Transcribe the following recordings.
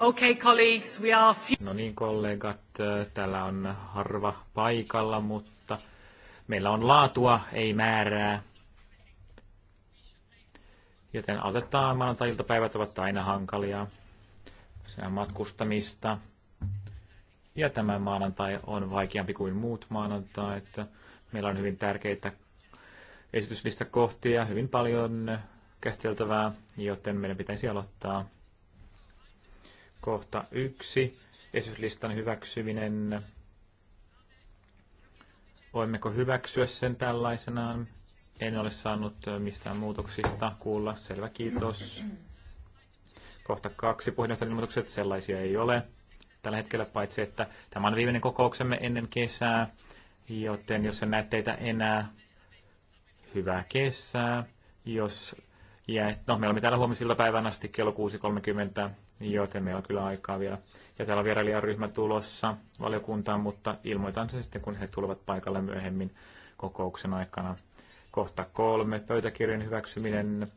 Okay, colleagues, we are... No niin, kollegat, äh, täällä on harva paikalla, mutta meillä on laatua, ei määrää. Joten aloitetaan, maanantai-iltapäivät ovat aina hankalia. Se on matkustamista. Ja tämä maanantai on vaikeampi kuin muut maanantai. Että meillä on hyvin tärkeitä esityslistakohtia, hyvin paljon käsiteltävää, joten meidän pitäisi aloittaa Kohta yksi. Esityslistan hyväksyminen. Voimmeko hyväksyä sen tällaisenaan? En ole saanut mistään muutoksista kuulla. Selvä, kiitos. Kohta kaksi. Puheenjohtajan ilmoitukset sellaisia ei ole tällä hetkellä, paitsi että tämä on viimeinen kokouksemme ennen kesää, joten jos en näe teitä enää, hyvää kesää. Jos jää, no, me olemme täällä huomisilta päivän asti kello 6.30 joten meillä on kyllä aikaa vielä. Ja täällä on vierailijaryhmä tulossa valiokuntaan, mutta ilmoitan se sitten, kun he tulevat paikalle myöhemmin kokouksen aikana. Kohta kolme, pöytäkirjan hyväksyminen.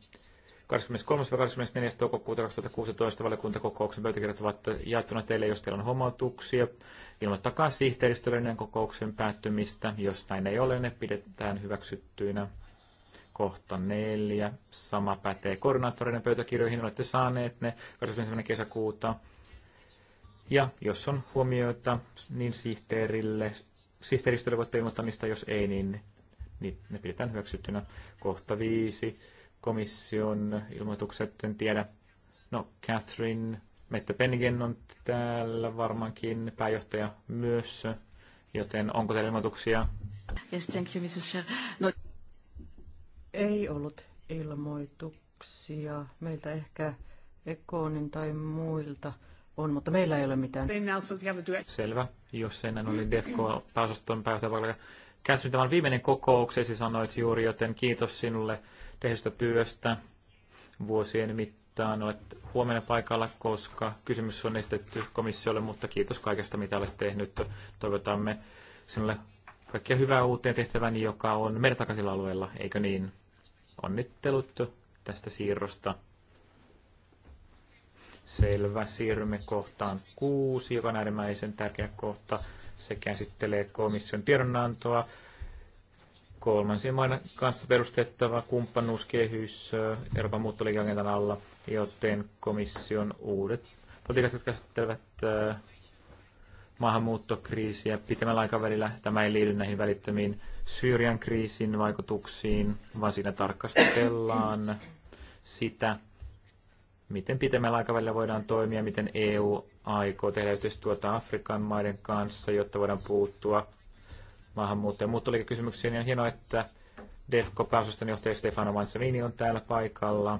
23.–24. toukokuuta 2016 valiokuntakokouksen pöytäkirjat ovat jaettuna teille, jos teillä on huomautuksia. Ilmoittakaa sihteeristöllinen kokouksen päättymistä. Jos näin ei ole, ne pidetään hyväksyttyinä kohta neljä. Sama pätee koordinaattoreiden pöytäkirjoihin. Olette saaneet ne 21. kesäkuuta. Ja jos on huomioita, niin sihteerille, sihteeristölle voitte ilmoittaa niistä, jos ei, niin, niin ne pidetään hyväksyttynä. Kohta viisi. Komission ilmoitukset, en tiedä. No, Catherine, Mette Penningen on täällä varmaankin pääjohtaja myös, joten onko teillä ilmoituksia? Yes, thank you, Mrs. Chair. No... Ei ollut ilmoituksia. Meiltä ehkä Ekoonin tai muilta on, mutta meillä ei ole mitään. Selvä. Jos ennen oli DEFCO-pääosaston pääosavalja. Catherine, tämän viimeinen kokouksesi, sanoit juuri, joten kiitos sinulle tehdystä työstä vuosien mittaan. Olet huomenna paikalla, koska kysymys on esitetty komissiolle, mutta kiitos kaikesta, mitä olet tehnyt. Toivotamme sinulle kaikkia hyvää uuteen tehtävään, joka on meidän takaisilla alueella, eikö niin? Onnittelut tästä siirrosta. Selvä, siirrymme kohtaan kuusi, joka on äärimmäisen tärkeä kohta. Se käsittelee komission tiedonantoa kolmansien maiden kanssa perustettava kumppanuuskehys Euroopan muuttoliikeagentan alla, joten komission uudet politiikat, jotka käsittelevät maahanmuuttokriisiä pitemmällä aikavälillä. Tämä ei liity näihin välittömiin Syyrian kriisin vaikutuksiin, vaan siinä tarkastellaan sitä, miten pitemmällä aikavälillä voidaan toimia, miten EU aikoo tehdä yhteistyötä Afrikan maiden kanssa, jotta voidaan puuttua maahanmuutto- ja muuttoliikekysymyksiin. Ja on hienoa, että DEFCO-pääosaston johtaja Stefano Mansavini on täällä paikalla.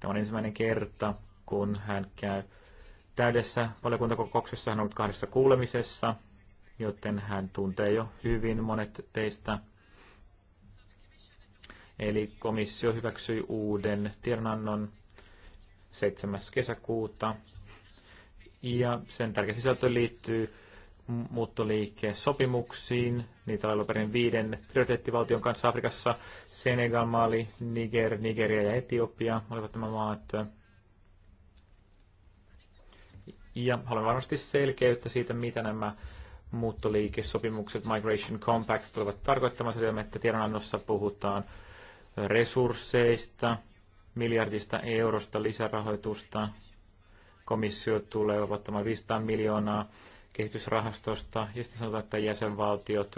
Tämä on ensimmäinen kerta, kun hän käy täydessä valiokuntakokouksessa, hän on ollut kahdessa kuulemisessa, joten hän tuntee jo hyvin monet teistä. Eli komissio hyväksyi uuden tiedonannon 7. kesäkuuta. Ja sen tärkeä sisältö liittyy muuttoliikkeen sopimuksiin. Niitä oli perin viiden prioriteettivaltion kanssa Afrikassa. Senegal, Mali, Niger, Nigeria ja Etiopia olivat nämä maat. Ja haluan varmasti selkeyttä siitä, mitä nämä muuttoliikesopimukset, Migration Compacts, tulevat tarkoittamaan. Sillä että tiedonannossa puhutaan resursseista, miljardista eurosta lisärahoitusta. Komissio tulee ottamaan 500 miljoonaa kehitysrahastosta, ja sitten sanotaan, että jäsenvaltiot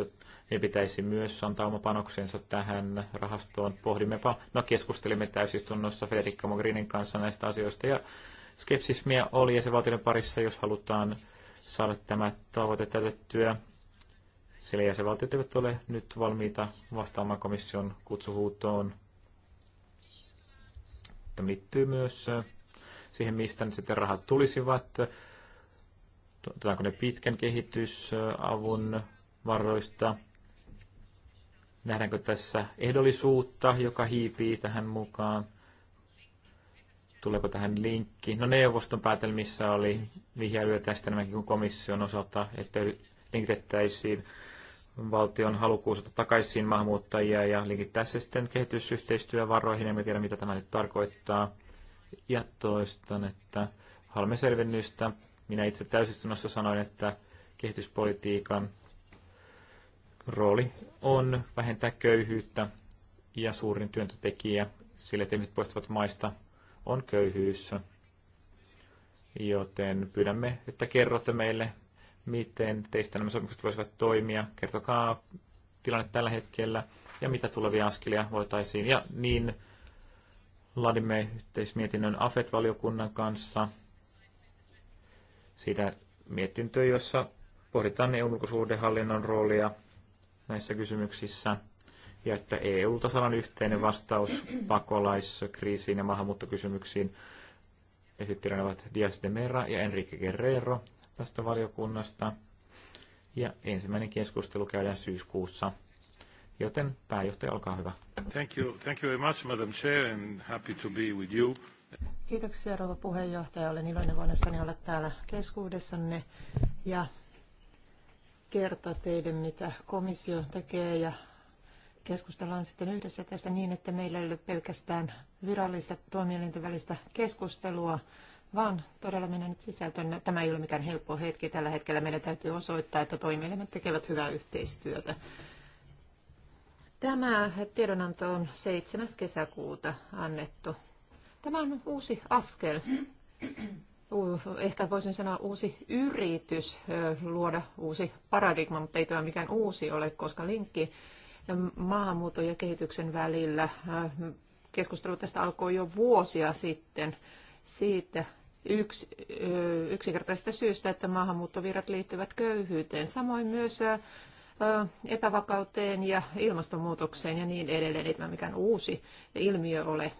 ne pitäisi myös antaa oma panoksensa tähän rahastoon. Pohdimmepa, no keskustelimme täysistunnossa Federica Mogherinin kanssa näistä asioista, ja skepsismiä oli valtioiden parissa, jos halutaan saada tämä tavoite täytettyä. Sillä jäsenvaltiot eivät ole nyt valmiita vastaamaan komission kutsuhuutoon. Tämä liittyy myös siihen, mistä nyt sitten rahat tulisivat. Otetaanko ne pitkän kehitysavun varoista? Nähdäänkö tässä ehdollisuutta, joka hiipii tähän mukaan? Tuleeko tähän linkki? No neuvoston päätelmissä oli vihjailuja tästä enemmänkin kuin komission osalta, että linkitettäisiin valtion halukkuus ottaa takaisin maahanmuuttajia ja linkittää se sitten kehitysyhteistyövaroihin. Emme tiedä, mitä tämä nyt tarkoittaa. Ja toistan, että haluamme selvennystä. Minä itse täysistunnossa sanoin, että kehityspolitiikan rooli on vähentää köyhyyttä ja suurin työntötekijä sille, että ihmiset poistuvat maista on köyhyys. Joten pyydämme, että kerrotte meille, miten teistä nämä sopimukset voisivat toimia. Kertokaa tilanne tällä hetkellä ja mitä tulevia askelia voitaisiin. Ja niin laadimme yhteismietinnön AFET-valiokunnan kanssa siitä mietintöä, jossa pohditaan eu ulkosuhdehallinnon roolia näissä kysymyksissä – ja että EU-tasolla on yhteinen vastaus pakolaiskriisiin ja maahanmuuttokysymyksiin. Esittelijänä ovat Dias de Mera ja Enrique Guerrero tästä valiokunnasta. Ja ensimmäinen keskustelu käydään syyskuussa. Joten pääjohtaja, olkaa hyvä. Thank you, thank you very much, Madam Chair, and happy to be with you. Kiitoksia, rouva puheenjohtaja. Olen iloinen voidessani olla täällä keskuudessanne ja kertoa teidän mitä komissio tekee ja keskustellaan sitten yhdessä tästä niin, että meillä ei ole pelkästään virallista toimielinten välistä keskustelua, vaan todella mennään nyt sisältöön. Tämä ei ole mikään helppo hetki. Tällä hetkellä meidän täytyy osoittaa, että toimielimet tekevät hyvää yhteistyötä. Tämä tiedonanto on 7. kesäkuuta annettu. Tämä on uusi askel, ehkä voisin sanoa uusi yritys luoda uusi paradigma, mutta ei tämä mikään uusi ole, koska linkki maahanmuuton ja kehityksen välillä. Keskustelu tästä alkoi jo vuosia sitten siitä yks, yksinkertaisesta syystä, että maahanmuuttovirrat liittyvät köyhyyteen. Samoin myös epävakauteen ja ilmastonmuutokseen ja niin edelleen, että mikään uusi ilmiö ole.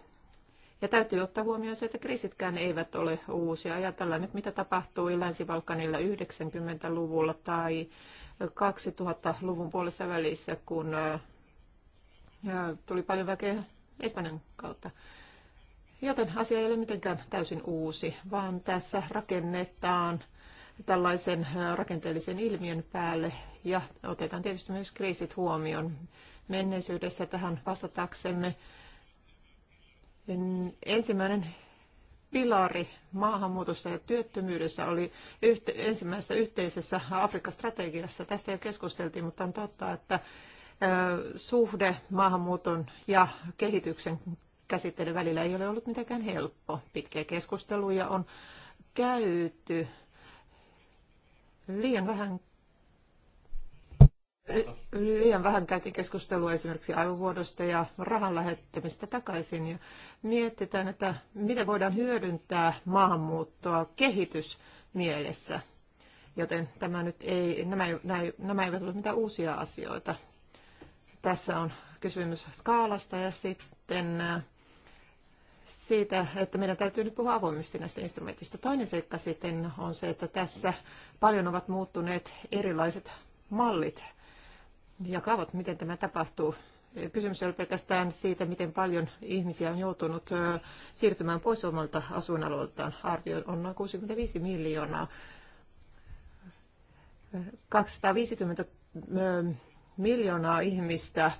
Ja täytyy ottaa huomioon se, että kriisitkään eivät ole uusia. Ajatellaan nyt, mitä tapahtui länsi valkanilla 90-luvulla tai 2000-luvun puolessa välissä, kun tuli paljon väkeä Espanjan kautta. Joten asia ei ole mitenkään täysin uusi, vaan tässä rakennetaan tällaisen rakenteellisen ilmiön päälle ja otetaan tietysti myös kriisit huomioon menneisyydessä tähän vastataksemme. Ensimmäinen pilari maahanmuutossa ja työttömyydessä oli yhte, ensimmäisessä yhteisessä Afrikka-strategiassa. Tästä jo keskusteltiin, mutta on totta, että suhde maahanmuuton ja kehityksen käsittelyn välillä ei ole ollut mitenkään helppo. Pitkiä keskusteluja on käyty. Liian vähän liian vähän käytiin keskustelua esimerkiksi aivovuodosta ja rahan lähettämistä takaisin. Ja mietitään, että miten voidaan hyödyntää maahanmuuttoa kehitysmielessä. Joten tämä nyt ei, nämä, nämä eivät ole mitään uusia asioita. Tässä on kysymys skaalasta ja sitten äh, siitä, että meidän täytyy nyt puhua avoimesti näistä instrumentista. Toinen seikka sitten on se, että tässä paljon ovat muuttuneet erilaiset mallit jakavat, miten tämä tapahtuu. Kysymys on pelkästään siitä, miten paljon ihmisiä on joutunut siirtymään pois omalta asuinalueeltaan. Arvio on noin 65 miljoonaa. 250 miljoonaa ihmistä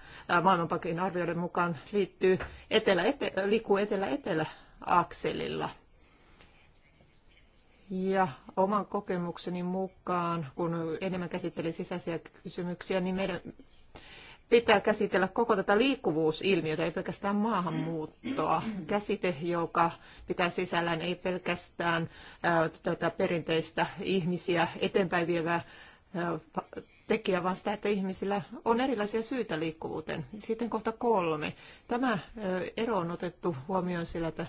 maailmanpankin arvioiden mukaan liittyy etelä, ete, liikkuu etelä-etelä akselilla. Ja oman kokemukseni mukaan, kun enemmän käsittelin sisäisiä kysymyksiä, niin meidän pitää käsitellä koko tätä liikkuvuusilmiötä, ei pelkästään maahanmuuttoa. Käsite, joka pitää sisällään ei pelkästään ää, tätä perinteistä ihmisiä eteenpäin vievää ää, tekijä, vaan sitä, että ihmisillä on erilaisia syitä liikkuvuuteen. Sitten kohta kolme. Tämä ero on otettu huomioon sillä, että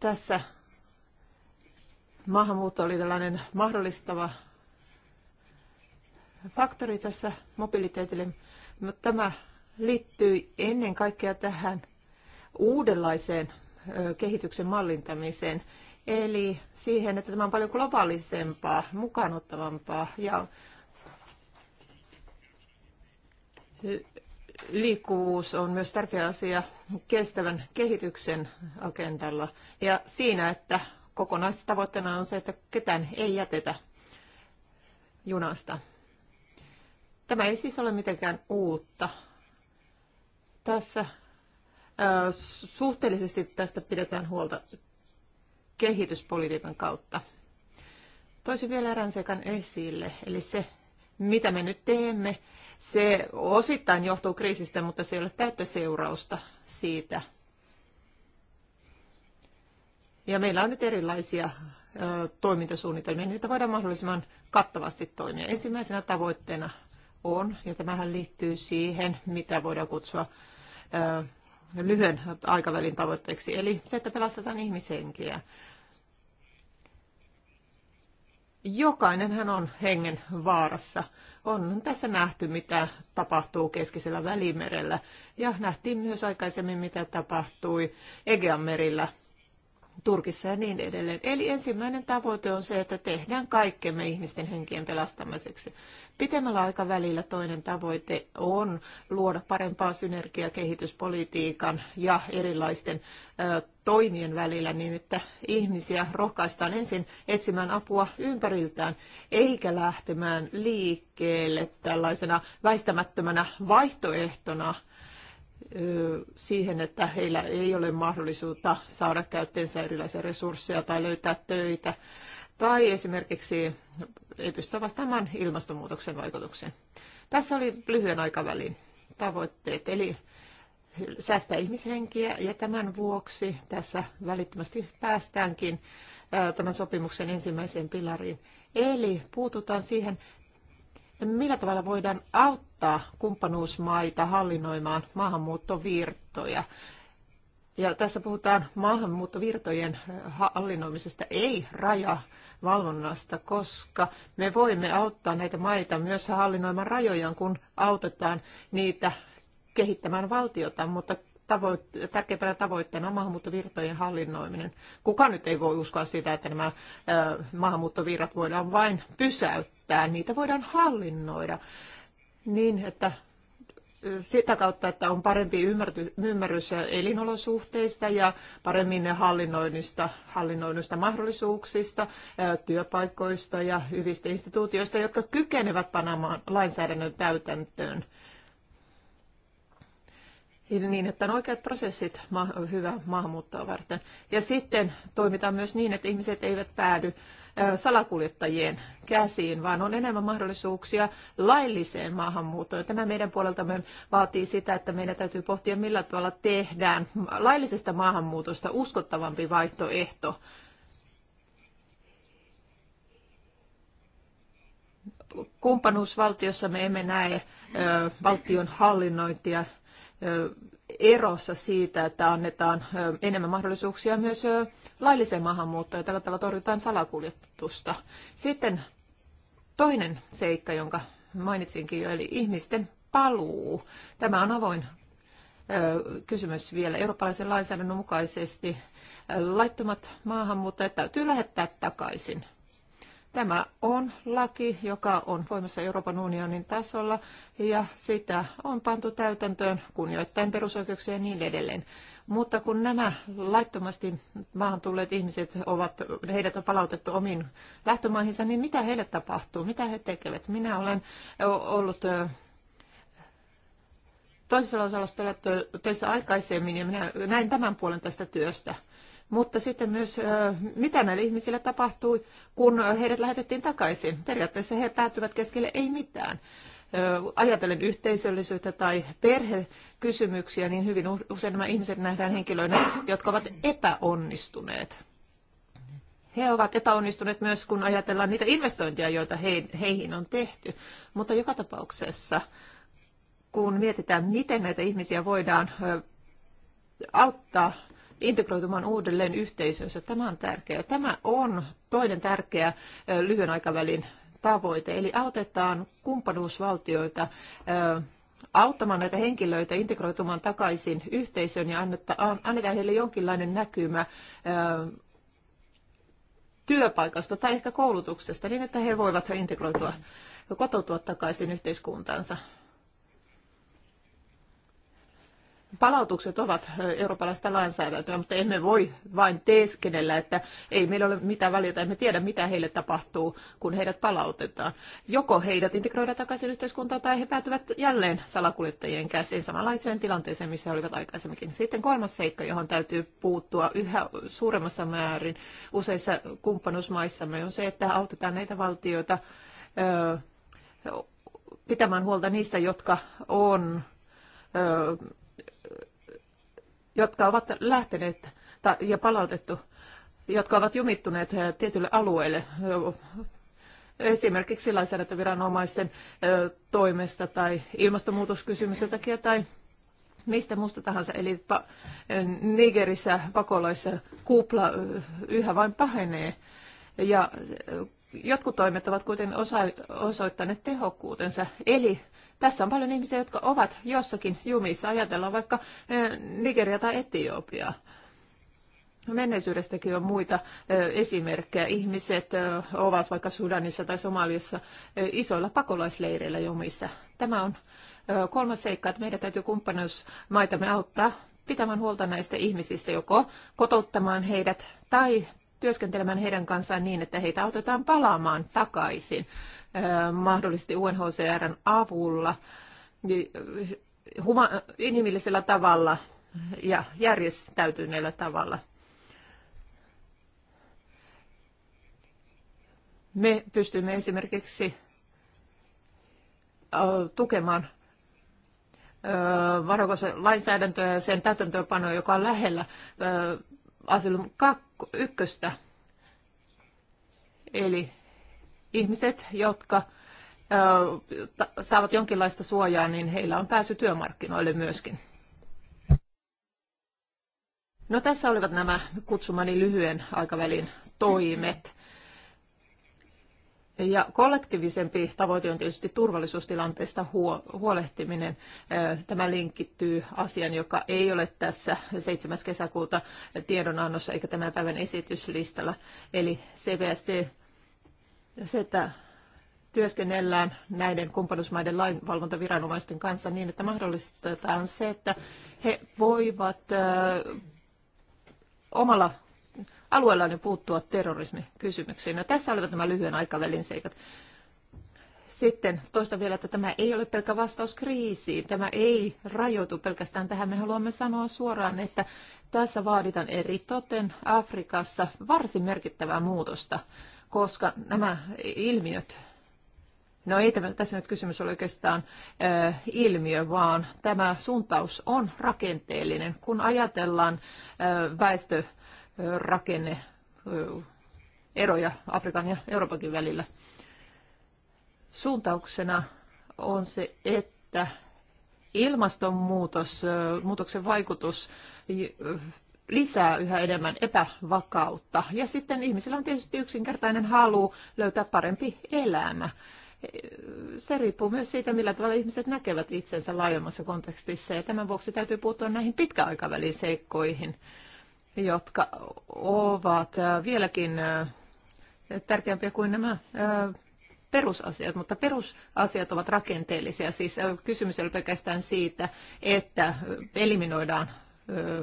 Tässä maahanmuutto oli tällainen mahdollistava faktori tässä mobiliteetille, mutta tämä liittyy ennen kaikkea tähän uudenlaiseen kehityksen mallintamiseen, eli siihen, että tämä on paljon globaalisempaa, mukaanottavampaa ja liikkuvuus on myös tärkeä asia kestävän kehityksen agendalla. Ja siinä, että kokonaistavoitteena on se, että ketään ei jätetä junasta. Tämä ei siis ole mitenkään uutta. Tässä suhteellisesti tästä pidetään huolta kehityspolitiikan kautta. Toisin vielä erään sekan esille, eli se, mitä me nyt teemme se osittain johtuu kriisistä, mutta se ei ole täyttä seurausta siitä. Ja meillä on nyt erilaisia toimintasuunnitelmia, niitä voidaan mahdollisimman kattavasti toimia. Ensimmäisenä tavoitteena on, ja tämähän liittyy siihen, mitä voidaan kutsua lyhyen aikavälin tavoitteeksi, eli se, että pelastetaan ihmishenkiä. hän on hengen vaarassa on tässä nähty, mitä tapahtuu keskisellä välimerellä ja nähtiin myös aikaisemmin, mitä tapahtui Egeanmerillä Turkissa ja niin edelleen. Eli ensimmäinen tavoite on se, että tehdään kaikkemme ihmisten henkien pelastamiseksi. Pitemmällä aikavälillä toinen tavoite on luoda parempaa synergiaa kehityspolitiikan ja erilaisten ö, toimien välillä niin, että ihmisiä rohkaistaan ensin etsimään apua ympäriltään eikä lähtemään liikkeelle tällaisena väistämättömänä vaihtoehtona – siihen, että heillä ei ole mahdollisuutta saada käytteensä erilaisia resursseja tai löytää töitä, tai esimerkiksi ei pystytä vastaamaan ilmastonmuutoksen vaikutukseen. Tässä oli lyhyen aikavälin tavoitteet, eli säästää ihmishenkiä, ja tämän vuoksi tässä välittömästi päästäänkin tämän sopimuksen ensimmäiseen pilariin. Eli puututaan siihen, millä tavalla voidaan auttaa auttaa kumppanuusmaita hallinnoimaan maahanmuuttovirtoja. Ja tässä puhutaan maahanmuuttovirtojen hallinnoimisesta, ei rajavalvonnasta, koska me voimme auttaa näitä maita myös hallinnoimaan rajojaan, kun autetaan niitä kehittämään valtiota, mutta tavoitte- tärkeimpänä tavoitteena on maahanmuuttovirtojen hallinnoiminen. Kuka nyt ei voi uskoa sitä, että nämä ö, maahanmuuttovirrat voidaan vain pysäyttää, niitä voidaan hallinnoida niin, että sitä kautta, että on parempi ymmärrys elinolosuhteista ja paremmin hallinnoinnista, hallinnoinnista mahdollisuuksista, työpaikoista ja hyvistä instituutioista, jotka kykenevät panemaan lainsäädännön täytäntöön. Niin, että on oikeat prosessit hyvä maahanmuuttoa varten. Ja sitten toimitaan myös niin, että ihmiset eivät päädy salakuljettajien käsiin, vaan on enemmän mahdollisuuksia lailliseen maahanmuuttoon. Tämä meidän puoleltamme vaatii sitä, että meidän täytyy pohtia, millä tavalla tehdään laillisesta maahanmuutosta uskottavampi vaihtoehto. Kumppanuusvaltiossa me emme näe valtion hallinnointia erossa siitä, että annetaan enemmän mahdollisuuksia myös lailliseen maahanmuuttoon ja tällä tavalla torjutaan salakuljetusta. Sitten toinen seikka, jonka mainitsinkin jo, eli ihmisten paluu. Tämä on avoin kysymys vielä eurooppalaisen lainsäädännön mukaisesti. Laittomat maahanmuuttajat täytyy lähettää takaisin Tämä on laki, joka on voimassa Euroopan unionin tasolla ja sitä on pantu täytäntöön kunnioittain perusoikeuksia ja niin edelleen. Mutta kun nämä laittomasti maahan tulleet ihmiset ovat, heidät on palautettu omiin lähtömaihinsa, niin mitä heille tapahtuu? Mitä he tekevät? Minä olen ollut toisella osalla töissä aikaisemmin ja minä näin tämän puolen tästä työstä mutta sitten myös mitä näille ihmisille tapahtui, kun heidät lähetettiin takaisin. Periaatteessa he päätyvät keskelle ei mitään. Ajatellen yhteisöllisyyttä tai perhekysymyksiä, niin hyvin usein nämä ihmiset nähdään henkilöinä, jotka ovat epäonnistuneet. He ovat epäonnistuneet myös, kun ajatellaan niitä investointeja, joita he, heihin on tehty. Mutta joka tapauksessa, kun mietitään, miten näitä ihmisiä voidaan auttaa integroitumaan uudelleen yhteisönsä. Tämä on tärkeää. Tämä on toinen tärkeä lyhyen aikavälin tavoite, eli autetaan kumppanuusvaltioita auttamaan näitä henkilöitä integroitumaan takaisin yhteisöön ja annetaan heille jonkinlainen näkymä työpaikasta tai ehkä koulutuksesta niin, että he voivat integroitua ja kotoutua takaisin yhteiskuntaansa. palautukset ovat eurooppalaista lainsäädäntöä, mutta emme voi vain teeskennellä, että ei meillä ole mitään väliä, emme tiedä mitä heille tapahtuu, kun heidät palautetaan. Joko heidät integroidaan takaisin yhteiskuntaan tai he päätyvät jälleen salakuljettajien käsiin samanlaiseen tilanteeseen, missä he olivat aikaisemminkin. Sitten kolmas seikka, johon täytyy puuttua yhä suuremmassa määrin useissa kumppanuusmaissamme, on se, että autetaan näitä valtioita pitämään huolta niistä, jotka on jotka ovat lähteneet ja palautettu, jotka ovat jumittuneet eh, tietylle alueelle esimerkiksi lainsäädäntöviranomaisten eh, toimesta tai ilmastonmuutoskysymysten takia tai mistä muusta tahansa. Eli eh, Nigerissä pakolaissa kupla yhä vain pahenee. Ja jotkut toimet ovat kuitenkin osa, osoittaneet tehokkuutensa. Eli tässä on paljon ihmisiä, jotka ovat jossakin jumissa. Ajatellaan vaikka eh, Nigeria tai Etiopiaa. Menneisyydestäkin on muita eh, esimerkkejä. Ihmiset eh, ovat vaikka Sudanissa tai Somaliassa isoilla pakolaisleireillä jumissa. Tämä on kolmas seikka, että meidän täytyy kumppanuusmaitamme auttaa pitämään huolta näistä ihmisistä, joko kotouttamaan heidät tai työskentelemään heidän kanssaan niin, että heitä autetaan palaamaan takaisin mahdollisesti UNHCRn avulla huma- inhimillisellä tavalla ja järjestäytyneellä tavalla. Me pystymme esimerkiksi tukemaan varokos lainsäädäntöä ja sen täytäntöönpanoa, joka on lähellä asylum kakko, ykköstä. Eli ihmiset, jotka saavat jonkinlaista suojaa, niin heillä on pääsy työmarkkinoille myöskin. No tässä olivat nämä kutsumani lyhyen aikavälin toimet. Ja kollektiivisempi tavoite on tietysti turvallisuustilanteesta huolehtiminen. Tämä linkittyy asian, joka ei ole tässä 7. kesäkuuta tiedonannossa eikä tämän päivän esityslistalla. Eli CBSD, se, että työskennellään näiden kumppanuusmaiden lainvalvontaviranomaisten kanssa niin, että mahdollistetaan se, että he voivat omalla on puuttua terrorismikysymyksiin. No, tässä olivat nämä lyhyen aikavälin seikat. Sitten toista vielä, että tämä ei ole pelkä vastaus kriisiin. Tämä ei rajoitu pelkästään tähän. Me haluamme sanoa suoraan, että tässä vaaditaan eri toten Afrikassa varsin merkittävää muutosta, koska nämä ilmiöt No ei tämä, tässä nyt kysymys ole oikeastaan ö, ilmiö, vaan tämä suuntaus on rakenteellinen. Kun ajatellaan ö, väestö rakenne eroja Afrikan ja Euroopankin välillä. Suuntauksena on se, että ilmastonmuutos, muutoksen vaikutus lisää yhä enemmän epävakautta. Ja sitten ihmisillä on tietysti yksinkertainen halu löytää parempi elämä. Se riippuu myös siitä, millä tavalla ihmiset näkevät itsensä laajemmassa kontekstissa, ja tämän vuoksi täytyy puuttua näihin pitkäaikavälin seikkoihin jotka ovat äh, vieläkin äh, tärkeämpiä kuin nämä äh, perusasiat, mutta perusasiat ovat rakenteellisia. Siis kysymys ei ole pelkästään siitä, että eliminoidaan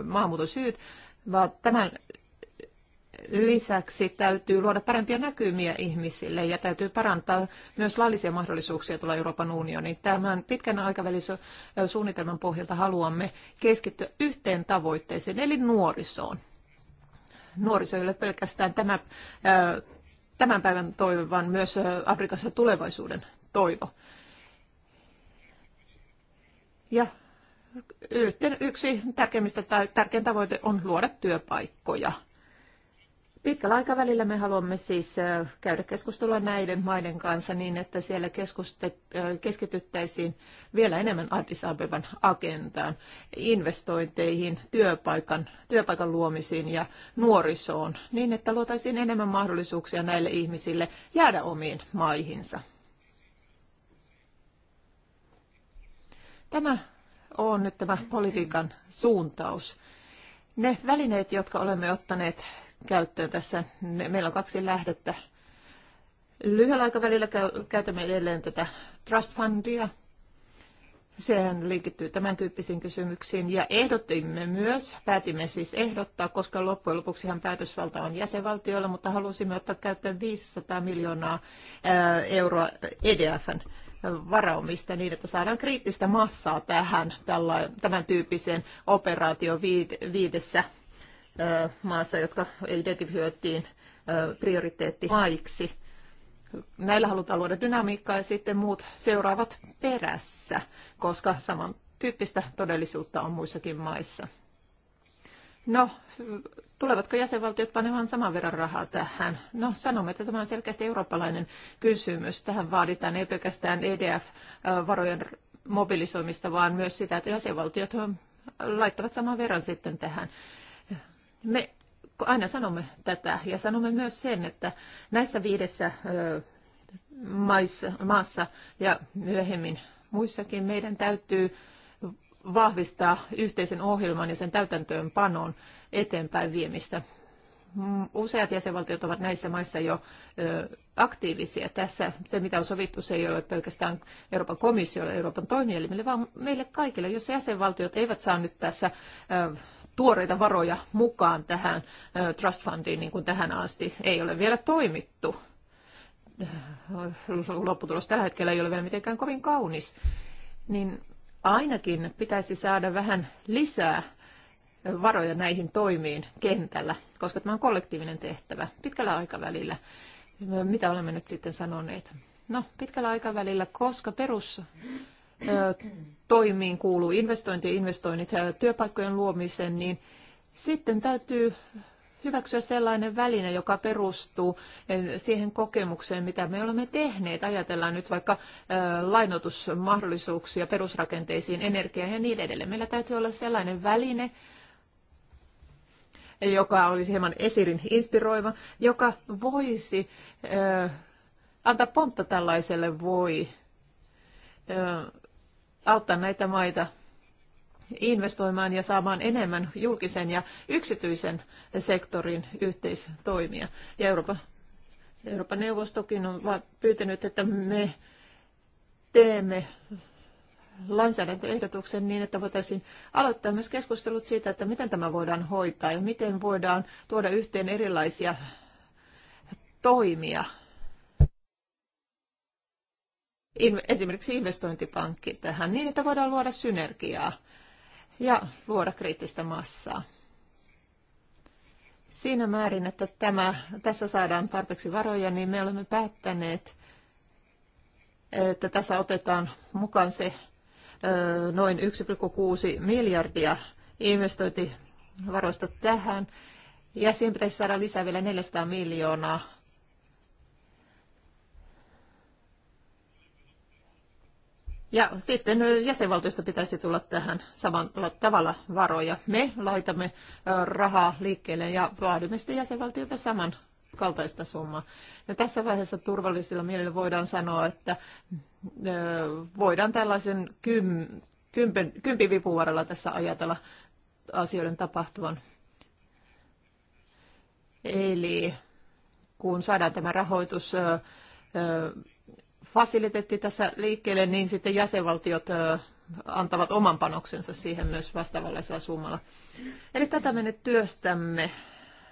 maahanmuuton syyt, vaan tämän lisäksi täytyy luoda parempia näkymiä ihmisille ja täytyy parantaa myös laillisia mahdollisuuksia tulla Euroopan unioniin. Tämän pitkän aikavälin suunnitelman pohjalta haluamme keskittyä yhteen tavoitteeseen, eli nuorisoon. Nuoriso ei ole pelkästään tämä, tämän päivän toive, vaan myös Afrikassa tulevaisuuden toivo. Ja yhten, yksi tärkeimmistä, tärkein tavoite on luoda työpaikkoja – Pitkällä aikavälillä me haluamme siis käydä keskustelua näiden maiden kanssa niin, että siellä keskityttäisiin vielä enemmän Addis Abeban agendaan, investointeihin, työpaikan, työpaikan luomisiin ja nuorisoon, niin että luotaisiin enemmän mahdollisuuksia näille ihmisille jäädä omiin maihinsa. Tämä on nyt tämä politiikan suuntaus. Ne välineet, jotka olemme ottaneet käyttöön. Tässä meillä on kaksi lähdettä. Lyhyellä aikavälillä käytämme edelleen tätä trust fundia. Sehän liikittyy tämän tyyppisiin kysymyksiin. Ja ehdotimme myös, päätimme siis ehdottaa, koska loppujen ihan päätösvalta on jäsenvaltioilla, mutta halusimme ottaa käyttöön 500 miljoonaa euroa EDFn varaumista niin, että saadaan kriittistä massaa tähän tällä, tämän tyyppiseen operaatioon viidessä maassa, jotka identifioitiin prioriteettimaiksi. Näillä halutaan luoda dynamiikkaa ja sitten muut seuraavat perässä, koska samantyyppistä todellisuutta on muissakin maissa. No, tulevatko jäsenvaltiot panemaan saman verran rahaa tähän? No, sanomme, että tämä on selkeästi eurooppalainen kysymys. Tähän vaaditaan ei pelkästään EDF-varojen mobilisoimista, vaan myös sitä, että jäsenvaltiot laittavat saman verran sitten tähän. Me aina sanomme tätä ja sanomme myös sen, että näissä viidessä maissa, maassa ja myöhemmin muissakin meidän täytyy vahvistaa yhteisen ohjelman ja sen täytäntöönpanon eteenpäin viemistä. Mm, useat jäsenvaltiot ovat näissä maissa jo aktiivisia. Tässä se, mitä on sovittu, se ei ole pelkästään Euroopan komissiolle, Euroopan toimielimille, vaan meille kaikille. Jos jäsenvaltiot eivät saa nyt tässä tuoreita varoja mukaan tähän Trust Fundiin, niin kuin tähän asti ei ole vielä toimittu. Lopputulos tällä hetkellä ei ole vielä mitenkään kovin kaunis. Niin ainakin pitäisi saada vähän lisää varoja näihin toimiin kentällä, koska tämä on kollektiivinen tehtävä pitkällä aikavälillä. Mitä olemme nyt sitten sanoneet? No, pitkällä aikavälillä, koska perus toimiin kuuluu investointi ja investoinnit työpaikkojen luomisen, niin sitten täytyy hyväksyä sellainen väline, joka perustuu siihen kokemukseen, mitä me olemme tehneet. Ajatellaan nyt vaikka lainotusmahdollisuuksia perusrakenteisiin, energiaan ja niin edelleen. Meillä täytyy olla sellainen väline, joka olisi hieman esirin inspiroiva, joka voisi antaa pontta tällaiselle voi auttaa näitä maita investoimaan ja saamaan enemmän julkisen ja yksityisen sektorin yhteistoimia. Ja Euroopan, Euroopan neuvostokin on pyytänyt, että me teemme lainsäädäntöehdotuksen niin, että voitaisiin aloittaa myös keskustelut siitä, että miten tämä voidaan hoitaa ja miten voidaan tuoda yhteen erilaisia toimia esimerkiksi investointipankki tähän niin, että voidaan luoda synergiaa ja luoda kriittistä massaa. Siinä määrin, että tämä, tässä saadaan tarpeeksi varoja, niin me olemme päättäneet, että tässä otetaan mukaan se noin 1,6 miljardia investointivaroista tähän. Ja siihen pitäisi saada lisää vielä 400 miljoonaa Ja sitten jäsenvaltioista pitäisi tulla tähän samalla tavalla varoja. Me laitamme rahaa liikkeelle ja vaadimme sitten jäsenvaltiota saman kaltaista summaa. Ja tässä vaiheessa turvallisilla mielillä voidaan sanoa, että voidaan tällaisen kym, kympen, tässä ajatella asioiden tapahtuvan. Eli kun saadaan tämä rahoitus fasiliteetti tässä liikkeelle, niin sitten jäsenvaltiot antavat oman panoksensa siihen myös vastaavanlaisella summalla. Eli tätä me nyt työstämme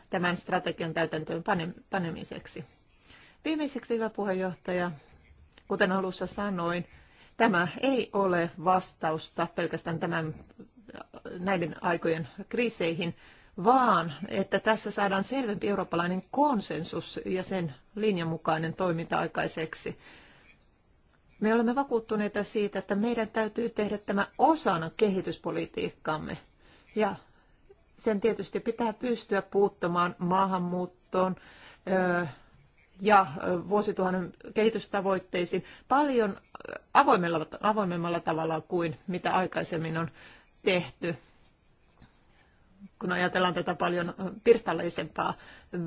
tämän strategian täytäntöön panemiseksi. Viimeiseksi, hyvä puheenjohtaja, kuten alussa sanoin, tämä ei ole vastausta pelkästään tämän, näiden aikojen kriiseihin, vaan että tässä saadaan selvempi eurooppalainen konsensus ja sen linjan mukainen toiminta aikaiseksi. Me olemme vakuuttuneita siitä, että meidän täytyy tehdä tämä osana kehityspolitiikkaamme. Ja sen tietysti pitää pystyä puuttumaan maahanmuuttoon ja vuosituhannen kehitystavoitteisiin paljon avoimella, avoimemmalla tavalla kuin mitä aikaisemmin on tehty kun ajatellaan tätä paljon pirstaleisempaa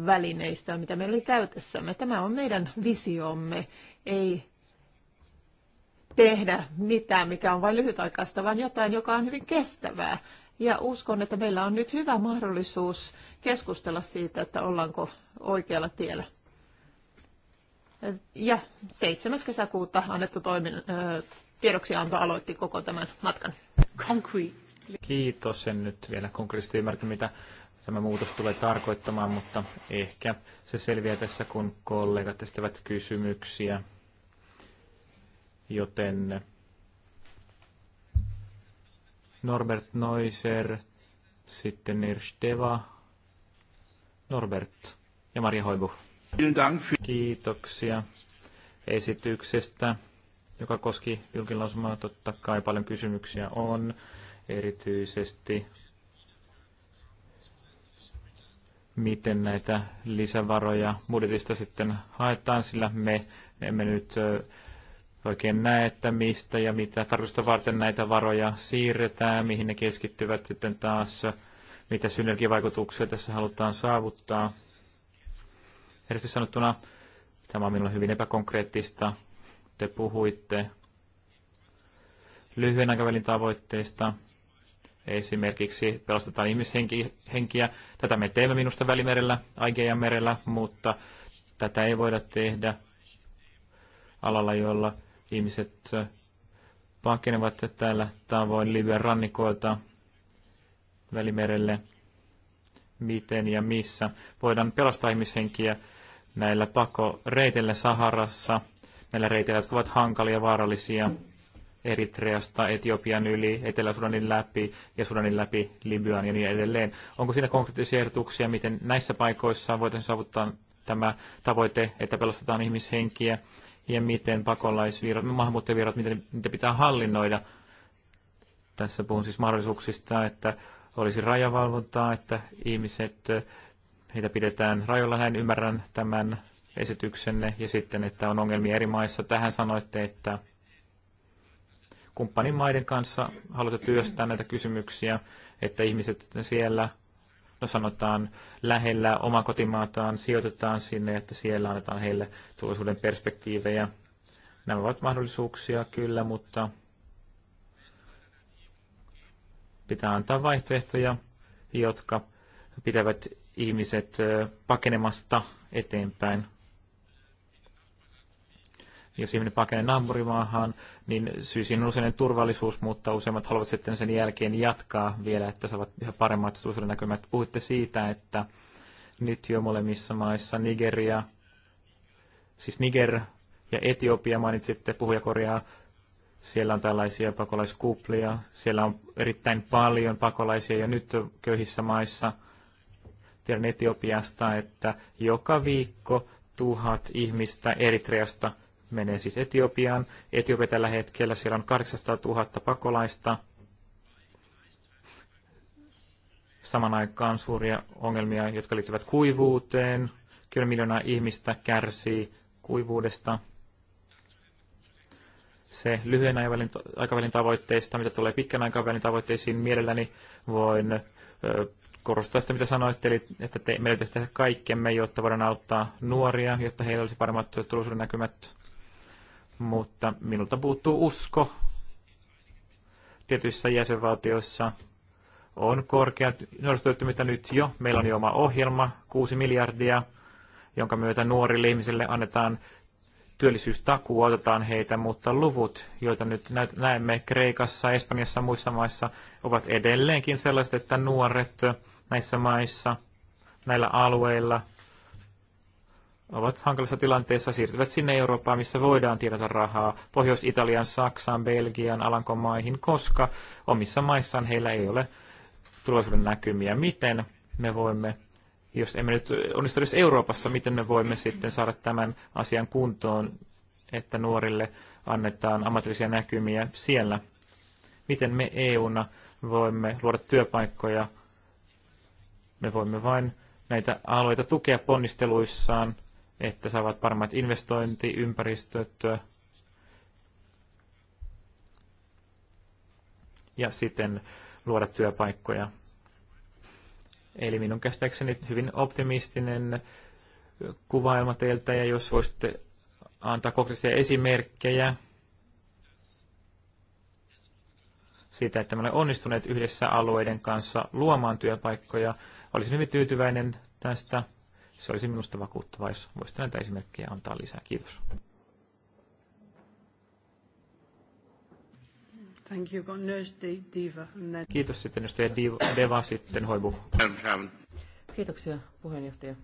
välineistä, mitä meillä oli käytössämme. Tämä on meidän visiomme, ei tehdä mitään, mikä on vain lyhytaikaista, vaan jotain, joka on hyvin kestävää. Ja uskon, että meillä on nyt hyvä mahdollisuus keskustella siitä, että ollaanko oikealla tiellä. Ja 7. kesäkuuta annettu toimin, äh, tiedoksianto aloitti koko tämän matkan. Concrete. Kiitos. En nyt vielä konkreettisesti ymmärtänyt, mitä tämä muutos tulee tarkoittamaan, mutta ehkä se selviää tässä, kun kollegat esittävät kysymyksiä joten Norbert Noiser, sitten Nirsteva, Norbert ja Maria Hoibu. Kiitoksia esityksestä, joka koski julkilausumaa. Totta kai paljon kysymyksiä on, erityisesti miten näitä lisävaroja budjetista sitten haetaan, sillä me emme nyt oikein näe, että mistä ja mitä tarkoitusta varten näitä varoja siirretään, mihin ne keskittyvät sitten taas, mitä synergivaikutuksia tässä halutaan saavuttaa. Erityisesti sanottuna, tämä on minulle hyvin epäkonkreettista, te puhuitte lyhyen aikavälin tavoitteista, esimerkiksi pelastetaan ihmishenkiä. Tätä me teemme minusta Välimerellä, Aigean merellä, mutta tätä ei voida tehdä alalla, jolla ihmiset äh, pakenevat täällä tavoin Libyan rannikoilta Välimerelle, miten ja missä. Voidaan pelastaa ihmishenkiä näillä pakoreiteillä Saharassa, näillä reiteillä, jotka ovat hankalia ja vaarallisia Eritreasta, Etiopian yli, Etelä-Sudanin läpi ja Sudanin läpi Libyan ja niin edelleen. Onko siinä konkreettisia ehdotuksia, miten näissä paikoissa voitaisiin saavuttaa tämä tavoite, että pelastetaan ihmishenkiä ja miten pakolaisvirrat, maahanmuuttajavirrat, miten niitä pitää hallinnoida. Tässä puhun siis mahdollisuuksista, että olisi rajavalvontaa, että ihmiset, heitä pidetään rajoilla, näin ymmärrän tämän esityksenne, ja sitten, että on ongelmia eri maissa. Tähän sanoitte, että kumppanimaiden kanssa haluatte työstää näitä kysymyksiä, että ihmiset siellä – No, sanotaan lähellä oma kotimaataan, sijoitetaan sinne, että siellä annetaan heille tulevaisuuden perspektiivejä. Nämä ovat mahdollisuuksia kyllä, mutta pitää antaa vaihtoehtoja, jotka pitävät ihmiset pakenemasta eteenpäin. Jos ihminen pakenee naapurimaahan, niin syy siinä on usein turvallisuus, mutta useimmat haluavat sitten sen jälkeen jatkaa vielä, että saavat yhä paremmat näkymät. Puhutte siitä, että nyt jo molemmissa maissa Nigeria, siis Niger ja Etiopia mainitsitte puhujakorjaa, siellä on tällaisia pakolaiskuplia, siellä on erittäin paljon pakolaisia jo nyt köyhissä maissa. Tiedän Etiopiasta, että joka viikko tuhat ihmistä Eritreasta menee siis Etiopiaan. Etiopia tällä hetkellä, siellä on 800 000 pakolaista. Saman aikaan suuria ongelmia, jotka liittyvät kuivuuteen. Kyllä miljoonaa ihmistä kärsii kuivuudesta. Se lyhyen aikavälin, aikavälin tavoitteista, mitä tulee pitkän aikavälin tavoitteisiin, mielelläni voin korostaa sitä, mitä sanoitte, eli että te, meillä pitäisi tehdä kaikkemme, jotta voidaan auttaa nuoria, jotta heillä olisi paremmat tulosuuden näkymät mutta minulta puuttuu usko. Tietyissä jäsenvaltioissa on korkea nuorisotyöttömyyttä nyt jo. Meillä on jo oma ohjelma, 6 miljardia, jonka myötä nuorille ihmisille annetaan työllisyystakuu, otetaan heitä, mutta luvut, joita nyt näemme Kreikassa, Espanjassa ja muissa maissa, ovat edelleenkin sellaiset, että nuoret näissä maissa, näillä alueilla – ovat hankalassa tilanteessa, siirtyvät sinne Eurooppaan, missä voidaan tienata rahaa, Pohjois-Italian, Saksaan, Belgian, Alankomaihin, koska omissa maissaan heillä ei ole tulevaisuuden näkymiä. Miten me voimme, jos emme nyt onnistu edes Euroopassa, miten me voimme sitten saada tämän asian kuntoon, että nuorille annetaan ammatillisia näkymiä siellä? Miten me EUna voimme luoda työpaikkoja? Me voimme vain näitä alueita tukea ponnisteluissaan – että saavat paremmat investointiympäristöt ja sitten luoda työpaikkoja. Eli minun käsittääkseni hyvin optimistinen kuvailma teiltä, ja jos voisitte antaa konkreettisia esimerkkejä siitä, että me olemme onnistuneet yhdessä alueiden kanssa luomaan työpaikkoja. Olisin hyvin tyytyväinen tästä. Se olisi minusta vakuuttavaa, jos voisitte näitä esimerkkejä antaa lisää. Kiitos. Thank you. Diva. Kiitos sitten teidän Deva, sitten hoivu. Kiitoksia puheenjohtaja.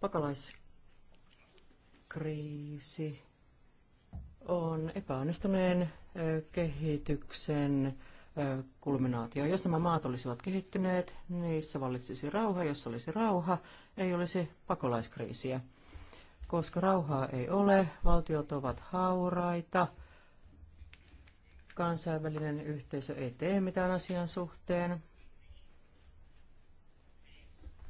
Pakalaiskriisi on epäonnistuneen kehityksen kulminaatio. Jos nämä maat olisivat kehittyneet, niissä vallitsisi rauha. Jos olisi rauha, ei olisi pakolaiskriisiä. Koska rauhaa ei ole, valtiot ovat hauraita, kansainvälinen yhteisö ei tee mitään asian suhteen.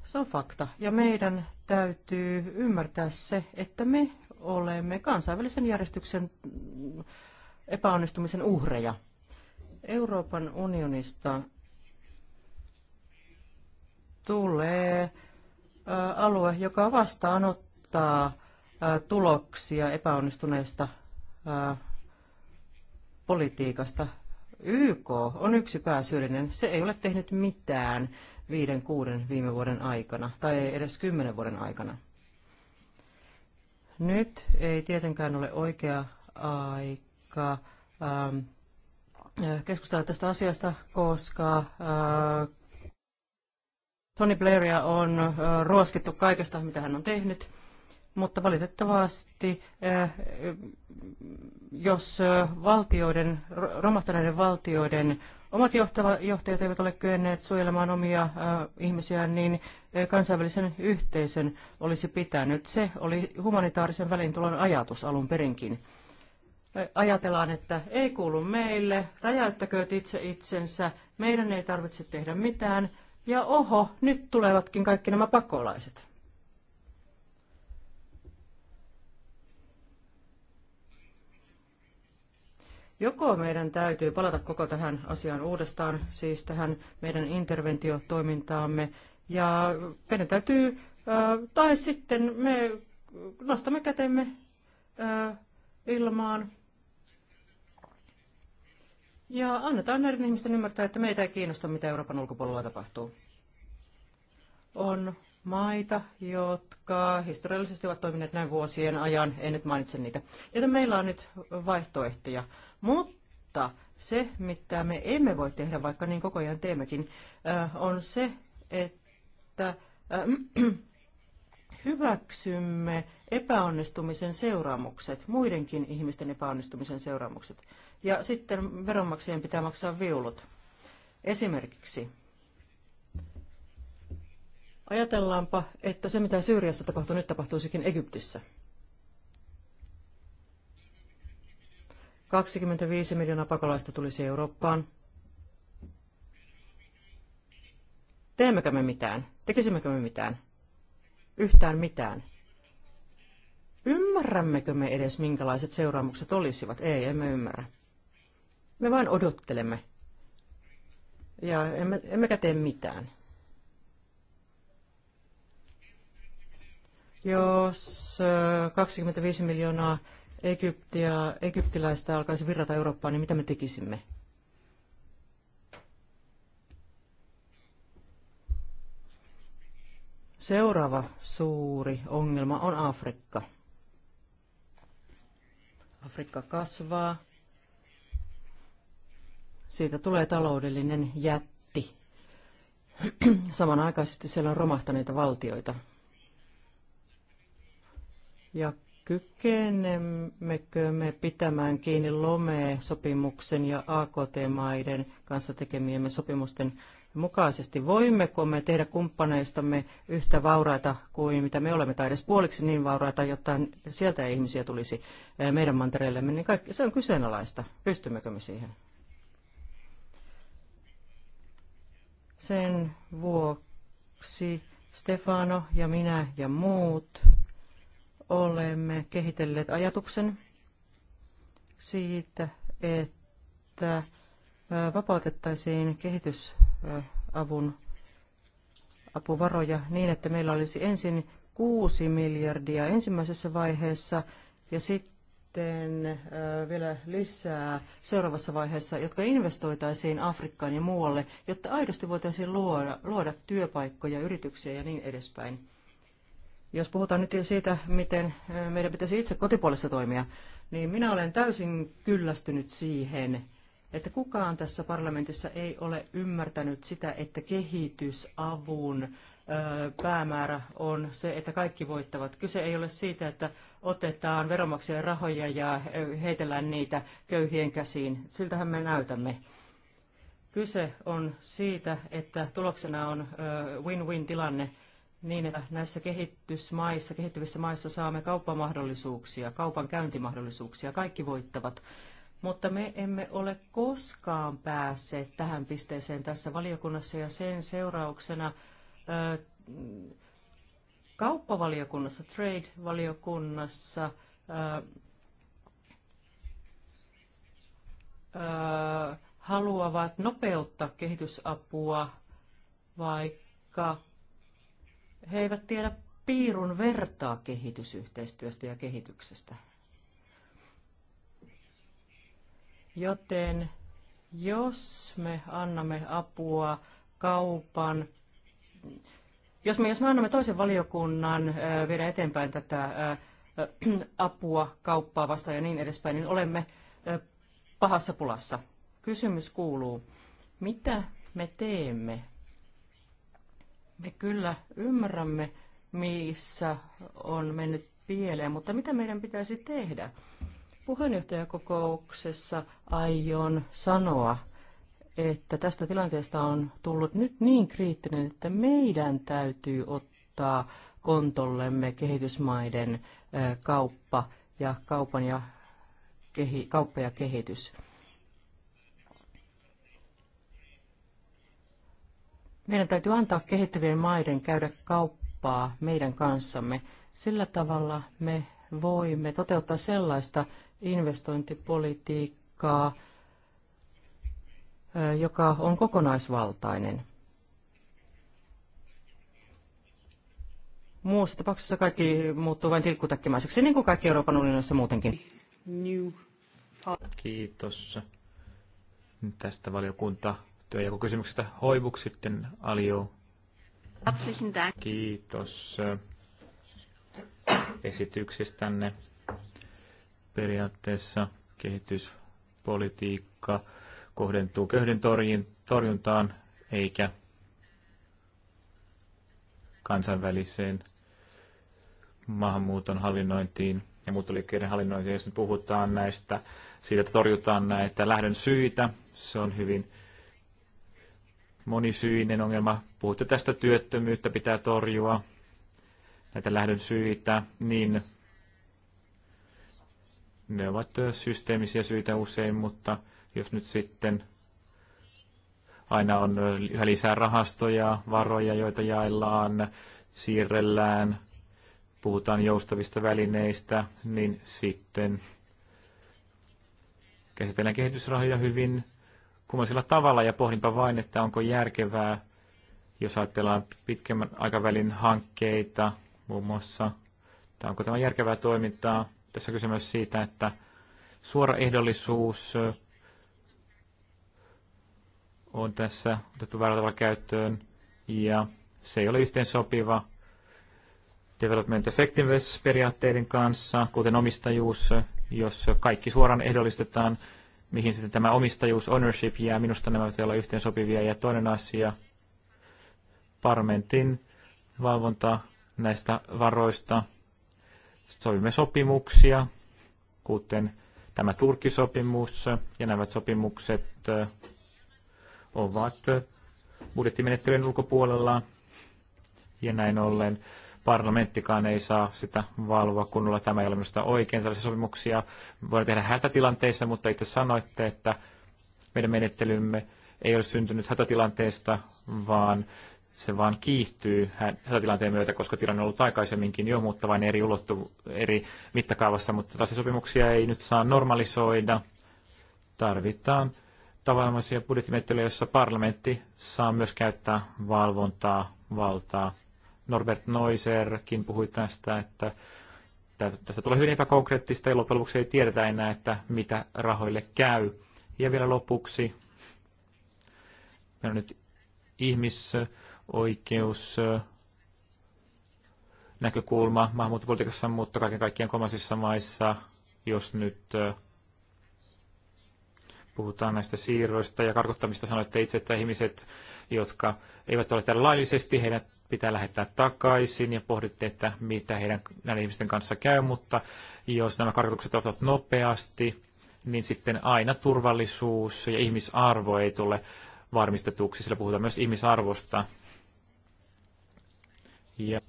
Se on fakta. Ja meidän täytyy ymmärtää se, että me olemme kansainvälisen järjestyksen epäonnistumisen uhreja. Euroopan unionista tulee alue, joka vastaanottaa tuloksia epäonnistuneesta politiikasta. YK on yksi pääsyyllinen. Se ei ole tehnyt mitään viiden, kuuden viime vuoden aikana, tai ei edes kymmenen vuoden aikana. Nyt ei tietenkään ole oikea aika ähm, Äh, keskustella tästä asiasta, koska äh, Tony Blairia on äh, ruoskittu kaikesta, mitä hän on tehnyt, mutta valitettavasti, jos valtioiden, romahtaneiden valtioiden omat johtajat eivät ole kyenneet suojelemaan omia ihmisiään, niin kansainvälisen yhteisön olisi pitänyt. Se oli humanitaarisen välintulon ajatus alun perinkin ajatellaan, että ei kuulu meille, räjäyttäkööt itse itsensä, meidän ei tarvitse tehdä mitään, ja oho, nyt tulevatkin kaikki nämä pakolaiset. Joko meidän täytyy palata koko tähän asiaan uudestaan, siis tähän meidän interventiotoimintaamme, ja meidän täytyy, tai sitten me nostamme kätemme ilmaan ja annetaan näiden ihmisten ymmärtää, että meitä ei kiinnosta, mitä Euroopan ulkopuolella tapahtuu. On maita, jotka historiallisesti ovat toimineet näin vuosien ajan, en nyt mainitse niitä. Joten meillä on nyt vaihtoehtoja. Mutta se, mitä me emme voi tehdä, vaikka niin koko ajan teemmekin, äh, on se, että äh, hyväksymme epäonnistumisen seuraamukset, muidenkin ihmisten epäonnistumisen seuraamukset. Ja sitten veronmaksajien pitää maksaa viulut. Esimerkiksi ajatellaanpa, että se mitä Syyriassa tapahtuu nyt tapahtuisikin Egyptissä. 25 miljoonaa pakolaista tulisi Eurooppaan. Teemmekö me mitään? Tekisimmekö me mitään? Yhtään mitään. Ymmärrämmekö me edes, minkälaiset seuraamukset olisivat? Ei, emme ymmärrä. Me vain odottelemme ja emme, emmekä tee mitään. Jos 25 miljoonaa Egyptia, egyptiläistä alkaisi virrata Eurooppaan, niin mitä me tekisimme? Seuraava suuri ongelma on Afrikka. Afrikka kasvaa, siitä tulee taloudellinen jätti. Samanaikaisesti siellä on romahtaneita valtioita. Ja kykenemmekö me pitämään kiinni lome sopimuksen ja AKT-maiden kanssa tekemiemme sopimusten mukaisesti? Voimmeko me tehdä kumppaneistamme yhtä vauraita kuin mitä me olemme, tai edes puoliksi niin vauraita, jotta sieltä ei ihmisiä tulisi meidän mantereillemme, niin kaikki, se on kyseenalaista. Pystymmekö me siihen? Sen vuoksi Stefano ja minä ja muut olemme kehitelleet ajatuksen siitä, että vapautettaisiin kehitysavun apuvaroja niin, että meillä olisi ensin 6 miljardia ensimmäisessä vaiheessa ja sitten sitten vielä lisää seuraavassa vaiheessa, jotka investoitaisiin Afrikkaan ja muualle, jotta aidosti voitaisiin luoda, luoda työpaikkoja, yrityksiä ja niin edespäin. Jos puhutaan nyt siitä, miten meidän pitäisi itse kotipuolessa toimia, niin minä olen täysin kyllästynyt siihen, että kukaan tässä parlamentissa ei ole ymmärtänyt sitä, että kehitysavun päämäärä on se, että kaikki voittavat. Kyse ei ole siitä, että otetaan veronmaksajien rahoja ja heitellään niitä köyhien käsiin. Siltähän me näytämme. Kyse on siitä, että tuloksena on win-win-tilanne niin, että näissä kehitysmaissa, kehittyvissä maissa saamme kauppamahdollisuuksia, kaupan käyntimahdollisuuksia, kaikki voittavat. Mutta me emme ole koskaan päässeet tähän pisteeseen tässä valiokunnassa ja sen seurauksena kauppavaliokunnassa, trade-valiokunnassa haluavat nopeuttaa kehitysapua, vaikka he eivät tiedä piirun vertaa kehitysyhteistyöstä ja kehityksestä. Joten jos me annamme apua kaupan jos me, jos me annamme toisen valiokunnan viedä eteenpäin tätä apua, kauppaa vastaan ja niin edespäin, niin olemme pahassa pulassa. Kysymys kuuluu, mitä me teemme? Me kyllä ymmärrämme, missä on mennyt pieleen, mutta mitä meidän pitäisi tehdä? Puheenjohtajakokouksessa aion sanoa, että tästä tilanteesta on tullut nyt niin kriittinen, että meidän täytyy ottaa kontollemme kehitysmaiden kauppa ja kaupan ja kehi, kauppa ja kehitys. Meidän täytyy antaa kehittyvien maiden käydä kauppaa meidän kanssamme. Sillä tavalla me voimme toteuttaa sellaista investointipolitiikkaa, joka on kokonaisvaltainen. Muussa tapauksessa kaikki muuttuu vain tilkkutäkkimäiseksi, niin kuin kaikki Euroopan unionissa muutenkin. Kiitos tästä valiokunta työjakokysymyksestä. Hoivuk sitten, Aljo. Kiitos esityksistänne. Periaatteessa kehityspolitiikka kohdentuu köyhden torjuntaan eikä kansainväliseen maahanmuuton hallinnointiin ja muuttoliikkeiden hallinnointiin. Jos nyt puhutaan näistä, siitä, että torjutaan näitä lähdön syitä, se on hyvin monisyinen ongelma. Puhutte tästä työttömyyttä, pitää torjua näitä lähdön syitä, niin ne ovat systeemisiä syitä usein, mutta jos nyt sitten aina on yhä lisää rahastoja, varoja, joita jaellaan, siirrellään, puhutaan joustavista välineistä, niin sitten käsitellään kehitysrahoja hyvin kummallisella tavalla ja pohdinpa vain, että onko järkevää, jos ajatellaan pitkän aikavälin hankkeita muun muassa, tai onko tämä järkevää toimintaa. Tässä kysymys siitä, että suora ehdollisuus on tässä otettu väärällä tavalla käyttöön ja se ei ole yhteen sopiva development effectiveness periaatteiden kanssa, kuten omistajuus, jos kaikki suoraan ehdollistetaan, mihin sitten tämä omistajuus, ownership jää, minusta nämä ovat olla yhteen sopivia. Ja toinen asia, parlamentin valvonta näistä varoista, sovimme sopimuksia, kuten tämä Turkisopimus ja nämä sopimukset ovat budjettimenettelyn ulkopuolella ja näin ollen parlamenttikaan ei saa sitä valvoa kunnolla. Tämä ei ole minusta oikein. Tällaisia sopimuksia voidaan tehdä hätätilanteissa, mutta itse sanoitte, että meidän menettelymme ei ole syntynyt hätätilanteesta, vaan se vaan kiihtyy hätätilanteen myötä, koska tilanne on ollut aikaisemminkin jo, mutta vain eri, ulottu, eri mittakaavassa. Mutta tällaisia sopimuksia ei nyt saa normalisoida. Tarvitaan tavanomaisia budjettimenettelyjä, joissa parlamentti saa myös käyttää valvontaa, valtaa. Norbert Noiserkin puhui tästä, että tästä tulee hyvin epäkonkreettista ja loppujen lopuksi ei tiedetä enää, että mitä rahoille käy. Ja vielä lopuksi, meillä on nyt ihmisoikeus, näkökulma maahanmuuttopolitiikassa, mutta kaiken kaikkiaan kolmansissa maissa, jos nyt puhutaan näistä siirroista ja karkottamista. Sanoitte itse, että ihmiset, jotka eivät ole täällä laillisesti, heidän pitää lähettää takaisin ja pohditte, että mitä heidän näiden ihmisten kanssa käy, mutta jos nämä karkotukset ovat nopeasti, niin sitten aina turvallisuus ja ihmisarvo ei tule varmistetuksi, sillä puhutaan myös ihmisarvosta. Ja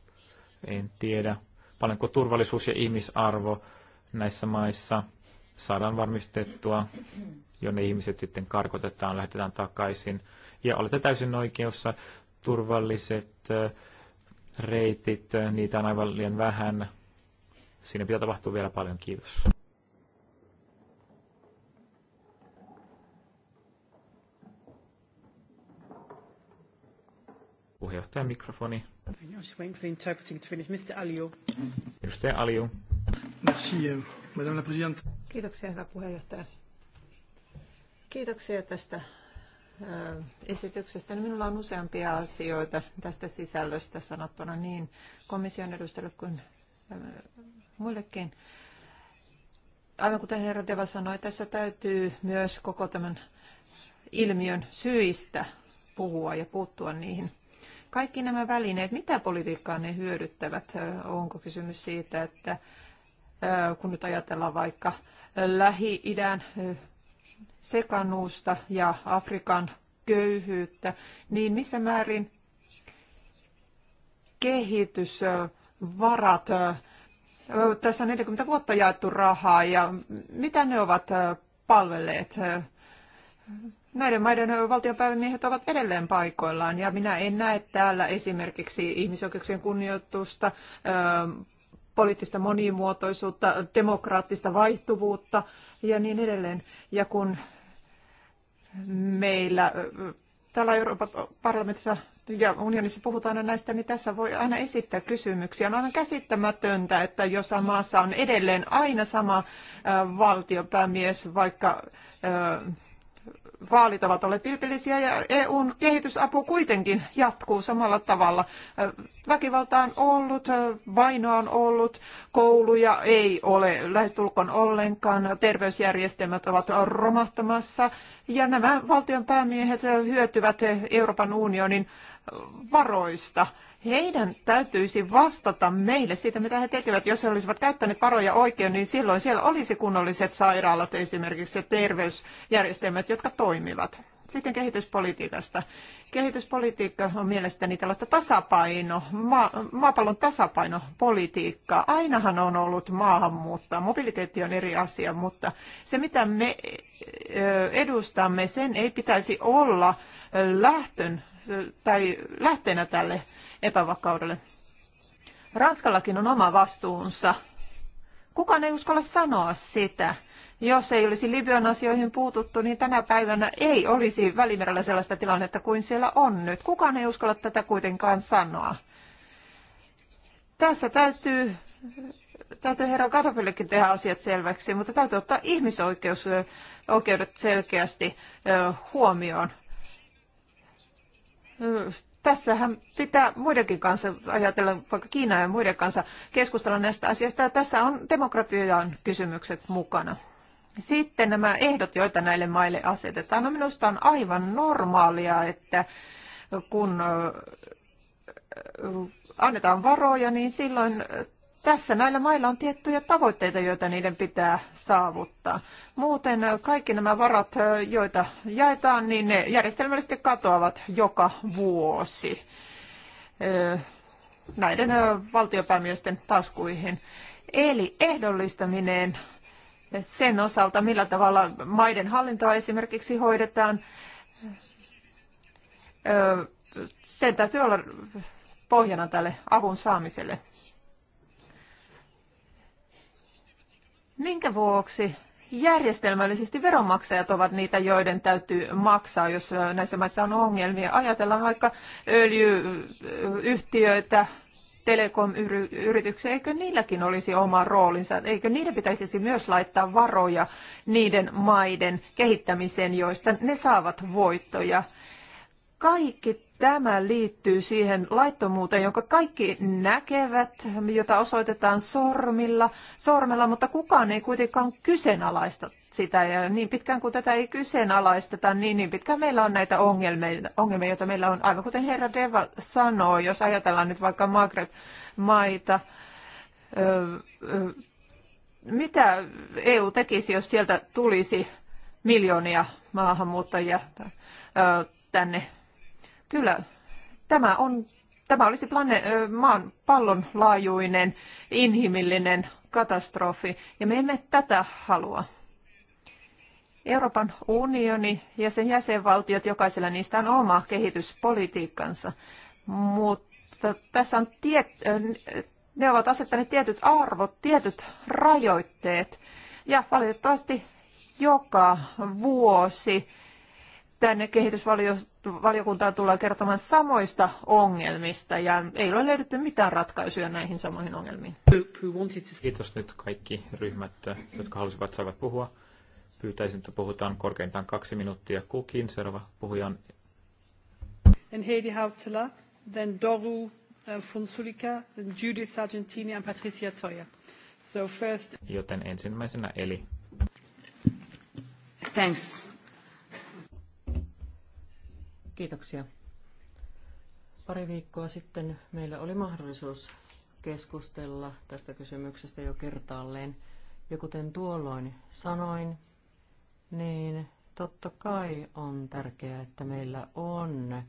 en tiedä, paljonko turvallisuus ja ihmisarvo näissä maissa – saadaan varmistettua, jonne ihmiset sitten karkotetaan, lähetetään takaisin. Ja olette täysin oikeassa, turvalliset reitit, niitä on aivan liian vähän. Siinä pitää tapahtua vielä paljon. Kiitos. Puheenjohtaja mikrofoni. Edustaja Aliu. Merci, euh, madame la présidente. Kiitoksia, hyvä puheenjohtaja. Kiitoksia tästä esityksestä. Niin minulla on useampia asioita tästä sisällöstä sanottuna niin komission edustajille kuin muillekin. Aivan kuten herra Deva sanoi, tässä täytyy myös koko tämän ilmiön syistä puhua ja puuttua niihin. Kaikki nämä välineet, mitä politiikkaa ne hyödyttävät? Onko kysymys siitä, että kun nyt ajatellaan vaikka Lähi-idän sekanuusta ja Afrikan köyhyyttä, niin missä määrin kehitysvarat, tässä on 40 vuotta jaettu rahaa ja mitä ne ovat palvelleet? Näiden maiden valtionpäivämiehet ovat edelleen paikoillaan ja minä en näe täällä esimerkiksi ihmisoikeuksien kunnioitusta, poliittista monimuotoisuutta, demokraattista vaihtuvuutta ja niin edelleen. Ja kun meillä täällä Euroopan parlamentissa ja unionissa puhutaan aina näistä, niin tässä voi aina esittää kysymyksiä. On aivan käsittämätöntä, että jossain maassa on edelleen aina sama valtiopäämies, vaikka vaalit ovat olleet vilpillisiä ja EUn kehitysapu kuitenkin jatkuu samalla tavalla. Väkivalta on ollut, vainoa on ollut, kouluja ei ole lähestulkoon ollenkaan, terveysjärjestelmät ovat romahtamassa ja nämä valtion päämiehet hyötyvät Euroopan unionin varoista heidän täytyisi vastata meille siitä, mitä he tekevät. Jos he olisivat käyttäneet varoja oikein, niin silloin siellä olisi kunnolliset sairaalat esimerkiksi ja terveysjärjestelmät, jotka toimivat. Sitten kehityspolitiikasta. Kehityspolitiikka on mielestäni tällaista tasapaino, ma- maapallon tasapainopolitiikkaa. Ainahan on ollut maahanmuuttoa, mobiliteetti on eri asia, mutta se mitä me edustamme, sen ei pitäisi olla lähtön tai lähteenä tälle epävakaudelle. Ranskallakin on oma vastuunsa. Kukaan ei uskalla sanoa sitä. Jos ei olisi Libyan asioihin puututtu, niin tänä päivänä ei olisi Välimerellä sellaista tilannetta kuin siellä on nyt. Kukaan ei uskalla tätä kuitenkaan sanoa. Tässä täytyy, täytyy herra Gaddafillekin tehdä asiat selväksi, mutta täytyy ottaa ihmisoikeudet selkeästi huomioon tässähän pitää muidenkin kanssa, ajatella vaikka Kiina ja muiden kanssa, keskustella näistä asioista. Tässä on demokratian kysymykset mukana. Sitten nämä ehdot, joita näille maille asetetaan. No minusta on aivan normaalia, että kun äh, annetaan varoja, niin silloin tässä näillä mailla on tiettyjä tavoitteita, joita niiden pitää saavuttaa. Muuten kaikki nämä varat, joita jaetaan, niin ne järjestelmällisesti katoavat joka vuosi näiden valtiopäämiesten taskuihin. Eli ehdollistaminen sen osalta, millä tavalla maiden hallintoa esimerkiksi hoidetaan, sen täytyy olla pohjana tälle avun saamiselle. Minkä vuoksi järjestelmällisesti veronmaksajat ovat niitä, joiden täytyy maksaa, jos näissä maissa on ongelmia. Ajatellaan vaikka öljyyhtiöitä, telekomyrityksiä, eikö niilläkin olisi oma roolinsa, eikö niiden pitäisi myös laittaa varoja niiden maiden kehittämiseen, joista ne saavat voittoja. Kaikki tämä liittyy siihen laittomuuteen, jonka kaikki näkevät, jota osoitetaan sormilla, sormella, mutta kukaan ei kuitenkaan kyseenalaista sitä. Ja niin pitkään kuin tätä ei kyseenalaisteta, niin, niin pitkään meillä on näitä ongelmia, ongelmia, joita meillä on. Aivan kuten herra Deva sanoo, jos ajatellaan nyt vaikka Maghreb-maita, mitä EU tekisi, jos sieltä tulisi miljoonia maahanmuuttajia tänne Kyllä, tämä on Tämä olisi planet, maan pallon laajuinen inhimillinen katastrofi, ja me emme tätä halua. Euroopan unioni ja sen jäsenvaltiot, jokaisella niistä on oma kehityspolitiikkansa, mutta tässä on tiet, ne ovat asettaneet tietyt arvot, tietyt rajoitteet, ja valitettavasti joka vuosi tänne kehitysvaliokuntaan tullaan kertomaan samoista ongelmista ja ei ole löydetty mitään ratkaisuja näihin samoihin ongelmiin. Kiitos nyt kaikki ryhmät, jotka halusivat saavat puhua. Pyytäisin, että puhutaan korkeintaan kaksi minuuttia kukin. Seuraava puhuja on then Heidi Hautala, then Doru Fonsulika, then Judith Argentini and Patricia Toya. So first... Joten ensimmäisenä Eli. Thanks. Kiitoksia. Pari viikkoa sitten meillä oli mahdollisuus keskustella tästä kysymyksestä jo kertaalleen. Ja kuten tuolloin sanoin, niin totta kai on tärkeää, että meillä on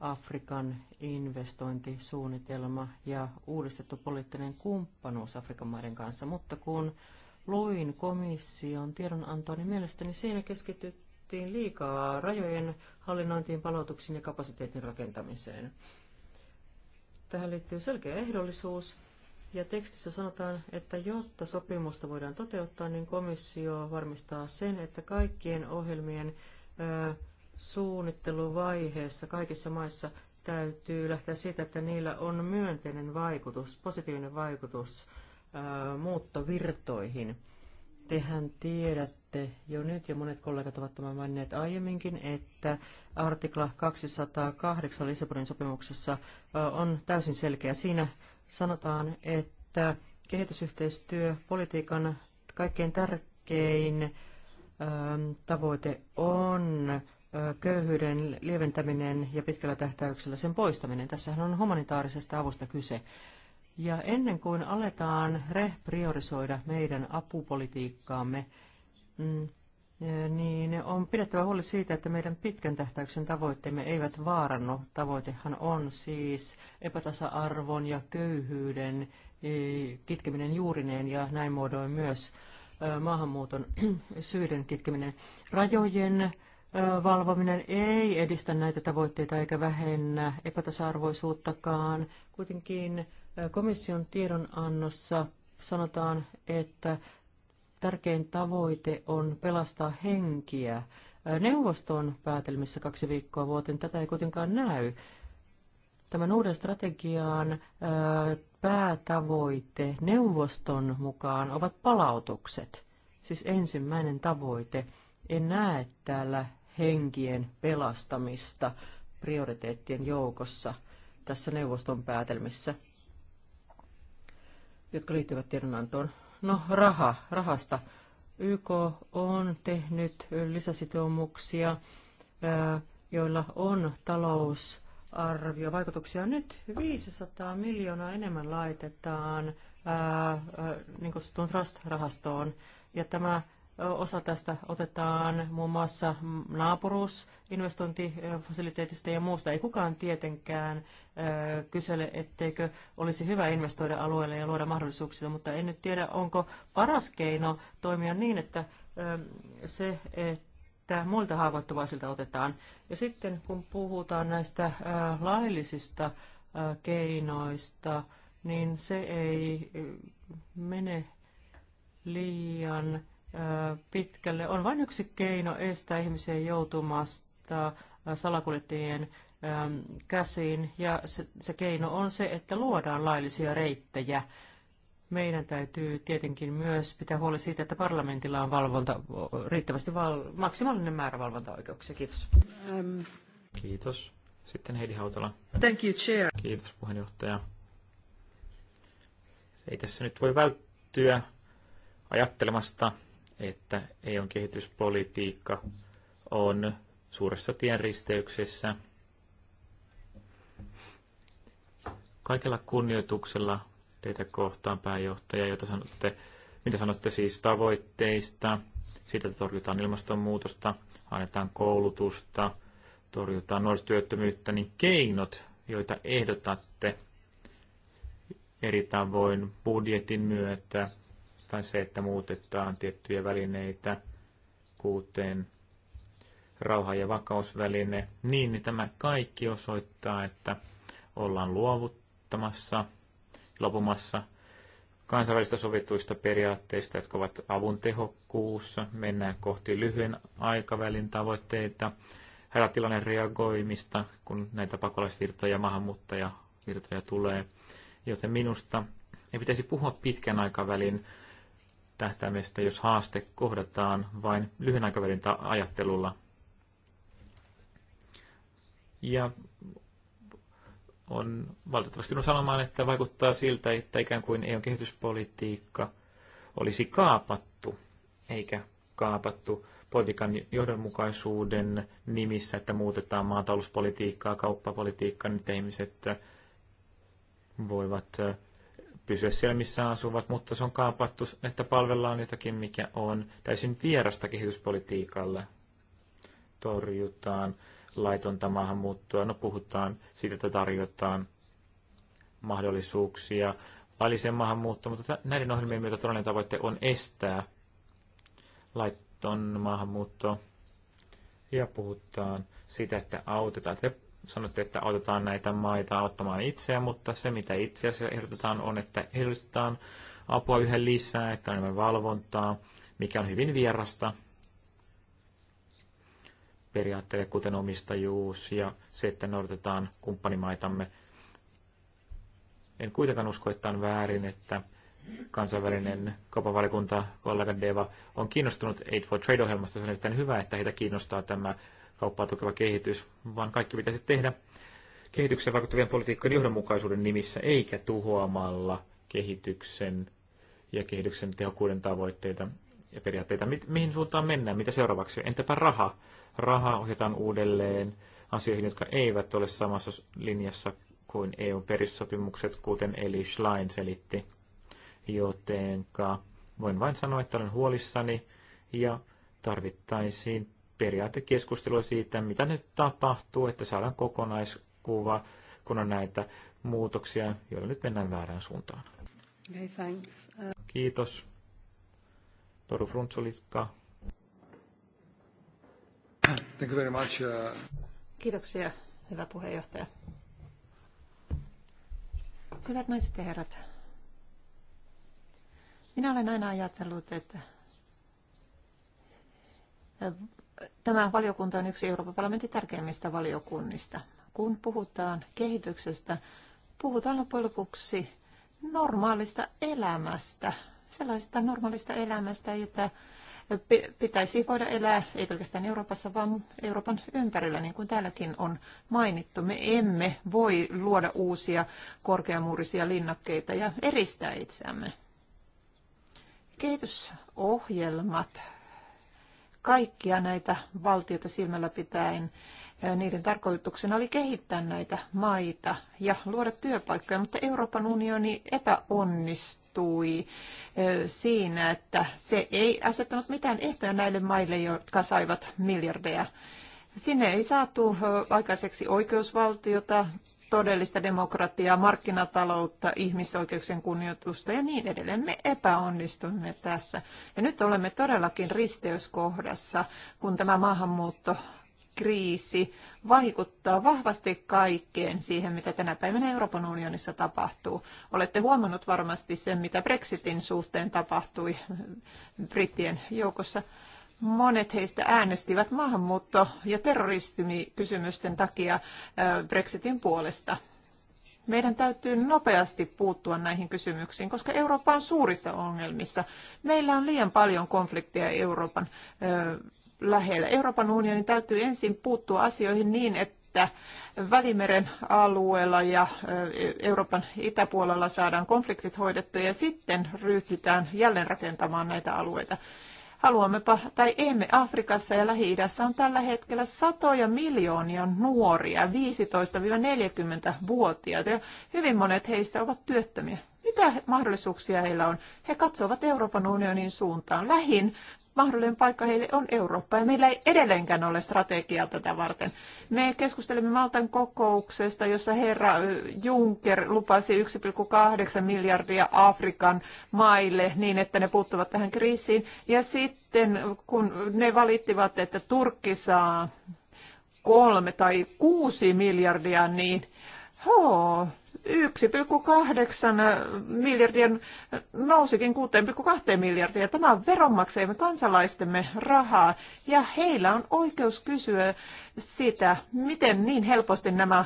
Afrikan investointisuunnitelma ja uudistettu poliittinen kumppanuus Afrikan maiden kanssa, mutta kun luin komission tiedonantoa, niin mielestäni siinä keskityttiin käytettiin liikaa rajojen hallinnointiin, palautuksiin ja kapasiteetin rakentamiseen. Tähän liittyy selkeä ehdollisuus, ja tekstissä sanotaan, että jotta sopimusta voidaan toteuttaa, niin komissio varmistaa sen, että kaikkien ohjelmien ö, suunnitteluvaiheessa kaikissa maissa täytyy lähteä siitä, että niillä on myönteinen vaikutus, positiivinen vaikutus ö, muuttovirtoihin – Tehän tiedätte jo nyt, ja monet kollegat ovat tämän maininneet aiemminkin, että artikla 208 Lissabonin sopimuksessa on täysin selkeä. Siinä sanotaan, että kehitysyhteistyöpolitiikan kaikkein tärkein tavoite on köyhyyden lieventäminen ja pitkällä tähtäyksellä sen poistaminen. Tässähän on humanitaarisesta avusta kyse. Ja ennen kuin aletaan repriorisoida meidän apupolitiikkaamme, mm, niin on pidettävä huoli siitä, että meidän pitkän tähtäyksen tavoitteemme eivät vaarannu. Tavoitehan on siis epätasa-arvon ja köyhyyden e, kitkeminen juurineen ja näin muodoin myös maahanmuuton syiden kitkeminen. Rajojen valvominen ei edistä näitä tavoitteita eikä vähennä epätasa-arvoisuuttakaan. Kuitenkin komission tiedonannossa sanotaan, että tärkein tavoite on pelastaa henkiä. Neuvoston päätelmissä kaksi viikkoa vuoteen tätä ei kuitenkaan näy. Tämän uuden strategian päätavoite neuvoston mukaan ovat palautukset, siis ensimmäinen tavoite. En näe täällä henkien pelastamista prioriteettien joukossa tässä neuvoston päätelmissä, jotka liittyvät tiedonantoon. No, raha, rahasta. YK on tehnyt lisäsitoumuksia, joilla on talousarvio vaikutuksia. Nyt 500 miljoonaa enemmän laitetaan ää, ää, niin kuin trust-rahastoon. Ja tämä Osa tästä otetaan muun muassa naapuruusinvestointifasiliteetista ja muusta. Ei kukaan tietenkään kysele, etteikö olisi hyvä investoida alueelle ja luoda mahdollisuuksia, mutta en nyt tiedä, onko paras keino toimia niin, että se, että muilta haavoittuvaisilta otetaan. Ja sitten kun puhutaan näistä laillisista keinoista, niin se ei mene liian pitkälle. On vain yksi keino estää ihmisiä joutumasta salakuljettajien käsiin, ja se keino on se, että luodaan laillisia reittejä. Meidän täytyy tietenkin myös pitää huoli siitä, että parlamentilla on valvonta, riittävästi val, maksimaalinen määrä valvontaoikeuksia. Kiitos. Um. Kiitos. Sitten Heidi Hautala. Thank you, Chair. Kiitos puheenjohtaja. Ei tässä nyt voi välttyä ajattelemasta että EUn kehityspolitiikka on suuressa tienristeyksessä. Kaikella kunnioituksella teitä kohtaan pääjohtaja, jota sanotte, mitä sanotte siis tavoitteista, siitä torjutaan ilmastonmuutosta, annetaan koulutusta, torjutaan nuorisotyöttömyyttä, niin keinot, joita ehdotatte eri tavoin budjetin myötä, vastaan se, että muutetaan tiettyjä välineitä, kuten rauha- ja vakausväline, niin, niin tämä kaikki osoittaa, että ollaan luovuttamassa, lopumassa kansainvälistä sovituista periaatteista, jotka ovat avun tehokkuus, mennään kohti lyhyen aikavälin tavoitteita, hätätilanne reagoimista, kun näitä pakolaisvirtoja ja maahanmuuttajavirtoja tulee. Joten minusta ei pitäisi puhua pitkän aikavälin tähtäimestä, jos haaste kohdataan vain lyhyen aikavälin ajattelulla. Ja on valitettavasti on sanomaan, että vaikuttaa siltä, että ikään kuin EUn kehityspolitiikka olisi kaapattu, eikä kaapattu politiikan johdonmukaisuuden nimissä, että muutetaan maatalouspolitiikkaa, kauppapolitiikkaa, niin ihmiset voivat pysyä siellä, missä asuvat, mutta se on kaapattu, että palvellaan jotakin, mikä on täysin vierasta kehityspolitiikalle. Torjutaan laitonta maahanmuuttoa, no puhutaan siitä, että tarjotaan mahdollisuuksia lailliseen maahanmuuttoon, mutta näiden ohjelmien myötä todellinen tavoite on estää laiton maahanmuutto ja puhutaan siitä, että autetaan sanottiin, että autetaan näitä maita auttamaan itseä, mutta se mitä itse asiassa ehdotetaan on, että ehdotetaan apua yhä lisää, että on enemmän valvontaa, mikä on hyvin vierasta periaatteille, kuten omistajuus ja se, että noudatetaan kumppanimaitamme. En kuitenkaan usko, että on väärin, että kansainvälinen kaupanvalikunta, kollega Deva, on kiinnostunut Aid for Trade-ohjelmasta. Se on erittäin hyvä, että heitä kiinnostaa tämä kauppaa tukeva kehitys, vaan kaikki pitäisi tehdä kehityksen vaikuttavien politiikkojen johdonmukaisuuden nimissä, eikä tuhoamalla kehityksen ja kehityksen tehokkuuden tavoitteita ja periaatteita. mihin suuntaan mennään? Mitä seuraavaksi? Entäpä raha? Raha ohjataan uudelleen asioihin, jotka eivät ole samassa linjassa kuin EU-perussopimukset, kuten Eli Schlein selitti. Jotenka voin vain sanoa, että olen huolissani ja tarvittaisiin periaatekeskustelua siitä, mitä nyt tapahtuu, että saadaan kokonaiskuva, kun on näitä muutoksia, joilla nyt mennään väärään suuntaan. Okay, thanks. Uh... Kiitos. Toru Frunzulitka. Thank you very much. Uh... Kiitoksia, hyvä puheenjohtaja. Hyvät naiset ja herrat, minä olen aina ajatellut, että Tämä valiokunta on yksi Euroopan parlamentin tärkeimmistä valiokunnista. Kun puhutaan kehityksestä, puhutaan loppujen lopuksi normaalista elämästä, sellaisesta normaalista elämästä, jota pitäisi voida elää ei pelkästään Euroopassa, vaan Euroopan ympärillä, niin kuin täälläkin on mainittu. Me emme voi luoda uusia korkeamuurisia linnakkeita ja eristää itseämme. Kehitysohjelmat kaikkia näitä valtioita silmällä pitäen. Niiden tarkoituksena oli kehittää näitä maita ja luoda työpaikkoja, mutta Euroopan unioni epäonnistui siinä, että se ei asettanut mitään ehtoja näille maille, jotka saivat miljardeja Sinne ei saatu aikaiseksi oikeusvaltiota, todellista demokratiaa, markkinataloutta, ihmisoikeuksien kunnioitusta ja niin edelleen. Me epäonnistumme tässä. Ja nyt olemme todellakin risteyskohdassa, kun tämä maahanmuutto kriisi vaikuttaa vahvasti kaikkeen siihen, mitä tänä päivänä Euroopan unionissa tapahtuu. Olette huomannut varmasti sen, mitä Brexitin suhteen tapahtui brittien joukossa. Monet heistä äänestivät maahanmuutto- ja terrorismikysymysten takia Brexitin puolesta. Meidän täytyy nopeasti puuttua näihin kysymyksiin, koska Eurooppa on suurissa ongelmissa. Meillä on liian paljon konflikteja Euroopan ö, lähellä. Euroopan unionin täytyy ensin puuttua asioihin niin, että Välimeren alueella ja Euroopan itäpuolella saadaan konfliktit hoidettua ja sitten ryhdytään jälleen rakentamaan näitä alueita haluammepa tai emme, Afrikassa ja Lähi-idässä on tällä hetkellä satoja miljoonia nuoria, 15-40-vuotiaita, ja hyvin monet heistä ovat työttömiä. Mitä mahdollisuuksia heillä on? He katsovat Euroopan unionin suuntaan. Lähin mahdollinen paikka heille on Eurooppa, ja meillä ei edelleenkään ole strategiaa tätä varten. Me keskustelimme Maltan kokouksesta, jossa herra Juncker lupasi 1,8 miljardia Afrikan maille niin, että ne puuttuvat tähän kriisiin, ja sitten kun ne valittivat, että Turkki saa kolme tai kuusi miljardia, niin H, 1,8 miljardia nousikin 6,2 miljardia. Tämä on veronmaksajamme kansalaistemme rahaa ja heillä on oikeus kysyä sitä, miten niin helposti nämä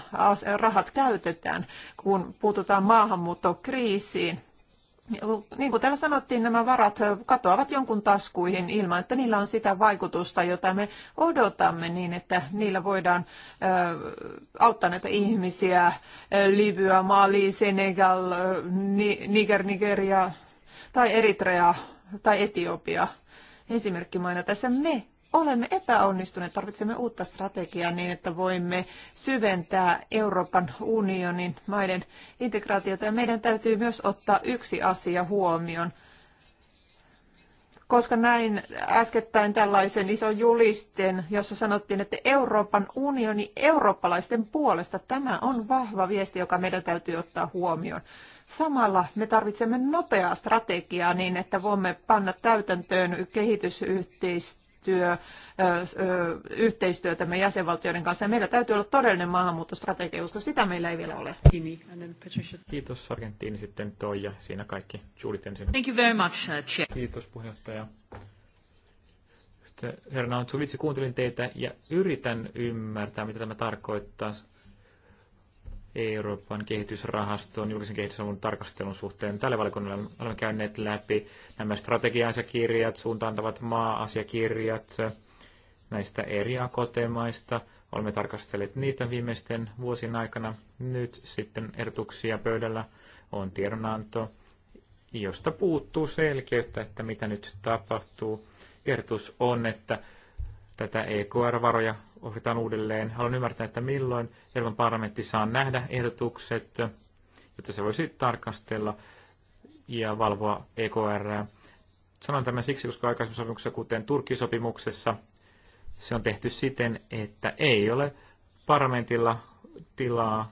rahat käytetään, kun puututaan maahanmuuttokriisiin niin kuin täällä sanottiin, nämä varat katoavat jonkun taskuihin ilman, että niillä on sitä vaikutusta, jota me odotamme niin, että niillä voidaan auttaa näitä ihmisiä, Libya, Mali, Senegal, Niger, Nigeria tai Eritrea tai Etiopia. Esimerkkimaina tässä me olemme epäonnistuneet. Tarvitsemme uutta strategiaa niin, että voimme syventää Euroopan unionin maiden integraatiota. Ja meidän täytyy myös ottaa yksi asia huomioon. Koska näin äskettäin tällaisen ison julisten, jossa sanottiin, että Euroopan unioni eurooppalaisten puolesta, tämä on vahva viesti, joka meidän täytyy ottaa huomioon. Samalla me tarvitsemme nopeaa strategiaa niin, että voimme panna täytäntöön kehitysyhteistyötä yhteistyötä me jäsenvaltioiden kanssa. Ja meillä täytyy olla todellinen maahanmuuttostrategia, koska sitä meillä ei vielä ole. Kiitos Argentiini, sitten ja Siinä kaikki. juuri ensin. Thank you very much, uh, Chair. Kiitos puheenjohtaja. Herra Nautsuvitsi, kuuntelin teitä ja yritän ymmärtää, mitä tämä tarkoittaa Euroopan kehitysrahaston julkisen kehitysavun tarkastelun suhteen. Tällä valikonnalla olemme käyneet läpi nämä strategia kirjat, suuntaantavat maa-asiakirjat näistä eri akotemaista. Olemme tarkastelleet niitä viimeisten vuosien aikana. Nyt sitten ehdotuksia pöydällä on tiedonanto, josta puuttuu selkeyttä, että mitä nyt tapahtuu. Ehdotus on, että tätä EKR-varoja ohjataan uudelleen. Haluan ymmärtää, että milloin Euroopan parlamentti saa nähdä ehdotukset, jotta se voisi tarkastella ja valvoa EKR. Sanon tämän siksi, koska aikaisemmissa sopimuksessa, kuten Turkisopimuksessa, se on tehty siten, että ei ole parlamentilla tilaa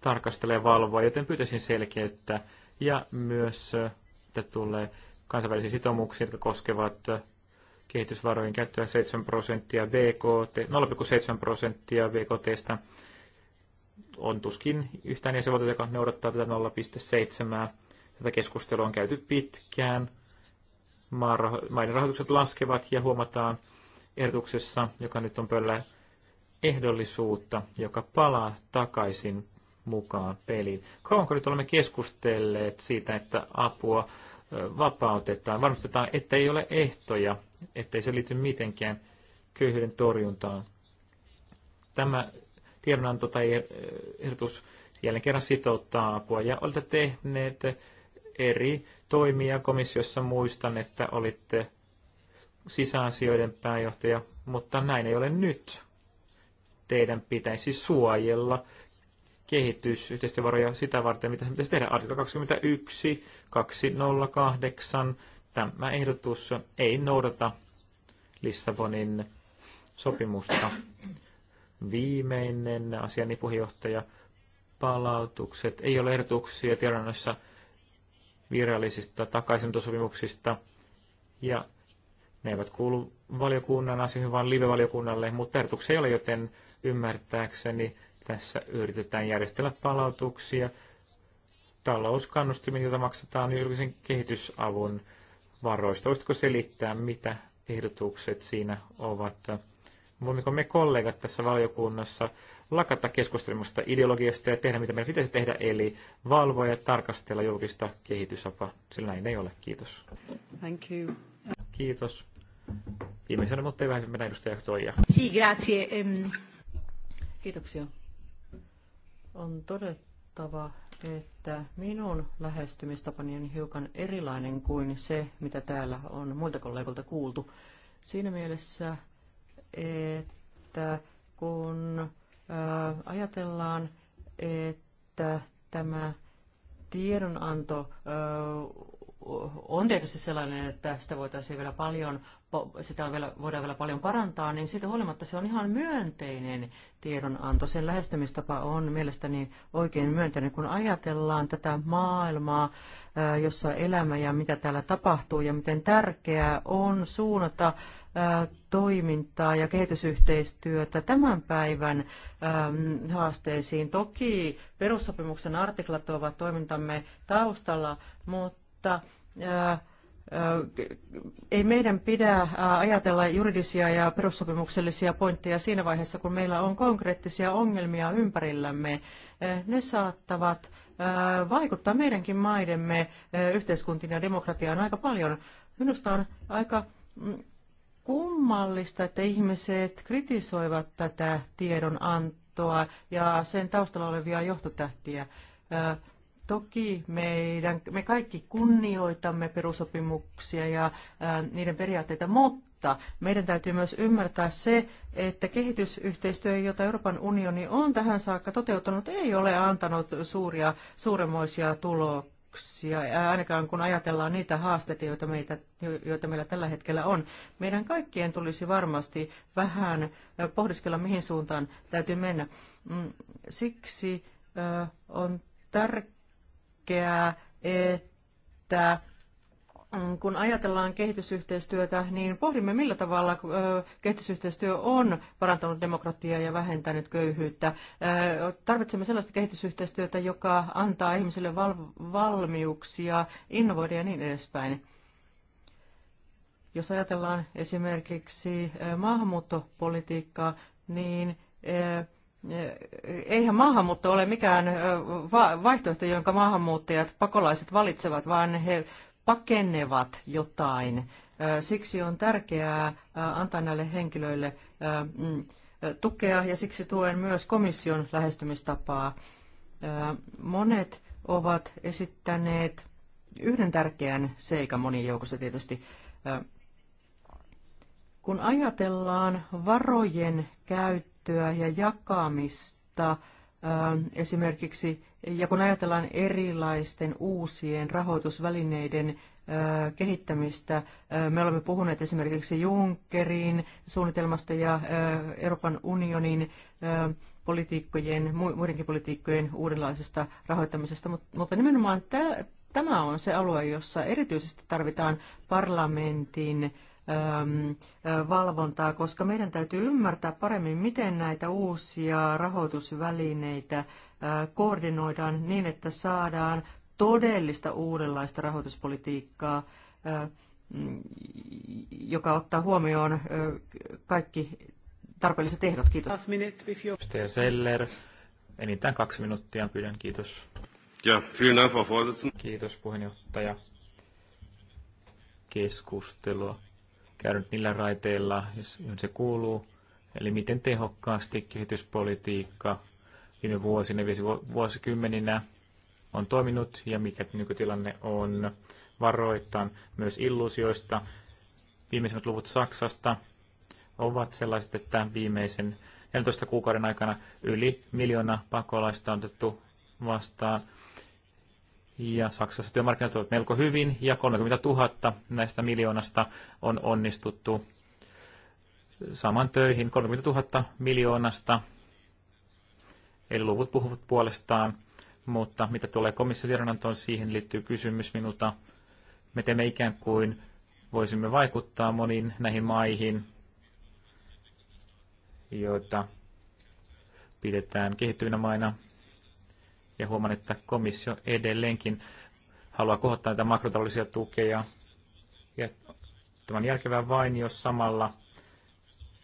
tarkastella ja valvoa, joten pyytäisin selkeyttä ja myös, että tulee kansainvälisiä sitoumuksia, jotka koskevat kehitysvarojen käyttöä 7 prosenttia BKT, 0,7 prosenttia BKTstä on tuskin yhtään jäsenvaltiota, joka noudattaa tätä 0,7. Tätä keskustelua on käyty pitkään. Maiden rahoitukset laskevat ja huomataan ehdotuksessa, joka nyt on pöllä ehdollisuutta, joka palaa takaisin mukaan peliin. Kauanko nyt olemme keskustelleet siitä, että apua vapautetaan, varmistetaan, että ei ole ehtoja ettei se liity mitenkään köyhyyden torjuntaan. Tämä tiedonanto tai eh, ehdotus jälleen kerran sitouttaa apua ja olette tehneet eri toimia komissiossa. Muistan, että olitte sisäasioiden pääjohtaja, mutta näin ei ole nyt. Teidän pitäisi suojella kehitysyhteistyövaroja sitä varten, mitä se pitäisi tehdä. Artikla 21, 208 tämä ehdotus ei noudata Lissabonin sopimusta. Viimeinen asiani puheenjohtaja palautukset. Ei ole ehdotuksia tiedonnoissa virallisista takaisinotosopimuksista ja ne eivät kuulu valiokunnan asioihin, vaan live-valiokunnalle, mutta ehdotuksia ei ole, joten ymmärtääkseni tässä yritetään järjestellä palautuksia talouskannustimin, jota maksetaan julkisen kehitysavun varoista. Voisitko selittää, mitä ehdotukset siinä ovat? Voimmeko me kollegat tässä valiokunnassa lakata keskustelemasta ideologiasta ja tehdä, mitä meidän pitäisi tehdä, eli valvoa ja tarkastella julkista kehitysapaa, sillä näin ei ole. Kiitos. Thank you. Kiitos. Viimeisenä, mutta ei vähemmän edustaja Toija. Si, grazie. Kiitoksia. On todettava, että minun lähestymistapani on hiukan erilainen kuin se, mitä täällä on muilta kollegoilta kuultu. Siinä mielessä, että kun ajatellaan, että tämä tiedonanto on tietysti sellainen, että sitä voitaisiin vielä paljon, sitä on vielä, voidaan vielä paljon parantaa, niin siitä huolimatta se on ihan myönteinen tiedonanto. Sen lähestymistapa on mielestäni oikein myönteinen, kun ajatellaan tätä maailmaa, jossa elämä ja mitä täällä tapahtuu ja miten tärkeää on suunnata toimintaa ja kehitysyhteistyötä tämän päivän haasteisiin. Toki perussopimuksen artiklat ovat toimintamme taustalla, mutta mutta ei meidän pidä ajatella juridisia ja perussopimuksellisia pointteja siinä vaiheessa, kun meillä on konkreettisia ongelmia ympärillämme. Ne saattavat vaikuttaa meidänkin maidemme yhteiskuntiin ja demokratiaan aika paljon. Minusta on aika mm, kummallista, että ihmiset kritisoivat tätä tiedonantoa ja sen taustalla olevia johtotähtiä. Toki meidän, me kaikki kunnioitamme perusopimuksia ja ää, niiden periaatteita, mutta meidän täytyy myös ymmärtää se, että kehitysyhteistyö, jota Euroopan unioni on tähän saakka toteuttanut, ei ole antanut suuria, suuremoisia tuloksia, ainakaan kun ajatellaan niitä haasteita, joita, meitä, joita meillä tällä hetkellä on. Meidän kaikkien tulisi varmasti vähän pohdiskella, mihin suuntaan täytyy mennä. Mm, siksi on tärkeää, tärkeää, että mm, kun ajatellaan kehitysyhteistyötä, niin pohdimme, millä tavalla kehitysyhteistyö on parantanut demokratiaa ja vähentänyt köyhyyttä. Tarvitsemme sellaista kehitysyhteistyötä, joka antaa ihmisille valmiuksia innovoida ja niin edespäin. Jos ajatellaan esimerkiksi maahanmuuttopolitiikkaa, niin eihän maahanmuutto ole mikään vaihtoehto, jonka maahanmuuttajat, pakolaiset valitsevat, vaan he pakenevat jotain. Siksi on tärkeää antaa näille henkilöille mm, tukea ja siksi tuen myös komission lähestymistapaa. Monet ovat esittäneet yhden tärkeän seikan monien joukossa tietysti. Kun ajatellaan varojen käyttöä, käyttöä ja jakamista ähm, esimerkiksi, ja kun ajatellaan erilaisten uusien rahoitusvälineiden äh, kehittämistä. Äh, me olemme puhuneet esimerkiksi Junckerin suunnitelmasta ja äh, Euroopan unionin politiikkojen, muidenkin politiikkojen uudenlaisesta rahoittamisesta, mutta nimenomaan tämä on se alue, jossa erityisesti tarvitaan parlamentin Ähm, äh, valvontaa, koska meidän täytyy ymmärtää paremmin, miten näitä uusia rahoitusvälineitä äh, koordinoidaan niin, että saadaan todellista uudenlaista rahoituspolitiikkaa, äh, joka ottaa huomioon kaikki tarpeelliset ehdot. Kiitos. Edustaja Seller, enintään kaksi minuuttia pyydän. Kiitos. Ja, vielen Dank, Frau Kiitos puheenjohtaja. Keskustelua käynyt niillä raiteilla, johon se kuuluu, eli miten tehokkaasti kehityspolitiikka viime vuosina, vuosikymmeninä on toiminut ja mikä nykytilanne on. Varoittaan myös illuusioista. Viimeisimmät luvut Saksasta ovat sellaiset, että viimeisen 14 kuukauden aikana yli miljoona pakolaista on otettu vastaan ja Saksassa työmarkkinat ovat melko hyvin ja 30 000 näistä miljoonasta on onnistuttu saman töihin. 30 000 miljoonasta. Eli luvut puhuvat puolestaan, mutta mitä tulee komissiotiedonantoon, siihen liittyy kysymys minulta. Me teemme ikään kuin voisimme vaikuttaa moniin näihin maihin, joita pidetään kehittyvinä maina – ja huomaan, että komissio edelleenkin haluaa kohottaa näitä makrotaloudellisia tukeja. Ja tämä on järkevää vain, jos samalla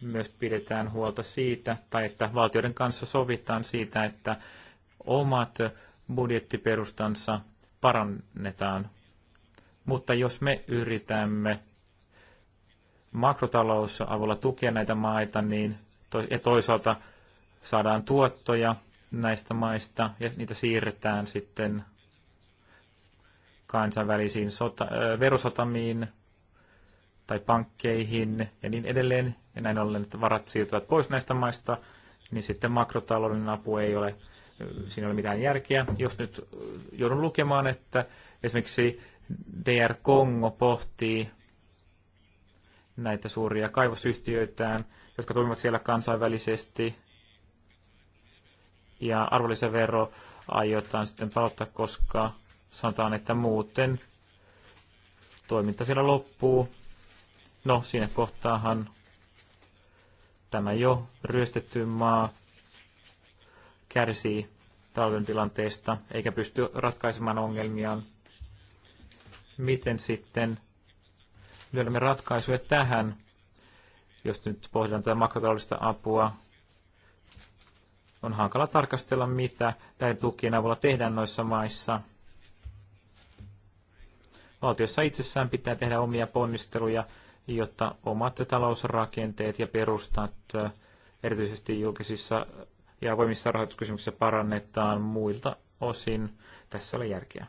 myös pidetään huolta siitä, tai että valtioiden kanssa sovitaan siitä, että omat budjettiperustansa parannetaan. Mutta jos me yritämme makrotalousavulla tukea näitä maita, niin ja toisaalta saadaan tuottoja, näistä maista ja niitä siirretään sitten kansainvälisiin sota, verosatamiin tai pankkeihin ja niin edelleen. Ja näin ollen, että varat siirtyvät pois näistä maista, niin sitten makrotalouden apu ei ole, siinä ei ole mitään järkeä. Jos nyt joudun lukemaan, että esimerkiksi DR Kongo pohtii näitä suuria kaivosyhtiöitään, jotka toimivat siellä kansainvälisesti, ja arvonlisävero aiotaan sitten palauttaa, koska sanotaan, että muuten toiminta siellä loppuu. No, siinä kohtaahan tämä jo ryöstetty maa kärsii talouden tilanteesta eikä pysty ratkaisemaan ongelmiaan. Miten sitten löydämme ratkaisuja tähän, jos nyt pohditaan tätä makrotaloudellista apua on hankala tarkastella, mitä näiden tukien avulla tehdään noissa maissa. Valtiossa itsessään pitää tehdä omia ponnisteluja, jotta omat talousrakenteet ja perustat erityisesti julkisissa ja avoimissa rahoituskysymyksissä parannetaan muilta osin. Tässä oli järkeä.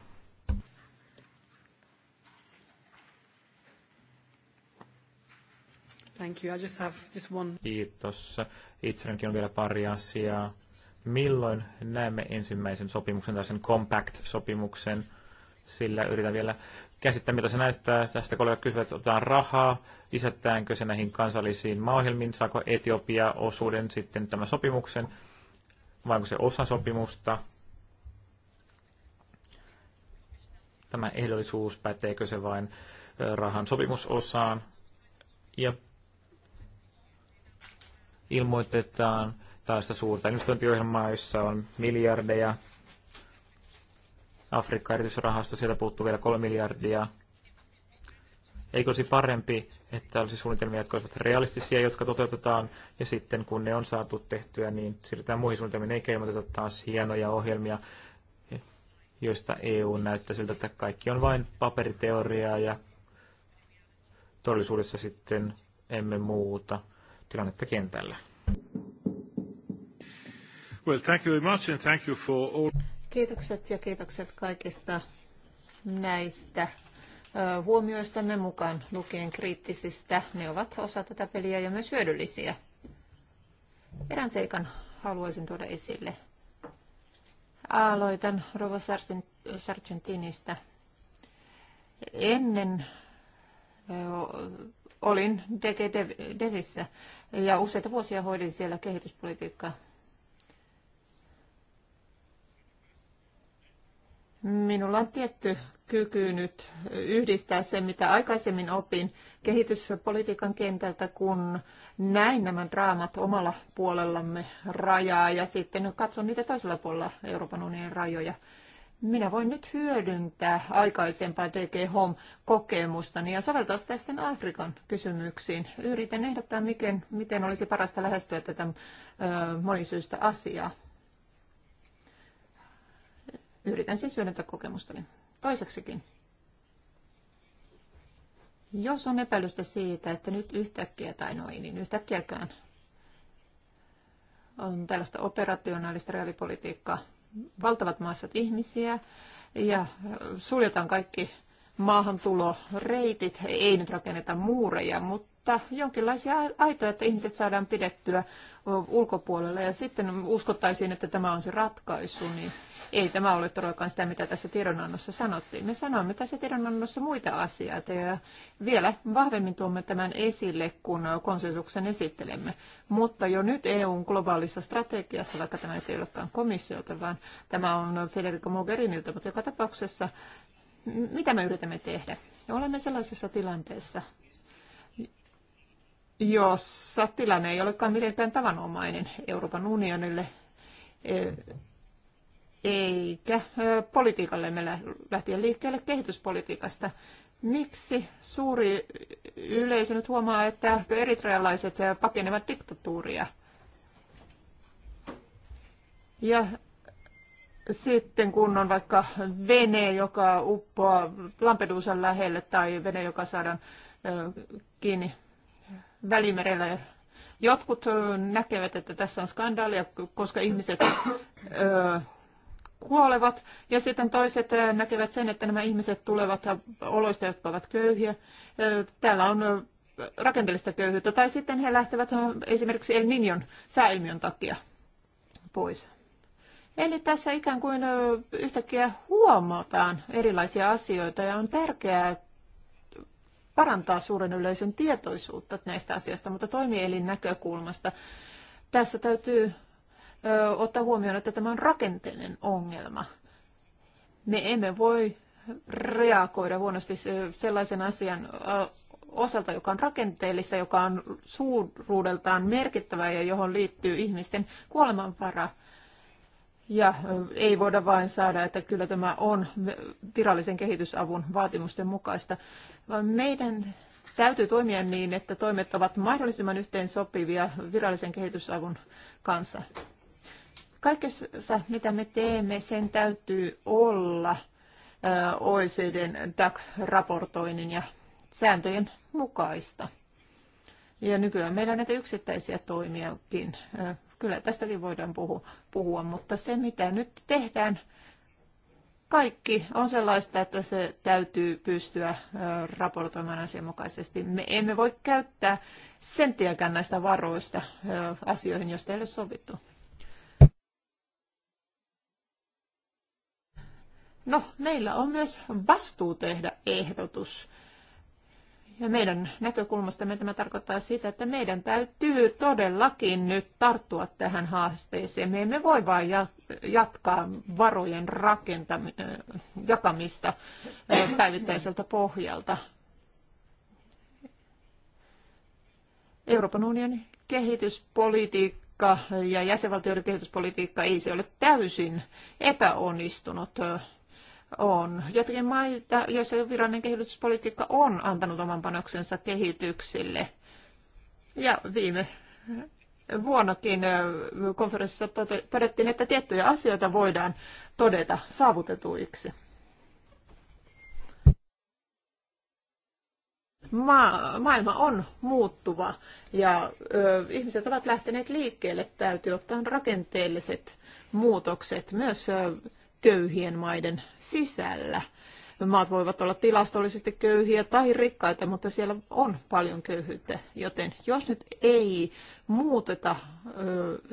Thank you. I just have just one. Kiitos. Itsellänikin on vielä pari asiaa milloin näemme ensimmäisen sopimuksen, tai sen compact-sopimuksen, sillä yritän vielä käsittää, mitä se näyttää. Tästä kollegat kysyvät, että otetaan rahaa, lisätäänkö se näihin kansallisiin maaohjelmiin, saako Etiopia osuuden sitten tämän sopimuksen, vai onko se osa sopimusta. Tämä ehdollisuus, päteekö se vain rahan sopimusosaan. Ja ilmoitetaan tällaista suurta investointiohjelmaa, jossa on miljardeja. Afrikka erityisrahasto, sieltä puuttuu vielä kolme miljardia. Eikö olisi parempi, että olisi suunnitelmia, jotka olisivat realistisia, jotka toteutetaan, ja sitten kun ne on saatu tehtyä, niin siirrytään muihin suunnitelmiin, eikä ilmoiteta taas hienoja ohjelmia, joista EU näyttää siltä, että kaikki on vain paperiteoriaa ja todellisuudessa sitten emme muuta tilannetta kentällä. Well, thank you very much and thank you for all... Kiitokset ja kiitokset kaikista näistä huomioista, ne mukaan lukien kriittisistä. Ne ovat osa tätä peliä ja myös hyödyllisiä. Erään seikan haluaisin tuoda esille. Aloitan Rova Sargentinista. Ennen olin DG Devissä ja useita vuosia hoidin siellä kehityspolitiikkaa. Minulla on tietty kyky nyt yhdistää se, mitä aikaisemmin opin kehityspolitiikan kentältä, kun näin nämä draamat omalla puolellamme rajaa ja sitten katson niitä toisella puolella Euroopan unionin rajoja. Minä voin nyt hyödyntää aikaisempaa DG Home-kokemustani ja soveltaa sitä sitten Afrikan kysymyksiin. Yritän ehdottaa, miten, miten olisi parasta lähestyä tätä ö, monisyistä asiaa. Yritän siis hyödyntää kokemustani. Toiseksikin, jos on epäilystä siitä, että nyt yhtäkkiä tai noin, niin yhtäkkiäkään on tällaista operationaalista reaalipolitiikkaa, valtavat massat ihmisiä ja suljetaan kaikki maahantuloreitit, ei nyt rakenneta muureja, mutta että jonkinlaisia aitoja, että ihmiset saadaan pidettyä ulkopuolella ja sitten uskottaisiin, että tämä on se ratkaisu, niin ei tämä ole todellakaan sitä, mitä tässä tiedonannossa sanottiin. Me sanoimme tässä tiedonannossa muita asioita ja vielä vahvemmin tuomme tämän esille, kun konsensuksen esittelemme. Mutta jo nyt EUn globaalissa strategiassa, vaikka tämä ei olekaan komissiota vaan tämä on Federico Mogherinilta, mutta joka tapauksessa mitä me yritämme tehdä? Olemme sellaisessa tilanteessa, jossa tilanne ei olekaan mitenkään tavanomainen Euroopan unionille e, eikä e, politiikalle me lähtien liikkeelle kehityspolitiikasta. Miksi suuri yleisö nyt huomaa, että eritrealaiset e, pakenevat diktatuuria? Ja sitten kun on vaikka vene, joka uppoaa Lampedusan lähelle tai vene, joka saadaan kiinni Välimerellä jotkut näkevät, että tässä on skandaalia, koska ihmiset ö, kuolevat. Ja sitten toiset näkevät sen, että nämä ihmiset tulevat oloista, jotka ovat köyhiä. Täällä on rakenteellista köyhyyttä. Tai sitten he lähtevät esimerkiksi El Niñon sääilmiön takia pois. Eli tässä ikään kuin yhtäkkiä huomataan erilaisia asioita ja on tärkeää parantaa suuren yleisön tietoisuutta näistä asioista, mutta toimielin näkökulmasta tässä täytyy ö, ottaa huomioon, että tämä on rakenteellinen ongelma. Me emme voi reagoida huonosti sellaisen asian osalta, joka on rakenteellista, joka on suuruudeltaan merkittävä ja johon liittyy ihmisten kuolemanvara. Ja ei voida vain saada, että kyllä tämä on virallisen kehitysavun vaatimusten mukaista vaan meidän täytyy toimia niin, että toimet ovat mahdollisimman yhteen sopivia virallisen kehitysavun kanssa. Kaikessa, mitä me teemme, sen täytyy olla OECDn DAC-raportoinnin ja sääntöjen mukaista. Ja nykyään meillä on näitä yksittäisiä toimiakin. Kyllä tästäkin voidaan puhua, mutta se mitä nyt tehdään kaikki on sellaista, että se täytyy pystyä raportoimaan asianmukaisesti. Me emme voi käyttää senttiäkään näistä varoista asioihin, jos teille sovittu. No, meillä on myös vastuu tehdä ehdotus ja meidän näkökulmastamme tämä tarkoittaa sitä, että meidän täytyy todellakin nyt tarttua tähän haasteeseen. Me emme voi vain jatkaa varojen rakentam- jakamista äh, päivittäiseltä pohjalta. Euroopan unionin kehityspolitiikka ja jäsenvaltioiden kehityspolitiikka ei se ole täysin epäonnistunut on Jotkin maita, joissa virallinen kehityspolitiikka on antanut oman panoksensa kehityksille. Ja viime vuonnakin konferenssissa todettiin, että tiettyjä asioita voidaan todeta saavutetuiksi. ma- maailma on muuttuva ja ö, ihmiset ovat lähteneet liikkeelle. Täytyy ottaa rakenteelliset muutokset myös ö, köyhien maiden sisällä. Maat voivat olla tilastollisesti köyhiä tai rikkaita, mutta siellä on paljon köyhyyttä, joten jos nyt ei muuteta,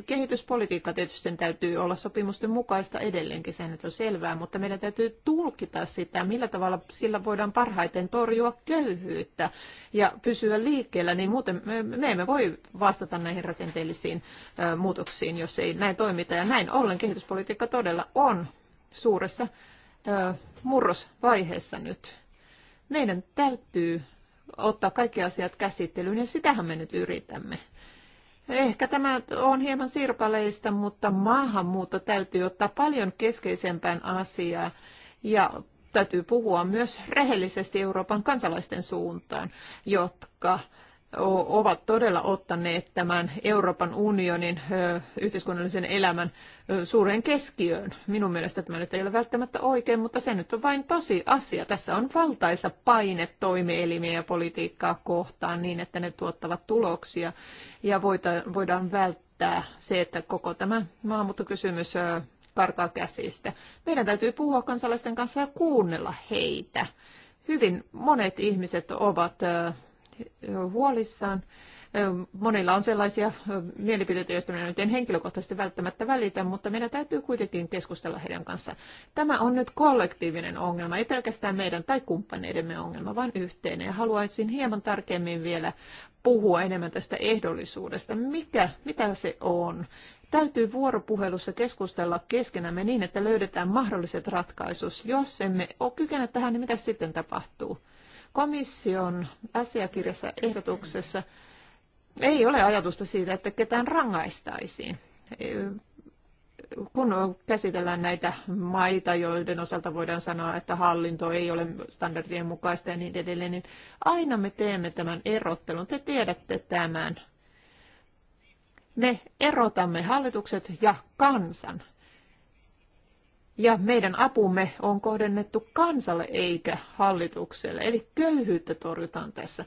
kehityspolitiikka tietysti sen täytyy olla sopimusten mukaista edelleenkin, se nyt on selvää, mutta meidän täytyy tulkita sitä, millä tavalla sillä voidaan parhaiten torjua köyhyyttä ja pysyä liikkeellä, niin muuten me emme voi vastata näihin rakenteellisiin muutoksiin, jos ei näin toimita, ja näin ollen kehityspolitiikka todella on suuressa murrosvaiheessa nyt. Meidän täytyy ottaa kaikki asiat käsittelyyn ja sitähän me nyt yritämme. Ehkä tämä on hieman sirpaleista, mutta maahanmuutto täytyy ottaa paljon keskeisempään asiaa ja täytyy puhua myös rehellisesti Euroopan kansalaisten suuntaan, jotka ovat todella ottaneet tämän Euroopan unionin yhteiskunnallisen elämän suureen keskiöön. Minun mielestä tämä nyt ei ole välttämättä oikein, mutta se nyt on vain tosi asia. Tässä on valtaisa paine toimielimiä ja politiikkaa kohtaan niin, että ne tuottavat tuloksia ja voidaan välttää se, että koko tämä maahanmuuttokysymys karkaa käsistä. Meidän täytyy puhua kansalaisten kanssa ja kuunnella heitä. Hyvin monet ihmiset ovat huolissaan. Monilla on sellaisia mielipiteitä, joista minä nyt en henkilökohtaisesti välttämättä välitä, mutta meidän täytyy kuitenkin keskustella heidän kanssaan. Tämä on nyt kollektiivinen ongelma, ei pelkästään meidän tai kumppaneidemme ongelma, vaan yhteinen. Ja haluaisin hieman tarkemmin vielä puhua enemmän tästä ehdollisuudesta. Mikä, mitä se on? täytyy vuoropuhelussa keskustella keskenämme niin, että löydetään mahdolliset ratkaisut. Jos emme ole kykene tähän, niin mitä sitten tapahtuu? Komission asiakirjassa ehdotuksessa ei ole ajatusta siitä, että ketään rangaistaisiin kun käsitellään näitä maita, joiden osalta voidaan sanoa, että hallinto ei ole standardien mukaista ja niin edelleen, niin aina me teemme tämän erottelun. Te tiedätte tämän. Me erotamme hallitukset ja kansan ja meidän apumme on kohdennettu kansalle eikä hallitukselle. Eli köyhyyttä torjutaan tässä.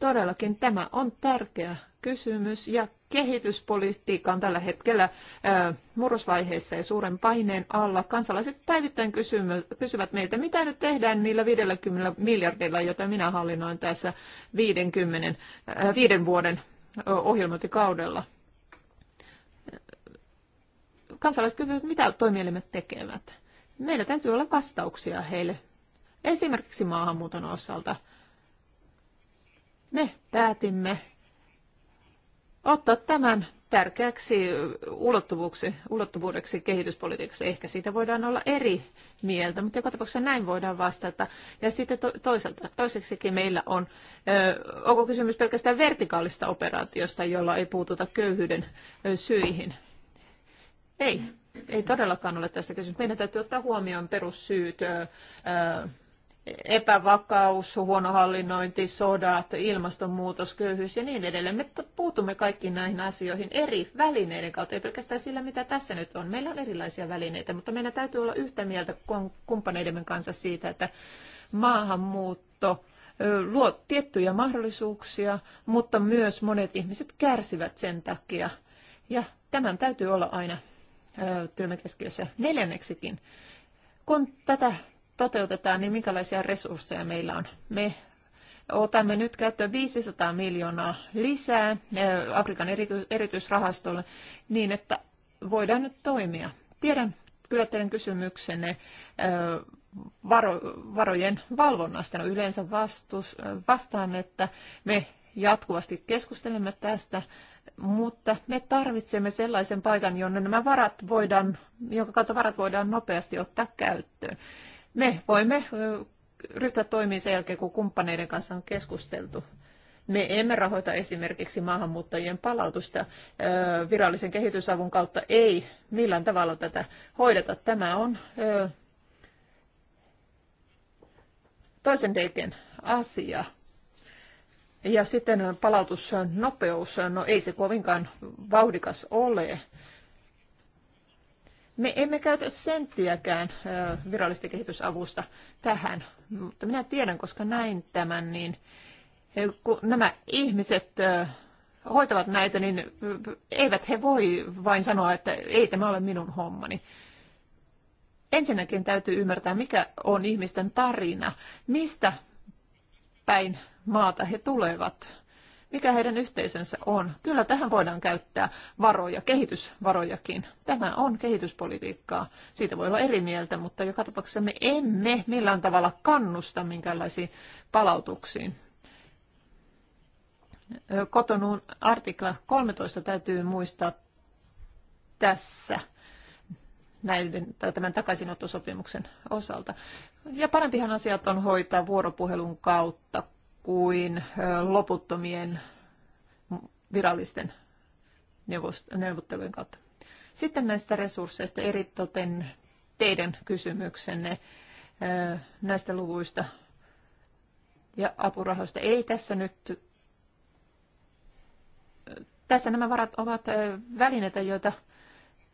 Todellakin tämä on tärkeä kysymys ja kehityspolitiikka on tällä hetkellä murrosvaiheessa ja suuren paineen alla. Kansalaiset päivittäin kysyvät meiltä, mitä nyt tehdään niillä 50 miljardilla, jota minä hallinnoin tässä 50, viiden vuoden ohjelmointikaudella kansalaiset kysyvät, mitä toimielimet tekevät. Meillä täytyy olla vastauksia heille. Esimerkiksi maahanmuuton osalta. Me päätimme ottaa tämän tärkeäksi ulottuvuudeksi, ulottuvuudeksi kehityspolitiikassa. Ehkä siitä voidaan olla eri mieltä, mutta joka tapauksessa näin voidaan vastata. Ja sitten to, toisaalta, toiseksikin meillä on, ö, onko kysymys pelkästään vertikaalista operaatiosta, jolla ei puututa köyhyyden syihin. Ei, ei todellakaan ole tästä kysymys. Meidän täytyy ottaa huomioon perussyyt, epävakaus, huono hallinnointi, sodat, ilmastonmuutos, köyhyys ja niin edelleen. Me puutumme kaikkiin näihin asioihin eri välineiden kautta, ei pelkästään sillä, mitä tässä nyt on. Meillä on erilaisia välineitä, mutta meidän täytyy olla yhtä mieltä kumppaneidemme kanssa siitä, että maahanmuutto luo tiettyjä mahdollisuuksia, mutta myös monet ihmiset kärsivät sen takia. Ja tämän täytyy olla aina työmme neljänneksikin. Kun tätä toteutetaan, niin minkälaisia resursseja meillä on? Me otamme nyt käyttöön 500 miljoonaa lisää Afrikan erityisrahastolle niin, että voidaan nyt toimia. Tiedän kyllä teidän kysymyksenne varo, varojen valvonnasta. No yleensä vastus, vastaan, että me jatkuvasti keskustelemme tästä mutta me tarvitsemme sellaisen paikan, jonne nämä varat voidaan, jonka kautta varat voidaan nopeasti ottaa käyttöön. Me voimme ryhtyä toimiin sen jälkeen, kun kumppaneiden kanssa on keskusteltu. Me emme rahoita esimerkiksi maahanmuuttajien palautusta virallisen kehitysavun kautta. Ei millään tavalla tätä hoideta. Tämä on toisen deiken asia. Ja sitten palautusnopeus, no ei se kovinkaan vauhdikas ole. Me emme käytä senttiäkään virallista kehitysavusta tähän, mutta minä tiedän, koska näin tämän, niin kun nämä ihmiset hoitavat näitä, niin eivät he voi vain sanoa, että ei tämä ole minun hommani. Ensinnäkin täytyy ymmärtää, mikä on ihmisten tarina, mistä päin maata he tulevat, mikä heidän yhteisönsä on. Kyllä tähän voidaan käyttää varoja, kehitysvarojakin. Tämä on kehityspolitiikkaa. Siitä voi olla eri mieltä, mutta joka tapauksessa me emme millään tavalla kannusta minkäänlaisiin palautuksiin. Kotonuun artikla 13 täytyy muistaa tässä näiden, tai tämän takaisinottosopimuksen osalta. Ja parempihan asiat on hoitaa vuoropuhelun kautta kuin loputtomien virallisten neuvottelujen kautta. Sitten näistä resursseista, eritoten teidän kysymyksenne näistä luvuista ja apurahoista. Ei tässä nyt, tässä nämä varat ovat välineitä, joita,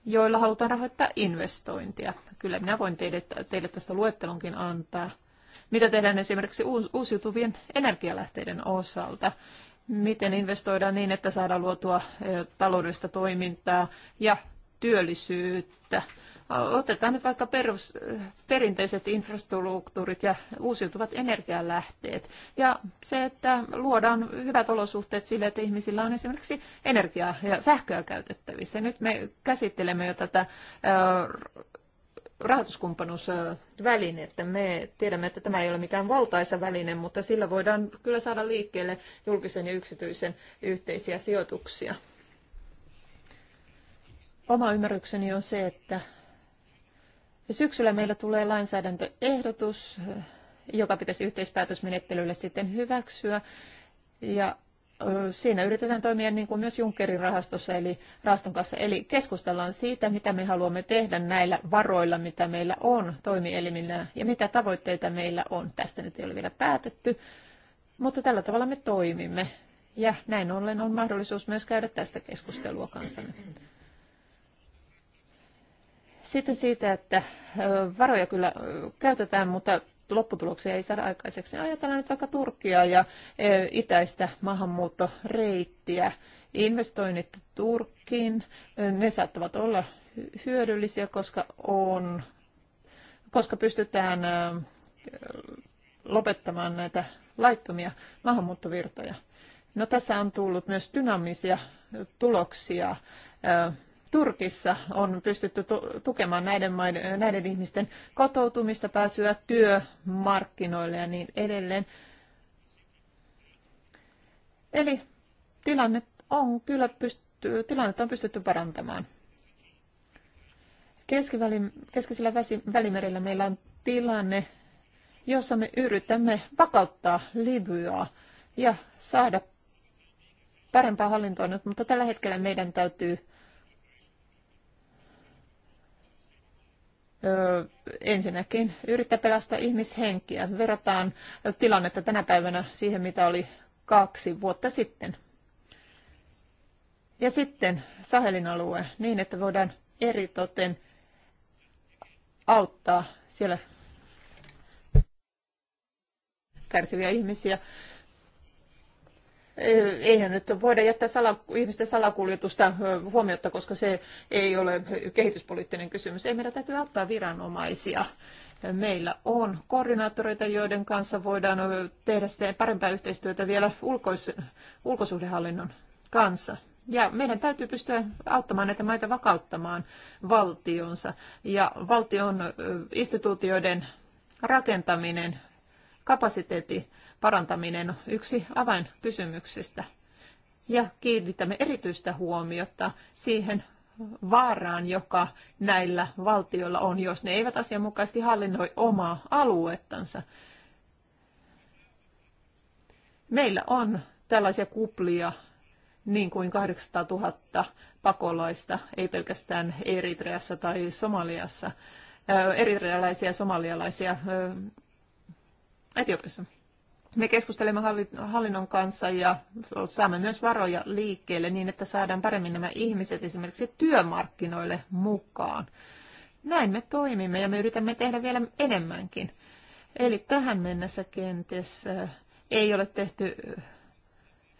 joilla halutaan rahoittaa investointia. Kyllä minä voin teille, teille tästä luettelonkin antaa mitä tehdään esimerkiksi uusiutuvien energialähteiden osalta? Miten investoidaan niin, että saadaan luotua taloudellista toimintaa ja työllisyyttä? Otetaan nyt vaikka perus, perinteiset infrastruktuurit ja uusiutuvat energialähteet. Ja se, että luodaan hyvät olosuhteet sille, että ihmisillä on esimerkiksi energiaa ja sähköä käytettävissä. Nyt me käsittelemme jo tätä rahoituskumppanuusväline, että me tiedämme, että tämä ei ole mikään valtaisa väline, mutta sillä voidaan kyllä saada liikkeelle julkisen ja yksityisen yhteisiä sijoituksia. Oma ymmärrykseni on se, että syksyllä meillä tulee lainsäädäntöehdotus, joka pitäisi yhteispäätösmenettelylle sitten hyväksyä. Ja siinä yritetään toimia niin kuin myös Junckerin rahastossa eli rahaston kanssa. Eli keskustellaan siitä, mitä me haluamme tehdä näillä varoilla, mitä meillä on toimielimillä ja mitä tavoitteita meillä on. Tästä nyt ei ole vielä päätetty, mutta tällä tavalla me toimimme. Ja näin ollen on mahdollisuus myös käydä tästä keskustelua kanssanne. Sitten siitä, että varoja kyllä käytetään, mutta lopputuloksia ei saada aikaiseksi. Niin ajatellaan nyt vaikka Turkia ja e, itäistä maahanmuuttoreittiä. Investoinnit Turkkiin, e, ne saattavat olla hyödyllisiä, koska, on, koska pystytään e, lopettamaan näitä laittomia maahanmuuttovirtoja. No tässä on tullut myös dynaamisia tuloksia Turkissa on pystytty tukemaan näiden, maiden, näiden ihmisten kotoutumista, pääsyä työmarkkinoille ja niin edelleen. Eli tilanne on kyllä pystytty, tilannetta on pystytty parantamaan. Keskisellä välimerellä meillä on tilanne, jossa me yritämme vakauttaa Libyaa ja saada parempaa hallintoa nyt, mutta tällä hetkellä meidän täytyy ensinnäkin yrittää pelastaa ihmishenkiä. Verrataan tilannetta tänä päivänä siihen, mitä oli kaksi vuotta sitten. Ja sitten Sahelin alue niin, että voidaan eritoten auttaa siellä kärsiviä ihmisiä eihän nyt voida jättää ihmisten salakuljetusta huomiota, koska se ei ole kehityspoliittinen kysymys. Ei meidän täytyy auttaa viranomaisia. Meillä on koordinaattoreita, joiden kanssa voidaan tehdä sitä parempaa yhteistyötä vielä ulkois, ulkosuhdehallinnon kanssa. Ja meidän täytyy pystyä auttamaan näitä maita vakauttamaan valtionsa. Ja valtion instituutioiden rakentaminen kapasiteetin parantaminen on yksi avainkysymyksistä. Ja kiinnitämme erityistä huomiota siihen vaaraan, joka näillä valtioilla on, jos ne eivät asianmukaisesti hallinnoi omaa aluettansa. Meillä on tällaisia kuplia, niin kuin 800 000 pakolaista, ei pelkästään Eritreassa tai Somaliassa, eritrealaisia ja somalialaisia Etiopiassa. Me keskustelemme hallinnon kanssa ja saamme myös varoja liikkeelle niin, että saadaan paremmin nämä ihmiset esimerkiksi työmarkkinoille mukaan. Näin me toimimme ja me yritämme tehdä vielä enemmänkin. Eli tähän mennessä kenties äh, ei ole tehty äh,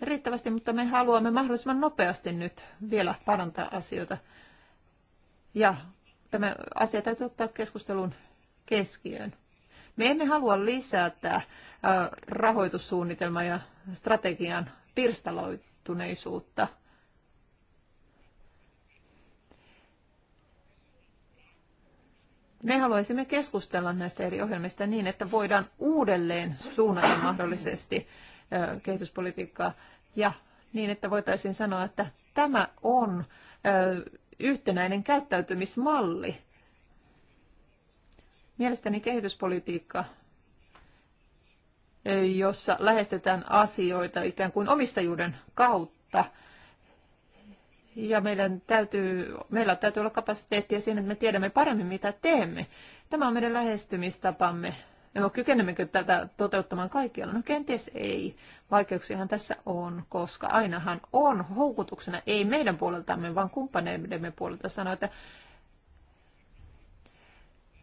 riittävästi, mutta me haluamme mahdollisimman nopeasti nyt vielä parantaa asioita. Ja tämä asia täytyy ottaa keskustelun keskiöön. Me emme halua lisätä rahoitussuunnitelman ja strategian pirstaloituneisuutta. Me haluaisimme keskustella näistä eri ohjelmista niin, että voidaan uudelleen suunnata mahdollisesti kehityspolitiikkaa ja niin, että voitaisiin sanoa, että tämä on yhtenäinen käyttäytymismalli Mielestäni kehityspolitiikka, eh, jossa lähestetään asioita ikään kuin omistajuuden kautta, ja meidän täytyy, meillä täytyy olla kapasiteettia siinä, että me tiedämme paremmin, mitä teemme. Tämä on meidän lähestymistapamme. No, kykenemmekö tätä toteuttamaan kaikkialla? No kenties ei. Vaikeuksiahan tässä on, koska ainahan on houkutuksena, ei meidän puoleltamme, vaan kumppaneidemme puolelta sanoa, että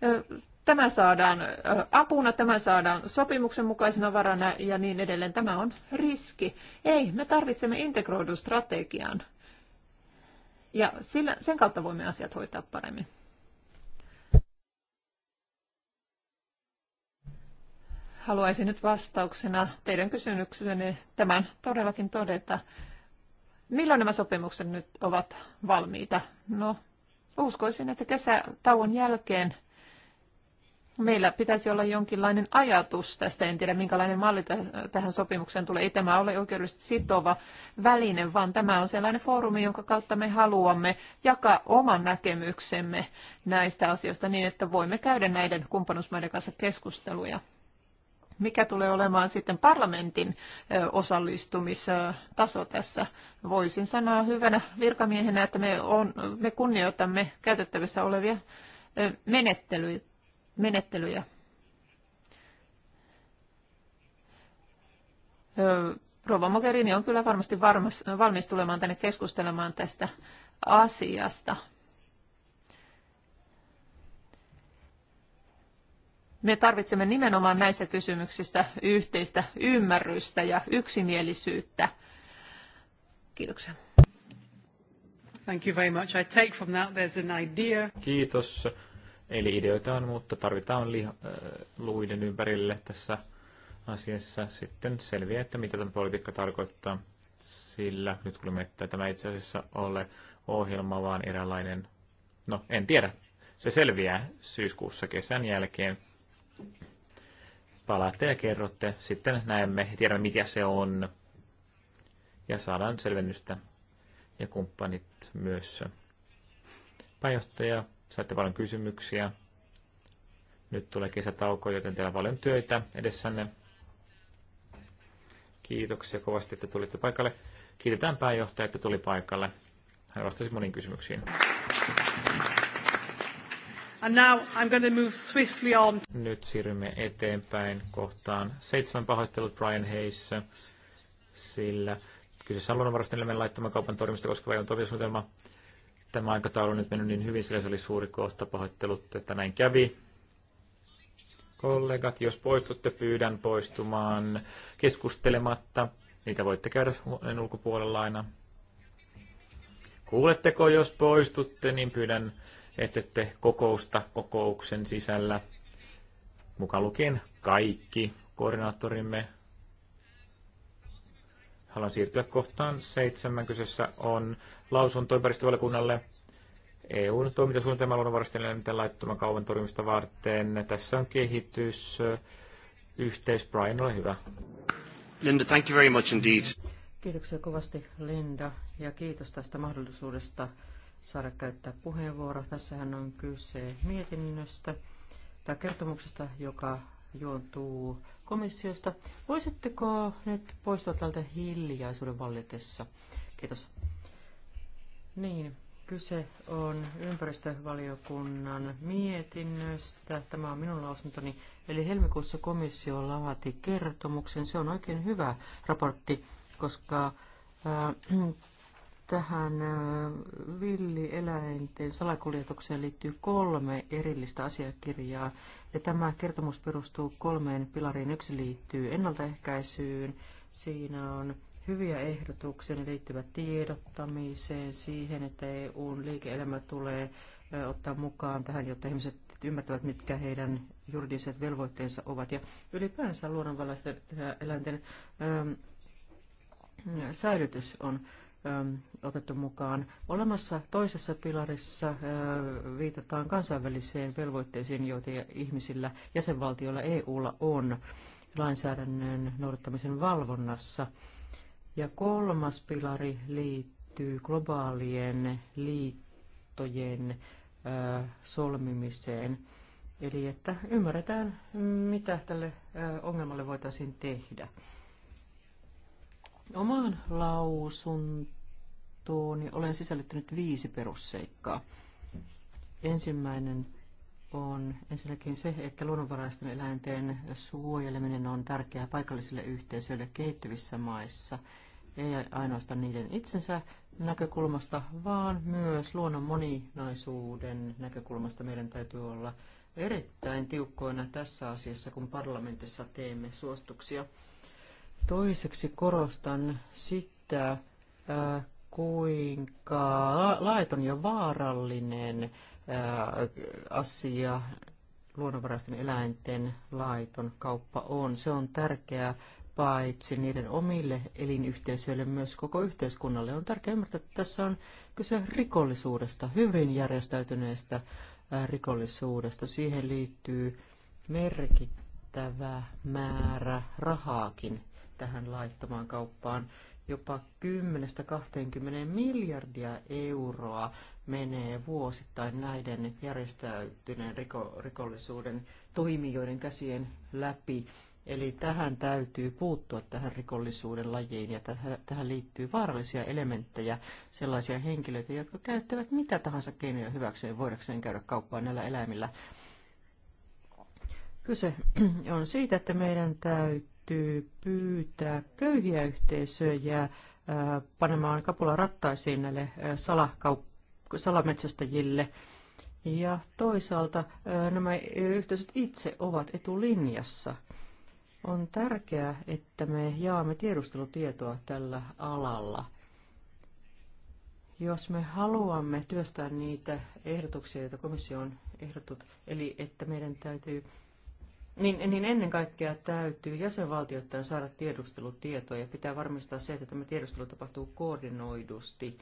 eh, Tämä saadaan apuna, tämä saadaan sopimuksen mukaisena varana ja niin edelleen. Tämä on riski. Ei, me tarvitsemme integroidun strategian. Ja sillä, sen kautta voimme asiat hoitaa paremmin. Haluaisin nyt vastauksena teidän kysymykseenne tämän todellakin todeta. Milloin nämä sopimukset nyt ovat valmiita? No, uskoisin, että kesätauon jälkeen – Meillä pitäisi olla jonkinlainen ajatus tästä, en tiedä minkälainen malli tähän sopimukseen tulee. Ei tämä ole oikeudellisesti sitova väline, vaan tämä on sellainen foorumi, jonka kautta me haluamme jakaa oman näkemyksemme näistä asioista niin, että voimme käydä näiden kumppanuusmaiden kanssa keskusteluja. Mikä tulee olemaan sitten parlamentin osallistumistaso tässä? Voisin sanoa hyvänä virkamiehenä, että me, on, me kunnioitamme käytettävissä olevia menettelyitä menettelyjä. Rova Mogherini on kyllä varmasti varmas, valmis tulemaan tänne keskustelemaan tästä asiasta. Me tarvitsemme nimenomaan näissä kysymyksissä yhteistä ymmärrystä ja yksimielisyyttä. Kiitoksia. Thank you very much. I take from that there's an idea. Kiitos. Eli ideoita on, mutta tarvitaan liha, äh, luiden ympärille tässä asiassa. Sitten selviää, että mitä tämä politiikka tarkoittaa, sillä nyt kuulimme, että tämä itse asiassa ole ohjelma, vaan eräänlainen, no en tiedä, se selviää syyskuussa kesän jälkeen. Palaatte ja kerrotte, sitten näemme ja tiedämme, mikä se on. Ja saadaan selvennystä ja kumppanit myös. Pääjohtaja Saitte paljon kysymyksiä. Nyt tulee kesätauko, joten teillä on paljon työtä edessänne. Kiitoksia kovasti, että tulitte paikalle. Kiitetään pääjohtaja, että tuli paikalle. Hän vastasi moniin kysymyksiin. And now I'm going to move swiftly on. Nyt siirrymme eteenpäin kohtaan seitsemän pahoittelut Brian Hayes, sillä kyseessä on luonnonvaraisten laittoman kaupan torjumista koskeva on tämä aikataulu on nyt mennyt niin hyvin, sillä se oli suuri kohta pahoittelut, että näin kävi. Kollegat, jos poistutte, pyydän poistumaan keskustelematta. Niitä voitte käydä huoneen ulkopuolella aina. Kuuletteko, jos poistutte, niin pyydän, te kokousta kokouksen sisällä, mukaan lukien kaikki koordinaattorimme Haluan siirtyä kohtaan seitsemän. Kyseessä on lausunto ympäristövaliokunnalle EUn toimintasuunnitelman luonnonvarastelijan ja laittoman kaupan torjumista varten. Tässä on kehitys. Yhteys Brian, ole hyvä. Linda, thank you very much indeed. Kiitoksia kovasti Linda ja kiitos tästä mahdollisuudesta saada käyttää puheenvuoro. Tässähän on kyse mietinnöstä tai kertomuksesta, joka juontuu komissiosta. Voisitteko nyt poistua tältä hiljaisuuden vallitessa? Kiitos. Niin, kyse on ympäristövaliokunnan mietinnöstä. Tämä on minun lausuntoni. Eli helmikuussa komissio laati kertomuksen. Se on oikein hyvä raportti, koska äh, Tähän villieläinten salakuljetukseen liittyy kolme erillistä asiakirjaa, ja tämä kertomus perustuu kolmeen pilariin. Yksi liittyy ennaltaehkäisyyn, siinä on hyviä ehdotuksia, ne liittyvät tiedottamiseen, siihen, että eu liike-elämä tulee ottaa mukaan tähän, jotta ihmiset ymmärtävät, mitkä heidän juridiset velvoitteensa ovat. Ja ylipäänsä luonnonvalaisten eläinten säilytys on Ähm, otettu mukaan. Olemassa toisessa pilarissa äh, viitataan kansainväliseen velvoitteisiin, joita ihmisillä, jäsenvaltioilla, EUlla on lainsäädännön noudattamisen valvonnassa. Ja kolmas pilari liittyy globaalien liittojen äh, solmimiseen. Eli että ymmärretään, mitä tälle äh, ongelmalle voitaisiin tehdä. Omaan lausuntooni olen sisällyttänyt viisi perusseikkaa. Ensimmäinen on ensinnäkin se, että luonnonvaraisten eläinten suojeleminen on tärkeää paikallisille yhteisöille kehittyvissä maissa, ei ainoastaan niiden itsensä näkökulmasta, vaan myös luonnon moninaisuuden näkökulmasta meidän täytyy olla erittäin tiukkoina tässä asiassa, kun parlamentissa teemme suostuksia. Toiseksi korostan sitä, äh, kuinka laiton ja vaarallinen äh, asia luonnonvaraisten eläinten laiton kauppa on. Se on tärkeää paitsi niiden omille elinyhteisöille, myös koko yhteiskunnalle. On tärkeää ymmärtää, että tässä on kyse rikollisuudesta, hyvin järjestäytyneestä äh, rikollisuudesta. Siihen liittyy merkittävä määrä rahaakin tähän laittomaan kauppaan. Jopa 10-20 miljardia euroa menee vuosittain näiden järjestäytyneen riko- rikollisuuden toimijoiden käsien läpi. Eli tähän täytyy puuttua tähän rikollisuuden lajiin ja tähän liittyy vaarallisia elementtejä, sellaisia henkilöitä, jotka käyttävät mitä tahansa keinoja hyväkseen voidakseen käydä kauppaan näillä eläimillä. Kyse on siitä, että meidän täytyy täytyy pyytää köyhiä yhteisöjä panemaan kapula rattaisiin näille salakaup- salametsästäjille. Ja toisaalta nämä yhteisöt itse ovat etulinjassa. On tärkeää, että me jaamme tiedustelutietoa tällä alalla. Jos me haluamme työstää niitä ehdotuksia, joita komissio on ehdottanut, eli että meidän täytyy niin, niin ennen kaikkea täytyy jäsenvaltioittain saada tiedustelutietoja. ja pitää varmistaa se, että tämä tiedustelu tapahtuu koordinoidusti.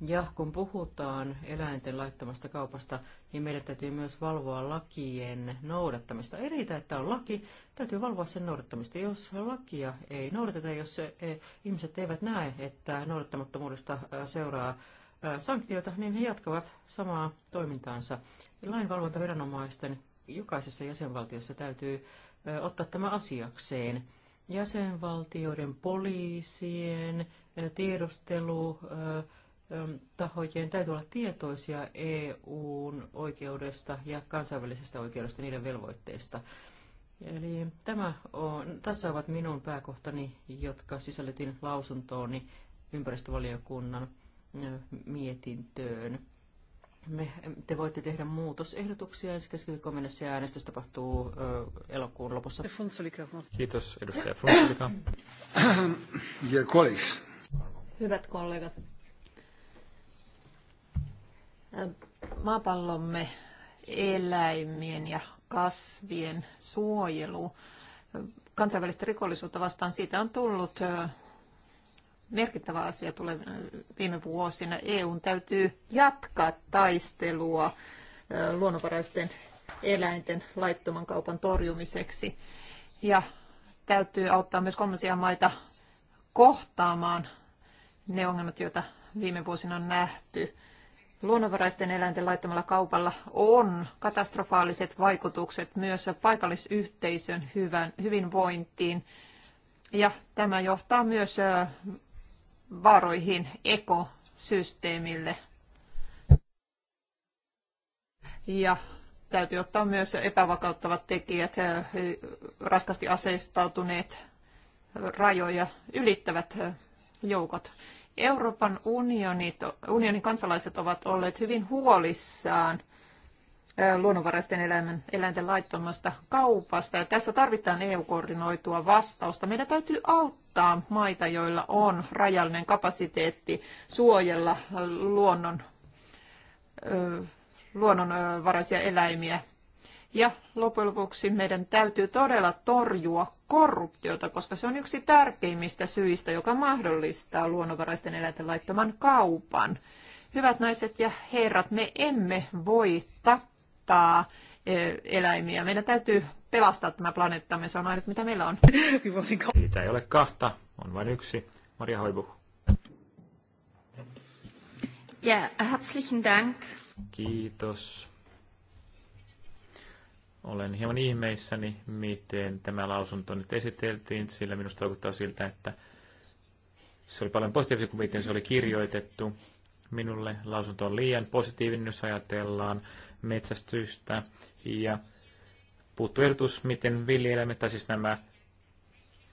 Ja kun puhutaan eläinten laittomasta kaupasta, niin meidän täytyy myös valvoa lakien noudattamista. Ei riitä, että on laki, täytyy valvoa sen noudattamista. Jos lakia ei noudateta, jos eh, ihmiset eivät näe, että noudattamattomuudesta eh, seuraa eh, sanktioita, niin he jatkavat samaa toimintaansa. Lainvalvontaviranomaisten jokaisessa jäsenvaltiossa täytyy ottaa tämä asiakseen. Jäsenvaltioiden poliisien, tiedustelutahojen täytyy olla tietoisia EUn oikeudesta ja kansainvälisestä oikeudesta niiden velvoitteista. Eli tämä on, tässä ovat minun pääkohtani, jotka sisällytin lausuntooni ympäristövaliokunnan mietintöön me, te voitte tehdä muutosehdotuksia. Ensi keskiviikkoon mennessä ja äänestys tapahtuu ö, elokuun lopussa. Kiitos edustaja Frunzulika. Hyvät kollegat. Maapallomme eläimien ja kasvien suojelu kansainvälistä rikollisuutta vastaan siitä on tullut merkittävä asia tulee viime vuosina. EUn täytyy jatkaa taistelua luonnonvaraisten eläinten laittoman kaupan torjumiseksi. Ja täytyy auttaa myös kolmansia maita kohtaamaan ne ongelmat, joita viime vuosina on nähty. Luonnonvaraisten eläinten laittomalla kaupalla on katastrofaaliset vaikutukset myös paikallisyhteisön hyvän, hyvinvointiin. Ja tämä johtaa myös varoihin ekosysteemille. Ja täytyy ottaa myös epävakauttavat tekijät, eh, raskasti aseistautuneet, rajoja ylittävät eh, joukot. Euroopan unionit, unionin kansalaiset ovat olleet hyvin huolissaan – luonnonvaraisten eläimen, eläinten laittomasta kaupasta. Ja tässä tarvitaan EU-koordinoitua vastausta. Meidän täytyy auttaa maita, joilla on rajallinen kapasiteetti suojella luonnon, luonnonvaraisia eläimiä. Ja loppujen lopuksi meidän täytyy todella torjua korruptiota, koska se on yksi tärkeimmistä syistä, joka mahdollistaa luonnonvaraisten eläinten laittoman kaupan. Hyvät naiset ja herrat, me emme voi tappaa auttaa eh, eläimiä. Meidän täytyy pelastaa tämä planeettamme, se on ainut mitä meillä on. Niitä ei ole kahta, on vain yksi. Maria Hoibu. Ja, herzlichen Dank. Kiitos. Olen hieman ihmeissäni, miten tämä lausunto nyt esiteltiin, sillä minusta vaikuttaa siltä, että se oli paljon positiivista kuin miten se oli kirjoitettu. Minulle lausunto on liian positiivinen, jos ajatellaan metsästystä ja puuttu ehdotus, miten villieläimet, tai siis nämä,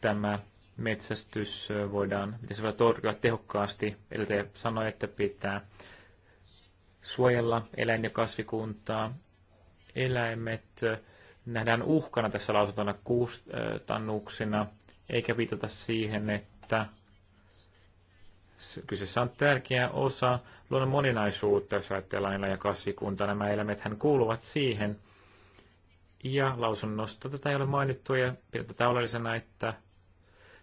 tämä metsästys voidaan, miten se voidaan torjua tehokkaasti. Edeltäjä sanoi, että pitää suojella eläin- ja kasvikuntaa. Eläimet nähdään uhkana tässä lausutana kustannuksina, eikä viitata siihen, että kyseessä on tärkeä osa luonnon moninaisuutta, jos ajatellaan ja kasvikunta. Nämä hän kuuluvat siihen. Ja lausunnosta tätä ei ole mainittu ja pidetään oleellisena, että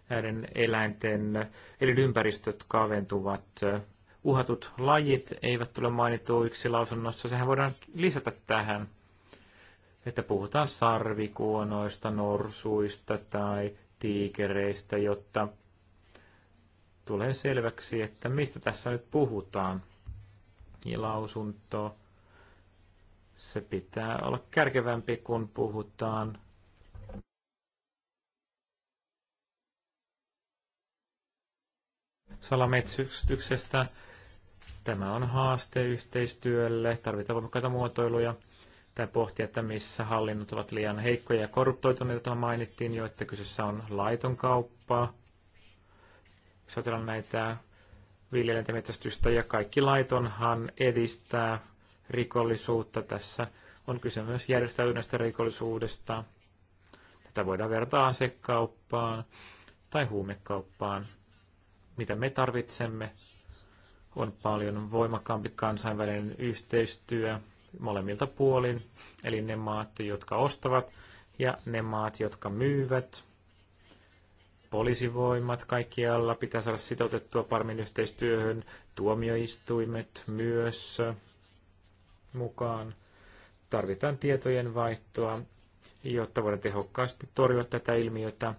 näiden eläinten elinympäristöt kaventuvat. Uhatut lajit eivät tule mainituiksi lausunnossa. Sehän voidaan lisätä tähän, että puhutaan sarvikuonoista, norsuista tai tiikereistä, jotta tulee selväksi, että mistä tässä nyt puhutaan ja niin, lausunto. Se pitää olla kärkevämpi, kun puhutaan salametsystyksestä. Tämä on haaste yhteistyölle, tarvitaan voimakkaita muotoiluja tai pohtia, että missä hallinnot ovat liian heikkoja ja korruptoituneita, tämä mainittiin jo, että kyseessä on laiton kauppa. Jos näitä viljeläinten ja kaikki laitonhan edistää rikollisuutta. Tässä on kyse myös järjestäytyneestä rikollisuudesta. Tätä voidaan vertaa asekauppaan tai huumekauppaan. Mitä me tarvitsemme on paljon voimakkaampi kansainvälinen yhteistyö molemmilta puolin, eli ne maat, jotka ostavat ja ne maat, jotka myyvät – Poliisivoimat kaikkialla pitää saada sitoutettua paremmin yhteistyöhön, tuomioistuimet myös mukaan. Tarvitaan tietojen vaihtoa, jotta voidaan tehokkaasti torjua tätä ilmiötä.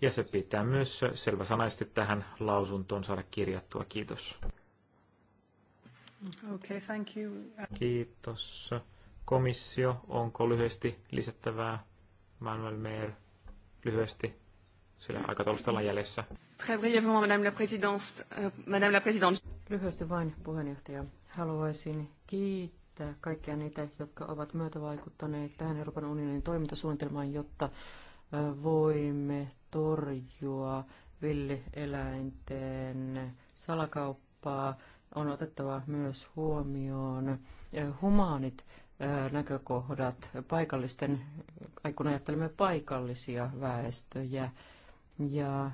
Ja se pitää myös selväsanaisesti tähän lausuntoon saada kirjattua. Kiitos. Okay, thank you. Kiitos. Komissio, onko lyhyesti lisättävää? Manuel Meer, lyhyesti sillä aikataulusta ollaan jäljessä. Euh, Lyhyesti vain puheenjohtaja. Haluaisin kiittää kaikkia niitä, jotka ovat myötävaikuttaneet tähän Euroopan unionin toimintasuunnitelmaan, jotta voimme torjua villieläinten salakauppaa. On otettava myös huomioon humaanit näkökohdat paikallisten, kun ajattelemme paikallisia väestöjä, ja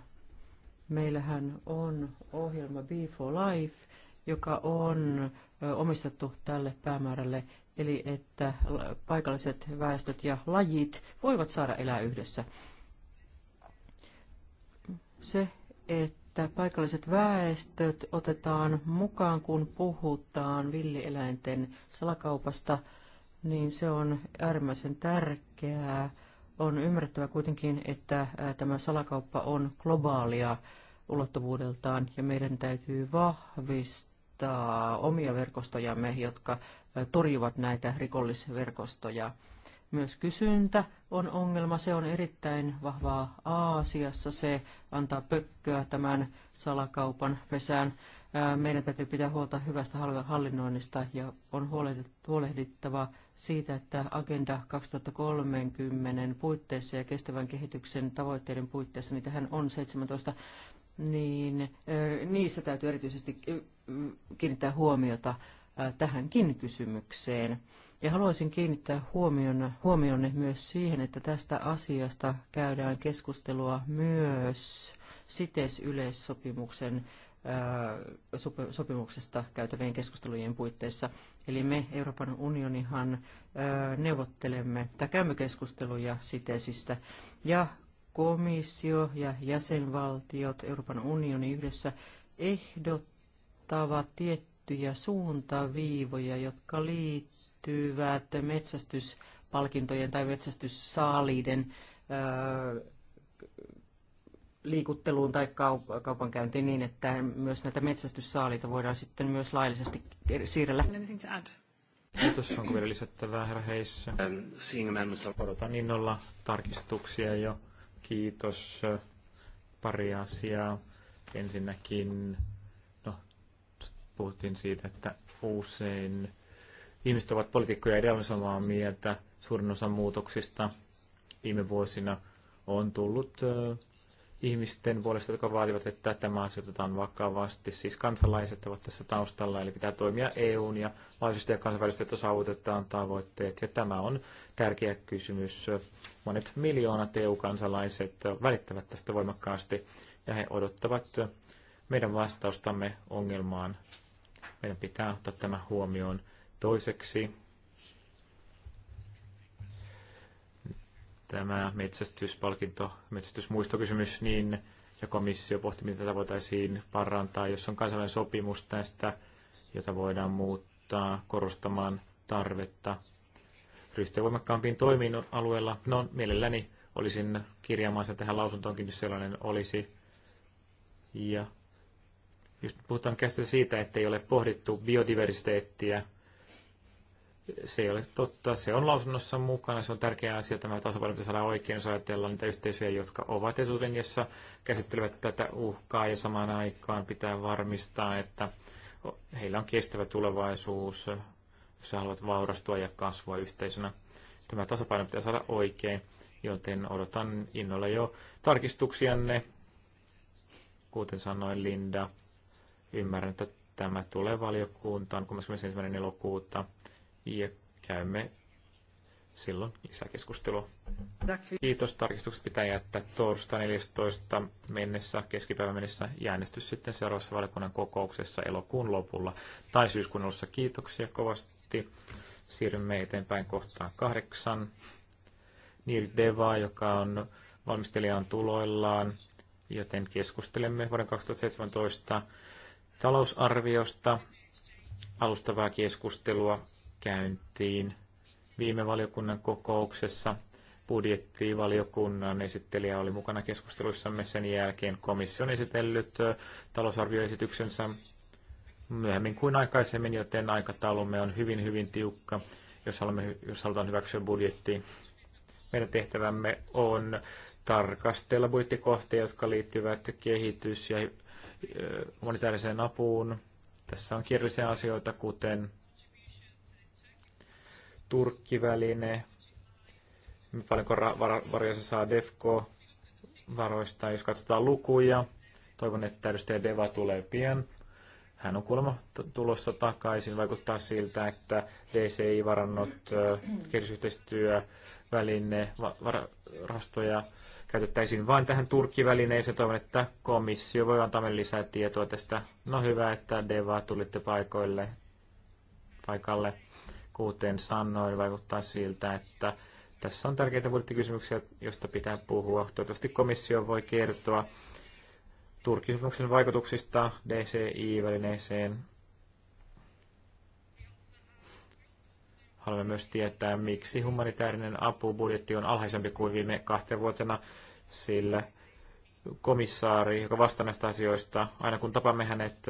meillähän on ohjelma Be for Life, joka on omistettu tälle päämäärälle, eli että paikalliset väestöt ja lajit voivat saada elää yhdessä. Se, että paikalliset väestöt otetaan mukaan, kun puhutaan villieläinten salakaupasta, niin se on äärimmäisen tärkeää on ymmärrettävä kuitenkin, että äh, tämä salakauppa on globaalia ulottuvuudeltaan ja meidän täytyy vahvistaa omia verkostojamme, jotka äh, torjuvat näitä rikollisverkostoja. Myös kysyntä on ongelma, se on erittäin vahvaa Aasiassa, se antaa pökköä tämän salakaupan pesään meidän täytyy pitää huolta hyvästä hallinnoinnista ja on huolehdittava siitä, että Agenda 2030 puitteissa ja kestävän kehityksen tavoitteiden puitteissa, tähän on 17, niin niissä täytyy erityisesti kiinnittää huomiota tähänkin kysymykseen. Ja haluaisin kiinnittää huomion, huomionne myös siihen, että tästä asiasta käydään keskustelua myös CITES-yleissopimuksen sopimuksesta käytävien keskustelujen puitteissa. Eli me Euroopan unionihan neuvottelemme tai käymme keskusteluja sitesistä ja komissio ja jäsenvaltiot Euroopan unioni yhdessä ehdottavat tiettyjä suuntaviivoja, jotka liittyvät metsästyspalkintojen tai metsästyssaaliiden liikutteluun tai kaupankäyntiin niin, että myös näitä metsästyssaaliita voidaan sitten myös laillisesti siirrellä. Kiitos. Onko vielä lisättävää, herra Heissä? Um, Odotan innolla tarkistuksia jo. Kiitos. Pari asiaa. Ensinnäkin no, puhuttiin siitä, että usein ihmiset ovat poliitikkoja edelleen samaa mieltä. Suurin osa muutoksista viime vuosina on tullut ihmisten puolesta, jotka vaativat, että tämä asia otetaan vakavasti. Siis kansalaiset ovat tässä taustalla, eli pitää toimia EUn ja laajuisesti ja kansainvälisesti, että saavutetaan tavoitteet. Ja tämä on tärkeä kysymys. Monet miljoonat EU-kansalaiset välittävät tästä voimakkaasti ja he odottavat meidän vastaustamme ongelmaan. Meidän pitää ottaa tämä huomioon. Toiseksi tämä metsästyspalkinto, metsästysmuistokysymys, niin ja komissio pohti, miten tätä voitaisiin parantaa, jos on kansainvälinen sopimus tästä, jota voidaan muuttaa korostamaan tarvetta ryhtyä voimakkaampiin toimiin alueella. No, mielelläni olisin kirjaamassa tähän lausuntoonkin, jos sellainen olisi. Ja just puhutaan käsittää siitä, että ei ole pohdittu biodiversiteettiä se ei ole totta. Se on lausunnossa mukana, se on tärkeä asia tämä tasapaino, pitäisi saadaan oikein, jos ajatellaan niitä yhteisöjä, jotka ovat etulinjassa, käsittelevät tätä uhkaa ja samaan aikaan pitää varmistaa, että heillä on kestävä tulevaisuus, jos he haluavat vaurastua ja kasvua yhteisönä. Tämä tasapaino pitää saada oikein, joten odotan innolla jo tarkistuksianne. Kuten sanoin Linda, ymmärrän, että tämä tulee valiokuntaan 31. elokuuta ja käymme silloin lisäkeskustelua. Kiitos. Tarkistukset pitää jättää torstai 14. mennessä, keskipäivän mennessä, ja sitten seuraavassa valiokunnan kokouksessa elokuun lopulla tai syyskuun alussa. Kiitoksia kovasti. Siirrymme eteenpäin kohtaan kahdeksan. Neil Deva, joka on valmistelijan tuloillaan, joten keskustelemme vuoden 2017 talousarviosta, alustavaa keskustelua käyntiin viime valiokunnan kokouksessa. Budjettivaliokunnan esittelijä oli mukana keskusteluissamme sen jälkeen komission esitellyt talousarvioesityksensä myöhemmin kuin aikaisemmin, joten aikataulumme on hyvin, hyvin tiukka, jos, haluamme, jos halutaan hyväksyä budjetti. Meidän tehtävämme on tarkastella budjettikohtia, jotka liittyvät kehitys- ja humanitaariseen apuun. Tässä on kirjallisia asioita, kuten Turkkiväline, paljonko varoja se saa DEFCO-varoista, jos katsotaan lukuja. Toivon, että edustaja Deva tulee pian. Hän on kuulemma tulossa takaisin. Vaikuttaa siltä, että DCI-varannot, kehitysyhteistyö, väline, rahastoja käytettäisiin vain tähän turkkivälineeseen. Toivon, että komissio voi antaa meille lisää tietoa tästä. No hyvä, että Deva tulitte paikoille, paikalle. Kuten sanoin, vaikuttaa siltä, että tässä on tärkeitä budjettikysymyksiä, joista pitää puhua. Toivottavasti komissio voi kertoa turkisopimuksen vaikutuksista DCI-välineeseen. Haluamme myös tietää, miksi humanitaarinen apubudjetti on alhaisempi kuin viime kahteen vuotena, sillä komissaari, joka vastaa näistä asioista, aina kun tapamme hänet,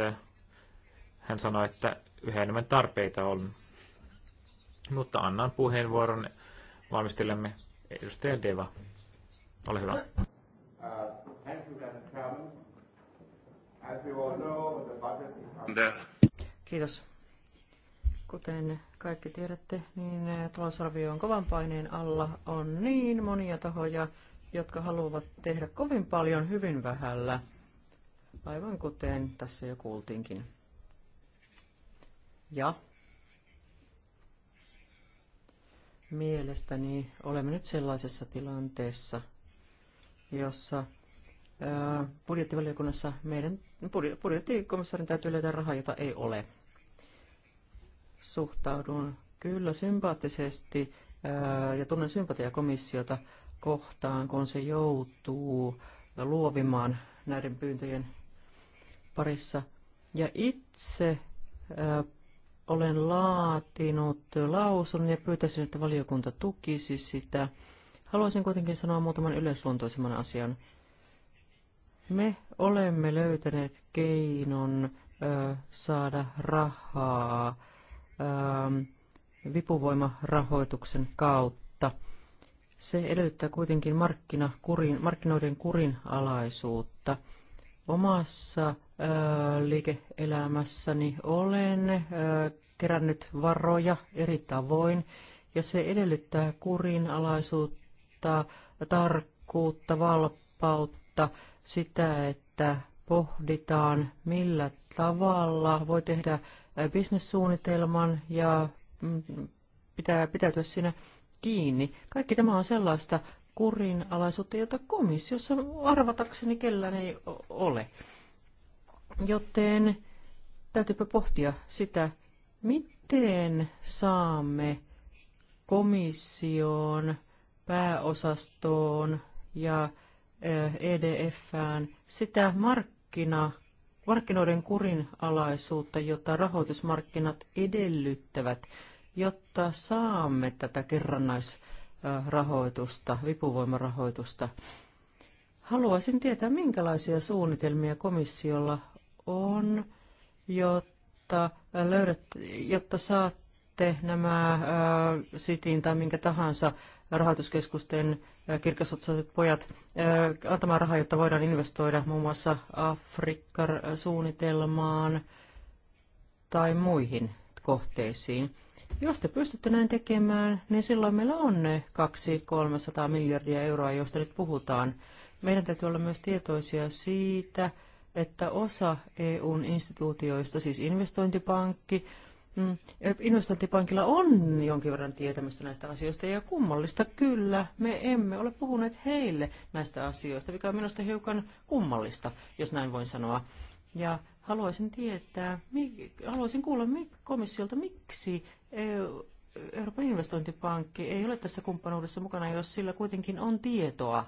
hän sanoi, että yhä enemmän tarpeita on. Mutta annan puheenvuoron valmistelemme edustaja Deva. Ole hyvä. Uh, Kiitos. Kuten kaikki tiedätte, niin talousarvio on kovan paineen alla. On niin monia tahoja, jotka haluavat tehdä kovin paljon hyvin vähällä, aivan kuten tässä jo kuultiinkin. Ja Mielestäni olemme nyt sellaisessa tilanteessa, jossa budjettivaliokunnassa meidän budjettikomissaarin täytyy löytää rahaa, jota ei ole. Suhtaudun kyllä sympaattisesti ja tunnen sympatiakomissiota kohtaan, kun se joutuu luovimaan näiden pyyntöjen parissa. Ja itse olen laatinut lausun ja pyytäisin, että valiokunta tukisi sitä. Haluaisin kuitenkin sanoa muutaman yleisluontoisemman asian. Me olemme löytäneet keinon ö, saada rahaa ö, vipuvoimarahoituksen kautta. Se edellyttää kuitenkin markkinakurin, markkinoiden kurinalaisuutta – Omassa liike-elämässäni olen kerännyt varoja eri tavoin, ja se edellyttää kurinalaisuutta, tarkkuutta, valppautta, sitä, että pohditaan, millä tavalla voi tehdä bisnessuunnitelman ja mm, pitää pitäytyä siinä kiinni. Kaikki tämä on sellaista, alaisuutta, jota komissiossa arvatakseni kellään ei ole. Joten täytyypä pohtia sitä, miten saamme komission, pääosastoon ja EDFään sitä markkina, markkinoiden kurin alaisuutta, jota rahoitusmarkkinat edellyttävät, jotta saamme tätä kerrannaisuutta rahoitusta, vipuvoimarahoitusta. Haluaisin tietää, minkälaisia suunnitelmia komissiolla on, jotta, löydät, jotta saatte nämä sitiin tai minkä tahansa rahoituskeskusten kirkasotsaiset pojat antamaan rahaa, jotta voidaan investoida muun muassa Afrikka-suunnitelmaan tai muihin kohteisiin. Jos te pystytte näin tekemään, niin silloin meillä on ne 200-300 miljardia euroa, joista nyt puhutaan. Meidän täytyy olla myös tietoisia siitä, että osa EUn instituutioista, siis investointipankki, mm, investointipankilla on jonkin verran tietämystä näistä asioista, ja kummallista kyllä, me emme ole puhuneet heille näistä asioista, mikä on minusta hiukan kummallista, jos näin voin sanoa. Ja haluaisin tietää, haluaisin kuulla komissiolta, miksi Euroopan investointipankki ei ole tässä kumppanuudessa mukana, jos sillä kuitenkin on tietoa,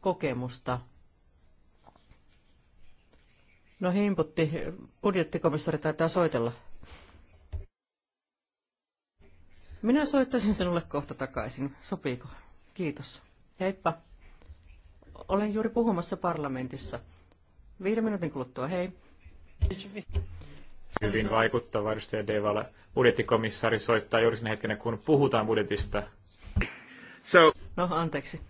kokemusta. No himputti, budjettikomissari taitaa soitella. Minä soittaisin sinulle kohta takaisin. Sopiiko? Kiitos. Heippa. Olen juuri puhumassa parlamentissa. Viiden minuutin kuluttua, hei. Hyvin vaikuttava, edustaja Devala. Budjettikomissaari soittaa juuri sinne hetkenä, kun puhutaan budjetista. So. No, anteeksi.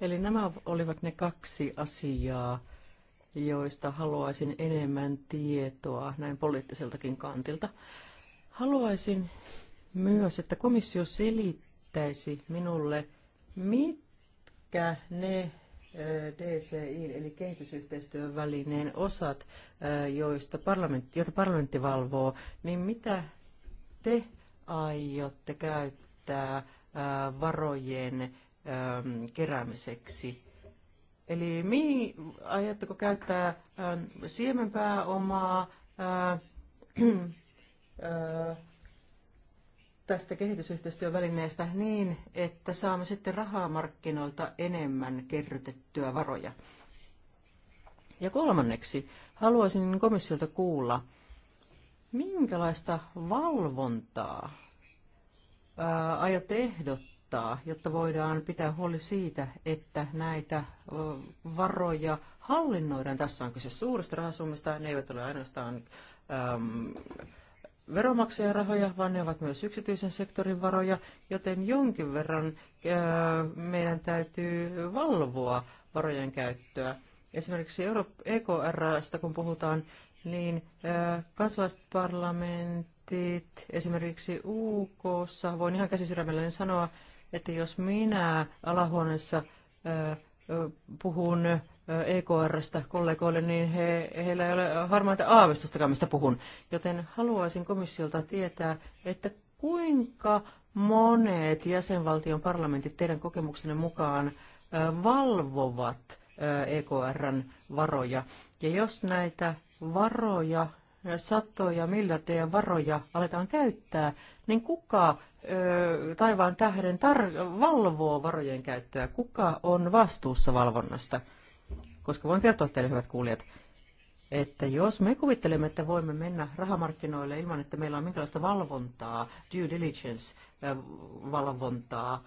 Eli nämä olivat ne kaksi asiaa, joista haluaisin enemmän tietoa näin poliittiseltakin kantilta. Haluaisin myös, että komissio selittäisi minulle, mitkä ne DCI eli kehitysyhteistyön välineen osat, joista parlamentti, joita parlamentti valvoo, niin mitä te aiotte käyttää varojen keräämiseksi? Eli mihin aiotteko käyttää siemenpääomaa, tästä kehitysyhteistyövälineestä niin, että saamme sitten rahaa markkinoilta enemmän kerrytettyä varoja. Ja kolmanneksi haluaisin komissiolta kuulla, minkälaista valvontaa ää, aiotte ehdottaa, jotta voidaan pitää huoli siitä, että näitä varoja hallinnoidaan. Tässä on kyse suurista rahasummista, ne eivät ole ainoastaan äm, veronmaksajan rahoja, vaan ne ovat myös yksityisen sektorin varoja, joten jonkin verran meidän täytyy valvoa varojen käyttöä. Esimerkiksi EKRstä e kun puhutaan, niin kansalaisparlamentit, esimerkiksi UK, voin ihan käsisydämelläni sanoa, että jos minä alahuoneessa puhun EKRstä kollegoille, niin he, heillä ei ole harmaita aavistustakaan, mistä puhun. Joten haluaisin komissiolta tietää, että kuinka monet jäsenvaltion parlamentit teidän kokemuksenne mukaan valvovat EKRn varoja. Ja jos näitä varoja, satoja miljardeja varoja aletaan käyttää, niin kuka taivaan tähden tar- valvoo varojen käyttöä? Kuka on vastuussa valvonnasta? koska voin kertoa teille, hyvät kuulijat, että jos me kuvittelemme, että voimme mennä rahamarkkinoille ilman, että meillä on minkälaista valvontaa, due diligence-valvontaa, äh,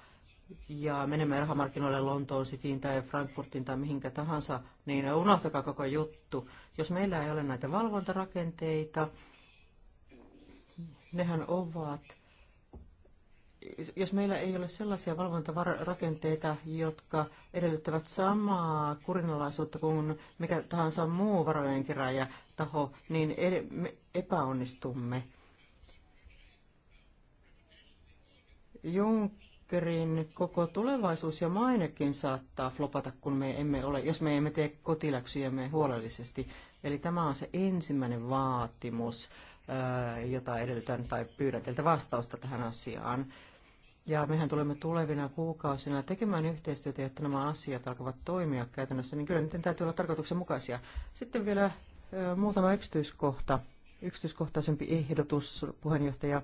ja menemme rahamarkkinoille Lontoon Cityin tai Frankfurtin tai mihinkä tahansa, niin unohtakaa koko juttu. Jos meillä ei ole näitä valvontarakenteita, nehän ovat jos meillä ei ole sellaisia valvontarakenteita, jotka edellyttävät samaa kurinalaisuutta kuin mikä tahansa muu varojen keräjä taho, niin me epäonnistumme. Junckerin koko tulevaisuus ja mainekin saattaa flopata, kun me emme ole, jos me emme tee kotiläksyjämme huolellisesti. Eli tämä on se ensimmäinen vaatimus, jota edellytän tai pyydän teiltä vastausta tähän asiaan. Ja mehän tulemme tulevina kuukausina tekemään yhteistyötä, jotta nämä asiat alkavat toimia käytännössä, niin kyllä niiden täytyy olla tarkoituksenmukaisia. Sitten vielä muutama yksityiskohta, yksityiskohtaisempi ehdotus, puheenjohtaja.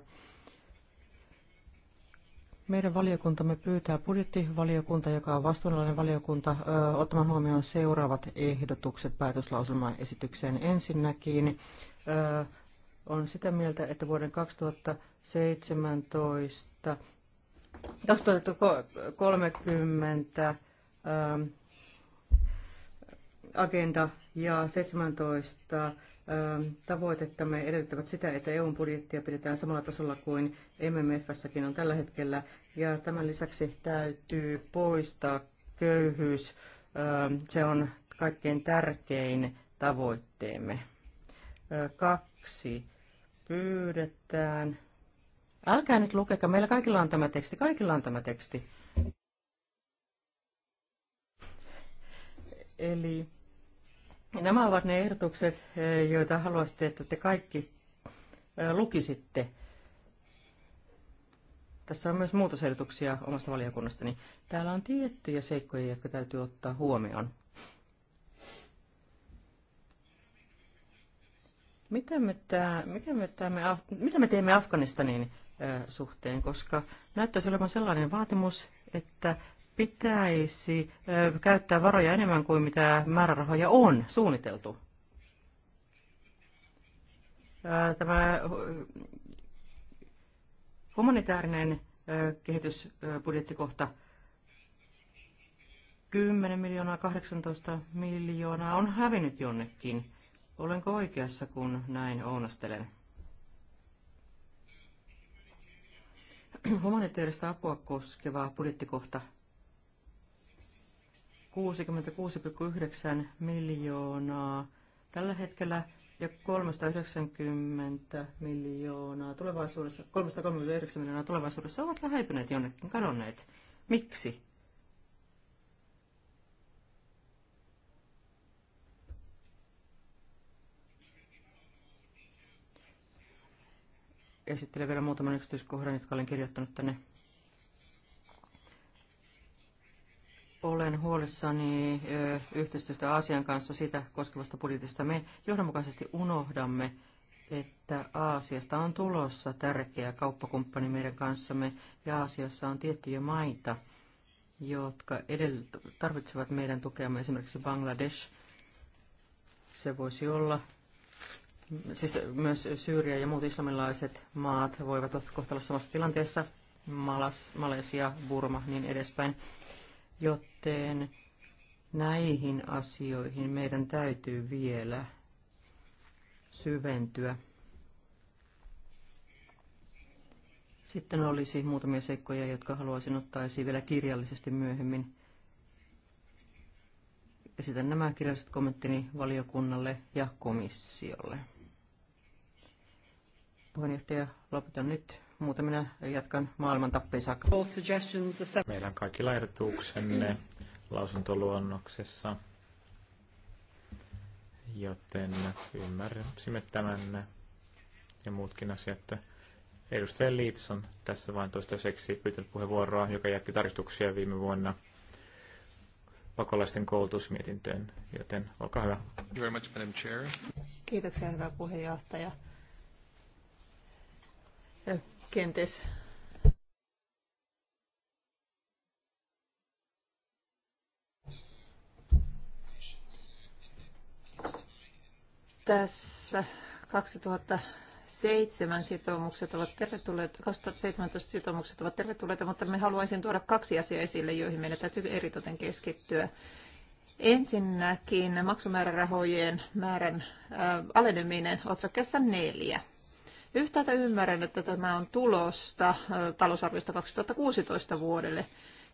Meidän valiokuntamme pyytää budjettivaliokunta, joka on vastuullinen valiokunta, ottamaan huomioon seuraavat ehdotukset päätöslauselman esitykseen. Ensinnäkin on sitä mieltä, että vuoden 2017 2030 ähm, agenda ja 17 ähm, tavoitettamme edellyttävät sitä, että EUn budjettia pidetään samalla tasolla kuin MMFssäkin on tällä hetkellä. Ja tämän lisäksi täytyy poistaa köyhyys. Ähm, se on kaikkein tärkein tavoitteemme. Äh, kaksi. Pyydetään Älkää nyt lukeka, meillä kaikilla on tämä teksti, kaikilla on tämä teksti. Eli nämä ovat ne ehdotukset, eh, joita haluaisitte, että te kaikki eh, lukisitte. Tässä on myös muutosehdotuksia omasta valiokunnastani. Täällä on tiettyjä seikkoja, jotka täytyy ottaa huomioon. Mitä me, tää, mikä me, tää me, mitä me teemme Afganistaniin? suhteen, koska näyttäisi olevan sellainen vaatimus, että pitäisi käyttää varoja enemmän kuin mitä määrärahoja on suunniteltu. Tämä humanitaarinen kehitysbudjettikohta 10 miljoonaa, 18 miljoonaa on hävinnyt jonnekin. Olenko oikeassa, kun näin ounastelen? Humanitaarista apua koskeva budjettikohta 66,9 miljoonaa tällä hetkellä ja 390 miljoonaa tulevaisuudessa, 339 miljoonaa tulevaisuudessa ovat häipyneet jonnekin, kadonneet. Miksi? esittelen vielä muutaman yksityiskohdan, jotka olen kirjoittanut tänne. Olen huolissani yhteistyöstä Aasian kanssa sitä koskevasta budjetista. Me johdonmukaisesti unohdamme, että Aasiasta on tulossa tärkeä kauppakumppani meidän kanssamme ja Aasiassa on tiettyjä maita, jotka edellä tarvitsevat meidän tukeamme, esimerkiksi Bangladesh. Se voisi olla siis myös Syyriä ja muut islamilaiset maat voivat kohta olla samassa tilanteessa, Malas, Malesia, Burma, niin edespäin. Joten näihin asioihin meidän täytyy vielä syventyä. Sitten olisi muutamia seikkoja, jotka haluaisin ottaa esiin vielä kirjallisesti myöhemmin. Esitän nämä kirjalliset kommenttini valiokunnalle ja komissiolle. Puheenjohtaja, lopetan nyt. Muuten minä jatkan maailman tappiin saakka. Meillä on kaikki ehdotuksenne lausuntoluonnoksessa, joten ymmärsimme tämän ja muutkin asiat. Edustaja Liits on tässä vain toistaiseksi pyytänyt puheenvuoroa, joka jätti tarkistuksia viime vuonna pakolaisten koulutusmietintöön, joten olkaa hyvä. Kiitoksia, hyvä puheenjohtaja kenties tässä 2007 sitoumukset ovat tervetulleet, 2017 sitoumukset ovat tervetulleita, mutta me haluaisin tuoda kaksi asiaa esille, joihin meidän täytyy eritoten keskittyä. Ensinnäkin maksumäärärahojen määrän äh, aleneminen otsakkeessa neljä. Yhtäältä ymmärrän, että tämä on tulosta talousarviosta 2016 vuodelle,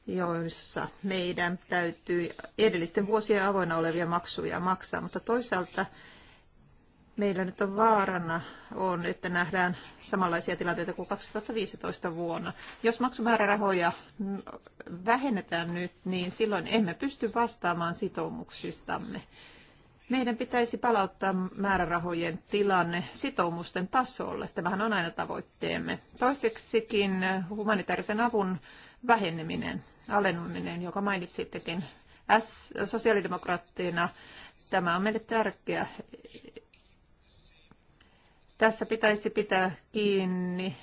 joissa meidän täytyy edellisten vuosien avoinna olevia maksuja maksaa, mutta toisaalta meillä nyt on vaarana on, että nähdään samanlaisia tilanteita kuin 2015 vuonna. Jos maksumäärärahoja vähennetään nyt, niin silloin emme pysty vastaamaan sitoumuksistamme. Meidän pitäisi palauttaa määrärahojen tilanne sitoumusten tasolle. Tämähän on aina tavoitteemme. Toiseksikin humanitaarisen avun väheneminen, alennuminen, joka mainitsittekin S, sosiaalidemokraattina. Tämä on meille tärkeä. Tässä pitäisi pitää kiinni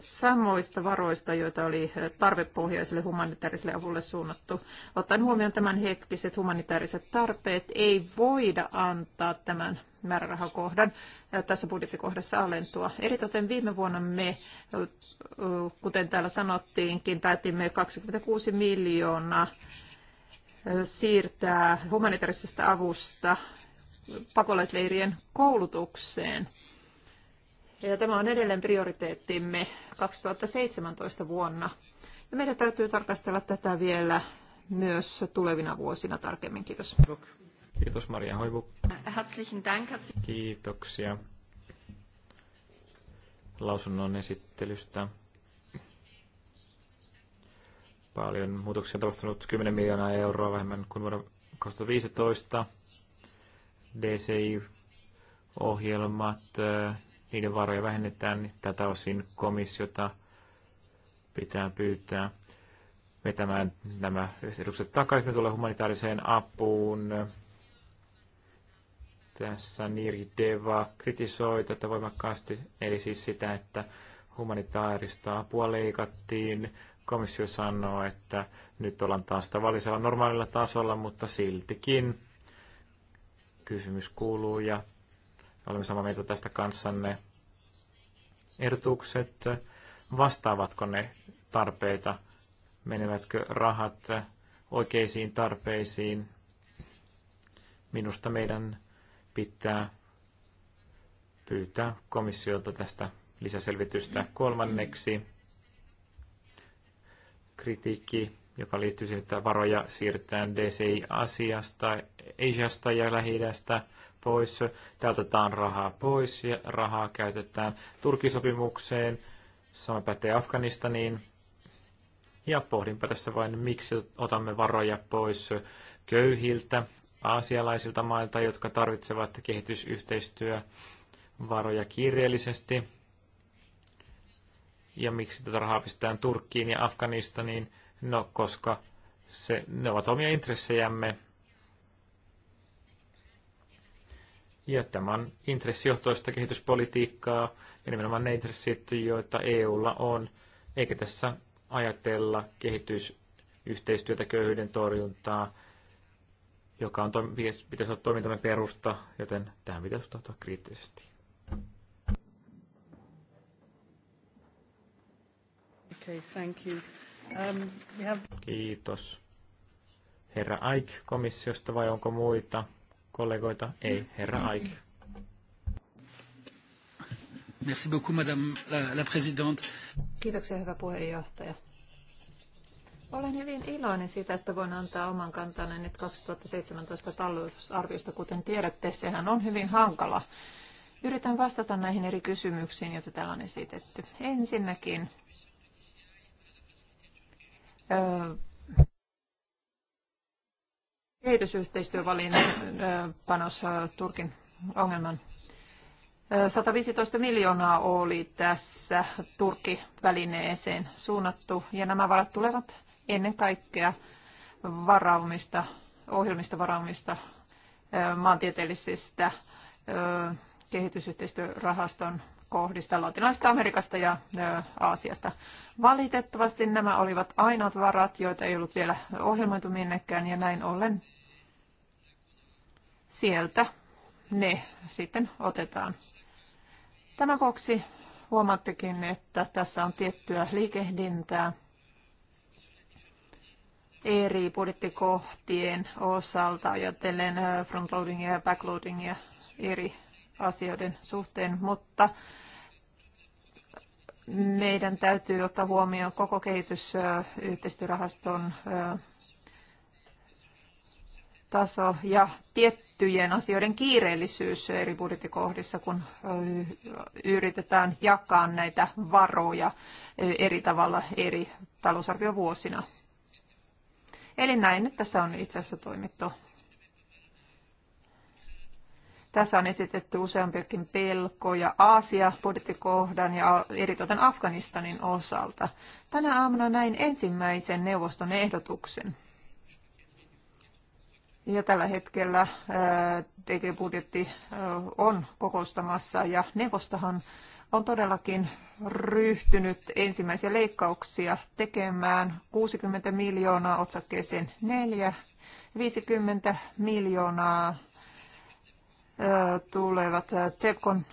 samoista varoista, joita oli tarvepohjaiselle humanitaariselle avulle suunnattu. Ottaen huomioon tämän hetkiset humanitaariset tarpeet, ei voida antaa tämän määrärahakohdan tässä budjettikohdassa alentua. Eritoten viime vuonna me, kuten täällä sanottiinkin, päätimme 26 miljoonaa siirtää humanitaarisesta avusta pakolaisleirien koulutukseen. Ja tämä on edelleen prioriteettimme 2017 vuonna. Ja meidän täytyy tarkastella tätä vielä myös tulevina vuosina tarkemmin. Kiitos. Kiitos Maria Hoivu. Herzlichen Dank. Kiitoksia lausunnon esittelystä. Paljon muutoksia on tapahtunut 10 miljoonaa euroa vähemmän kuin vuonna 2015. DCI-ohjelmat niiden varoja vähennetään, niin tätä osin komissiota pitää pyytää vetämään nämä edukset takaisin. Me tulee humanitaariseen apuun. Tässä Niri Deva kritisoi tätä voimakkaasti, eli siis sitä, että humanitaarista apua leikattiin. Komissio sanoo, että nyt ollaan taas tavallisella normaalilla tasolla, mutta siltikin kysymys kuuluu ja Olemme samaa mieltä tästä kanssanne. Ehdotukset, vastaavatko ne tarpeita? Menevätkö rahat oikeisiin tarpeisiin? Minusta meidän pitää pyytää komissiolta tästä lisäselvitystä kolmanneksi. Kritiikki, joka liittyy siihen, että varoja siirretään DCI-asiasta, Asiasta ja lähi pois, täältä otetaan rahaa pois ja rahaa käytetään Turkisopimukseen, sama pätee Afganistaniin. Ja pohdinpä tässä vain, miksi otamme varoja pois köyhiltä aasialaisilta mailta, jotka tarvitsevat kehitysyhteistyövaroja kiireellisesti. Ja miksi tätä rahaa pistetään Turkkiin ja Afganistaniin? No, koska se, ne ovat omia intressejämme Ja tämä on intressijohtoista kehityspolitiikkaa ja nimenomaan ne intressit, joita EUlla on, eikä tässä ajatella kehitysyhteistyötä, köyhyyden torjuntaa, joka on, pitäisi olla toimintamme perusta, joten tähän pitäisi suhtautua kriittisesti. Okay, thank you. Um, we have... Kiitos. Herra Aik komissiosta vai onko muita? kollegoita? Ei, herra mm. Aik. Merci beaucoup, madame la, la présidente. Kiitoksia, hyvä puheenjohtaja. Olen hyvin iloinen siitä, että voin antaa oman kantani nyt 2017 talousarviosta. Kuten tiedätte, sehän on hyvin hankala. Yritän vastata näihin eri kysymyksiin, joita täällä on esitetty. Ensinnäkin kehitysyhteistyövalin panos äh, Turkin ongelman. 115 äh, miljoonaa oli tässä Turkki-välineeseen suunnattu, ja nämä varat tulevat ennen kaikkea varaumista, ohjelmista varaumista, äh, maantieteellisistä kehitysyhteistyörahaston kohdista Latinalaisesta Amerikasta ja Aasiasta. Valitettavasti nämä olivat ainoat varat, joita ei ollut vielä ohjelmoitu minnekään, ja näin ollen sieltä ne sitten otetaan. Tämän vuoksi huomattekin, että tässä on tiettyä liikehdintää eri budjettikohtien osalta ajatellen äh, frontloadingia ja backloadingia eri asioiden suhteen, mutta meidän täytyy ottaa huomioon koko kehitysyhteistyörahaston äh, taso ja tietty tiettyjen asioiden kiireellisyys eri budjettikohdissa, kun yritetään jakaa näitä varoja eri tavalla eri talousarviovuosina. Eli näin, että tässä on itse asiassa toimittu. Tässä on esitetty useampiakin pelkoja Aasia budjettikohdan ja eritoten Afganistanin osalta. Tänä aamuna näin ensimmäisen neuvoston ehdotuksen. Ja tällä hetkellä DG-budjetti on kokoustamassa ja neuvostahan on todellakin ryhtynyt ensimmäisiä leikkauksia tekemään 60 miljoonaa otsakkeeseen 4, 50 miljoonaa tulevat TEPKon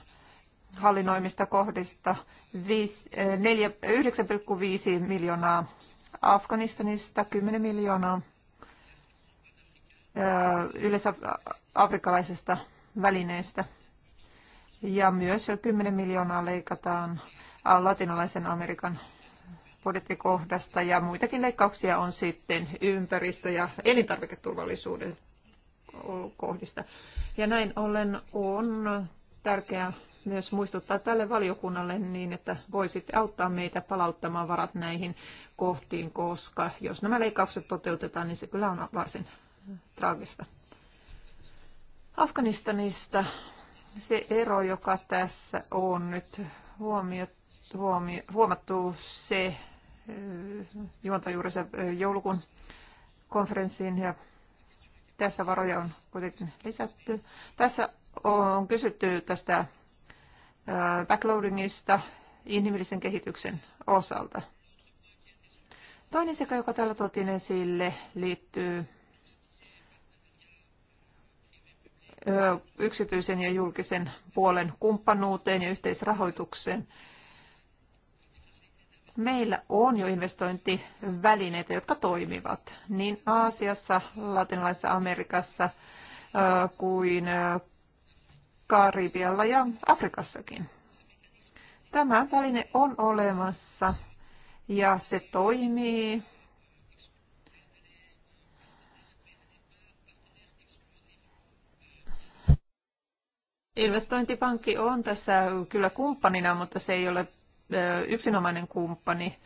hallinnoimista kohdista, 9,5 miljoonaa Afganistanista, 10 miljoonaa Yleensä afrikkalaisesta välineestä. Ja myös 10 miljoonaa leikataan latinalaisen Amerikan budjettikohdasta ja muitakin leikkauksia on sitten ympäristö- ja elintarviketurvallisuuden kohdista. Ja näin ollen on tärkeää myös muistuttaa tälle valiokunnalle niin, että voisit auttaa meitä palauttamaan varat näihin kohtiin, koska jos nämä leikkaukset toteutetaan, niin se kyllä on varsin traagista. Afganistanista se ero, joka tässä on nyt huomio, huomio, huomattu, se juonta juuri se joulukuun konferenssiin ja tässä varoja on kuitenkin lisätty. Tässä on kysytty tästä backloadingista inhimillisen kehityksen osalta. Toinen seka, joka täällä tuotiin esille, liittyy yksityisen ja julkisen puolen kumppanuuteen ja yhteisrahoitukseen. Meillä on jo investointivälineitä, jotka toimivat niin Aasiassa, Latinalaisessa Amerikassa kuin Karibialla ja Afrikassakin. Tämä väline on olemassa ja se toimii Investointipankki on tässä kyllä kumppanina, mutta se ei ole yksinomainen kumppani.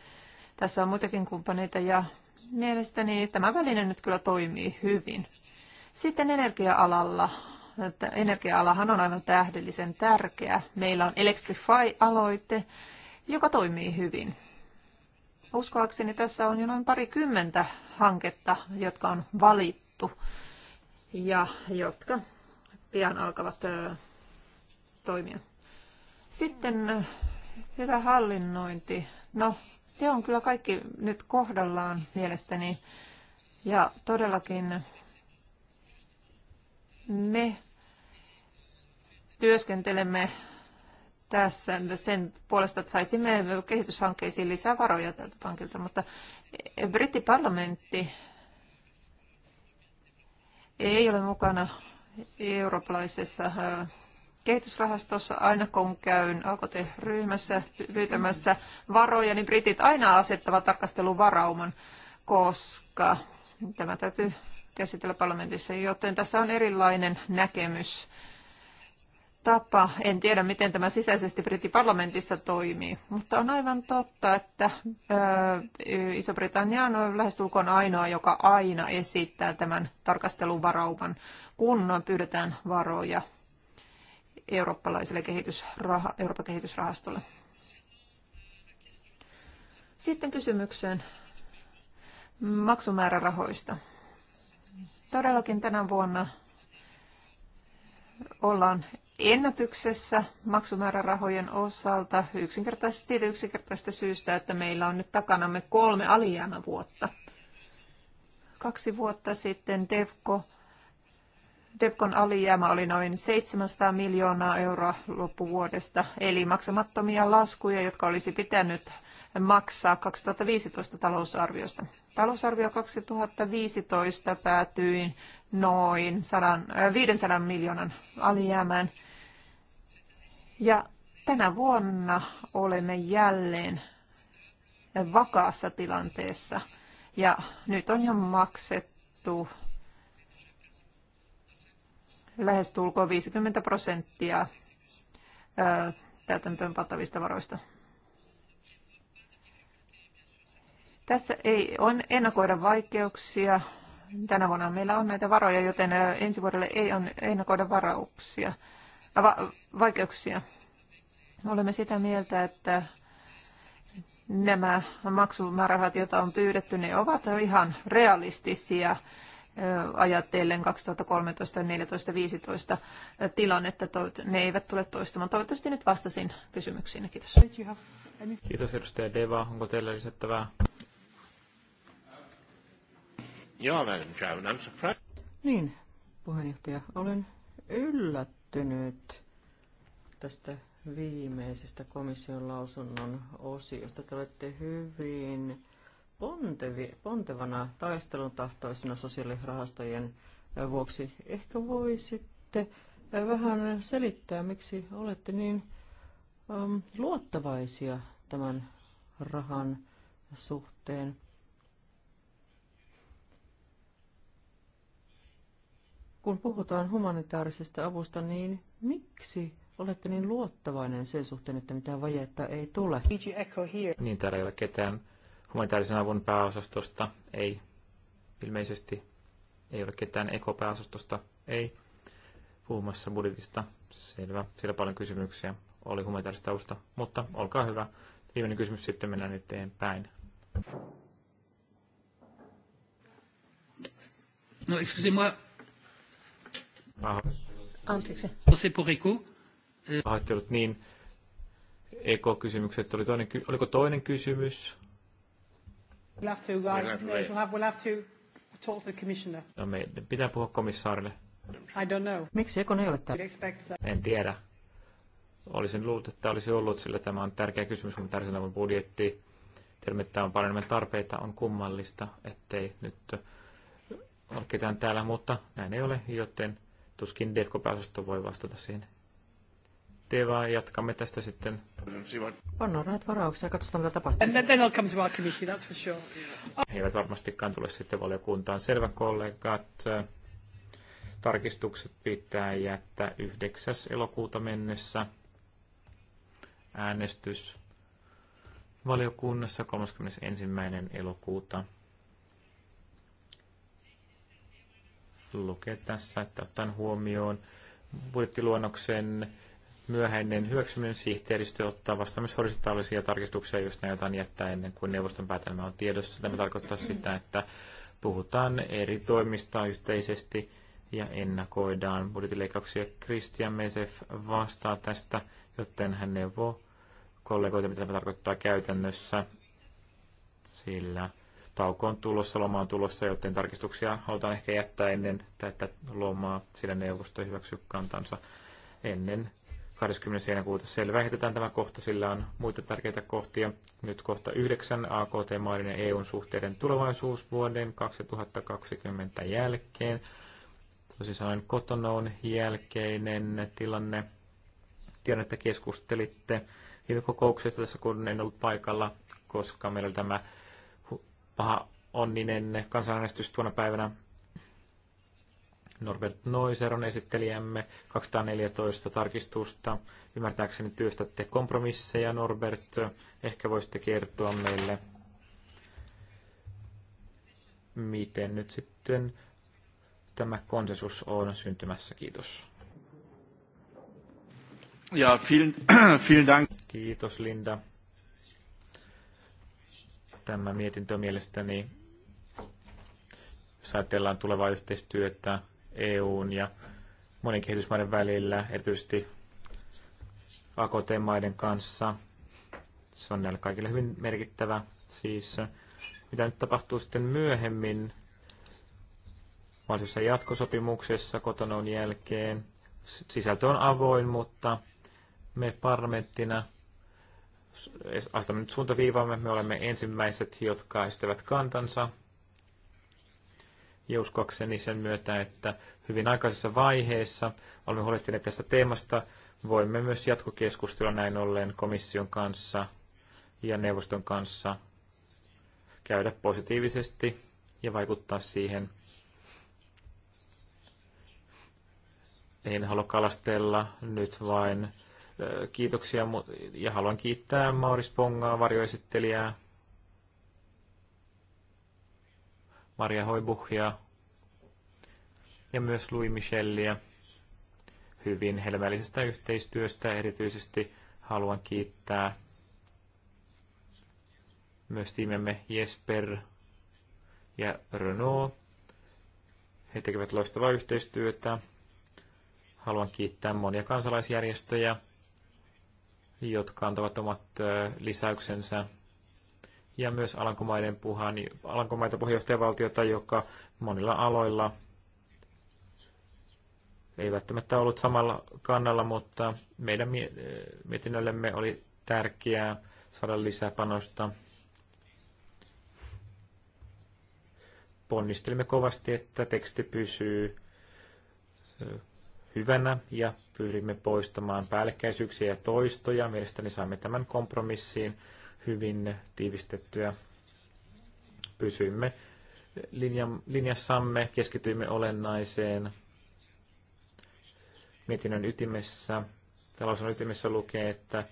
Tässä on muitakin kumppaneita ja mielestäni tämä väline nyt kyllä toimii hyvin. Sitten energia-alalla. Energia-alahan on aivan tähdellisen tärkeä. Meillä on Electrify-aloite, joka toimii hyvin. Uskoakseni tässä on jo noin parikymmentä hanketta, jotka on valittu ja jotka pian alkavat toimia. Sitten eh, hyvä hallinnointi. No, se on kyllä kaikki nyt kohdallaan mielestäni. Ja todellakin me työskentelemme tässä sen puolesta, että saisimme kehityshankkeisiin lisää varoja tältä pankilta, mutta brittiparlamentti ei ole mukana eurooppalaisessa eh, kehitysrahastossa, aina kun käyn AKT-ryhmässä pyytämässä varoja, niin britit aina asettavat tarkastelun koska tämä täytyy käsitellä parlamentissa, joten tässä on erilainen näkemys tapa. En tiedä, miten tämä sisäisesti parlamentissa toimii, mutta on aivan totta, että Iso-Britannia on lähestulkoon ainoa, joka aina esittää tämän tarkastelun varauman, kun pyydetään varoja eurooppalaiselle kehitysraha, Euroopan kehitysrahastolle. Sitten kysymykseen maksumäärärahoista. Todellakin tänä vuonna ollaan ennätyksessä maksumäärärahojen osalta yksinkertaisesti siitä yksinkertaisesta syystä, että meillä on nyt takanamme kolme alijäämävuotta. Kaksi vuotta sitten DEVCO Tepkon alijäämä oli noin 700 miljoonaa euroa loppuvuodesta, eli maksamattomia laskuja, jotka olisi pitänyt maksaa 2015 talousarviosta. Talousarvio 2015 päätyi noin 100, 500 äh, miljoonan alijäämään. Ja tänä vuonna olemme jälleen vakaassa tilanteessa. Ja nyt on jo maksettu lähestulkoon 50 prosenttia täytäntöönpattavista varoista. Tässä ei on ennakoida vaikeuksia. Tänä vuonna meillä on näitä varoja, joten ensi vuodelle ei on ennakoida varauksia, äh, va, vaikeuksia. Olemme sitä mieltä, että nämä maksumäärärahat, joita on pyydetty, ne ovat ihan realistisia ajatellen 2013, 14, 15 tilannetta. Ne eivät tule toistumaan. Toivottavasti nyt vastasin kysymyksiin. Kiitos. Kiitos edustaja Deva. Onko teillä lisättävää? Joo, Madam Chairman, I'm surprised. Niin, puheenjohtaja, olen yllättynyt tästä viimeisestä komission lausunnon osiosta. Te olette hyvin pontevi, pontevana taistelutahtoisena tahtoisina sosiaalirahastojen vuoksi. Ehkä voisitte vähän selittää, miksi olette niin um, luottavaisia tämän rahan suhteen. Kun puhutaan humanitaarisesta avusta, niin miksi olette niin luottavainen sen suhteen, että mitään vajetta ei tule? Niin, täällä ei ole ketään humanitaarisen avun pääosastosta ei. Ilmeisesti ei ole ketään ekopääosastosta ei. Puhumassa budjetista. Selvä. Siellä paljon kysymyksiä oli humanitaarista avusta. Mutta olkaa hyvä. Viimeinen kysymys sitten mennään eteenpäin. No, excusez-moi. Anteeksi. Pahoittelut, niin. Eko-kysymykset oli toinen, oliko toinen kysymys? We'll have to, uh, we'll have, we'll have to talk to the commissioner. No, me pitää puhua komissaarille. I don't know. Miksi Ekon ei ole täällä? En tiedä. Olisin luullut, että olisi ollut, sillä tämä on tärkeä kysymys, kun tärsinä on budjetti. Tiedämme, että on paljon tarpeita. On kummallista, ettei nyt ole ketään täällä, mutta näin ei ole, joten tuskin Defco-pääosasto voi vastata siihen tee, vaan jatkamme tästä sitten. Pannaan näitä varauksia ja katsotaan, mitä tapahtuu. And then I'll come to our committee, that's for sure. He eivät varmastikaan tule sitten valiokuntaan. Selvä kollegat, tarkistukset pitää jättää 9. elokuuta mennessä. Äänestys valiokunnassa 31. elokuuta. Lukee tässä, että ottaen huomioon budjettiluonnoksen myöhäinen hyväksyminen sihteeristö ottaa vastaan myös horisontaalisia tarkistuksia, jos näitä jättää ennen kuin neuvoston päätelmä on tiedossa. Tämä tarkoittaa sitä, että puhutaan eri toimista yhteisesti ja ennakoidaan budjetileikkauksia. Christian Mesef vastaa tästä, joten hän neuvoo kollegoita, mitä tämä tarkoittaa käytännössä, sillä tauko on tulossa, loma on tulossa, joten tarkistuksia halutaan ehkä jättää ennen tätä lomaa, sillä neuvosto hyväksyy kantansa ennen 20. heinäkuuta selvä. tämä kohta, sillä on muita tärkeitä kohtia. Nyt kohta 9. AKT-maiden ja EUn suhteiden tulevaisuus vuoden 2020 jälkeen. Tosi siis sanoen kotonoon jälkeinen tilanne. Tiedän, että keskustelitte viime kokouksesta tässä, kun en ollut paikalla, koska meillä oli tämä paha onninen kansanäänestys tuona päivänä Norbert Noiser on esittelijämme 214 tarkistusta. Ymmärtääkseni työstätte kompromisseja, Norbert. Ehkä voisitte kertoa meille, miten nyt sitten tämä konsensus on syntymässä. Kiitos. Ja, vielen, vielen Dank. Kiitos, Linda. Tämä mietintö mielestäni, jos ajatellaan tulevaa yhteistyötä, EUn ja monen kehitysmaiden välillä, erityisesti AKT-maiden kanssa. Se on näille kaikille hyvin merkittävä. Siis äh, mitä nyt tapahtuu sitten myöhemmin mahdollisessa jatkosopimuksessa kotonon jälkeen. Sisältö on avoin, mutta me parlamenttina asetamme nyt suuntaviivaamme. Me olemme ensimmäiset, jotka esittävät kantansa ja uskokseni sen myötä, että hyvin aikaisessa vaiheessa olemme huolehtineet tästä teemasta, voimme myös jatkokeskustella näin ollen komission kanssa ja neuvoston kanssa käydä positiivisesti ja vaikuttaa siihen. En halua kalastella nyt vain kiitoksia ja haluan kiittää Mauris Pongaa, varjoesittelijää, Maria Hoibuchia ja myös Louis Michelia hyvin helmällisestä yhteistyöstä. Erityisesti haluan kiittää myös tiimemme Jesper ja Renault. He tekevät loistavaa yhteistyötä. Haluan kiittää monia kansalaisjärjestöjä, jotka antavat omat lisäyksensä ja myös Alankomaiden puhaa, niin Alankomaita puheenjohtajavaltiota, joka monilla aloilla ei välttämättä ollut samalla kannalla, mutta meidän mietinnöllemme oli tärkeää saada panosta. Ponnistelimme kovasti, että teksti pysyy hyvänä ja pyrimme poistamaan päällekkäisyyksiä ja toistoja. Mielestäni saamme tämän kompromissiin hyvin tiivistettyä. Pysyimme linjassamme, keskityimme olennaiseen. Mietinnön ytimessä, talousan ytimessä lukee, että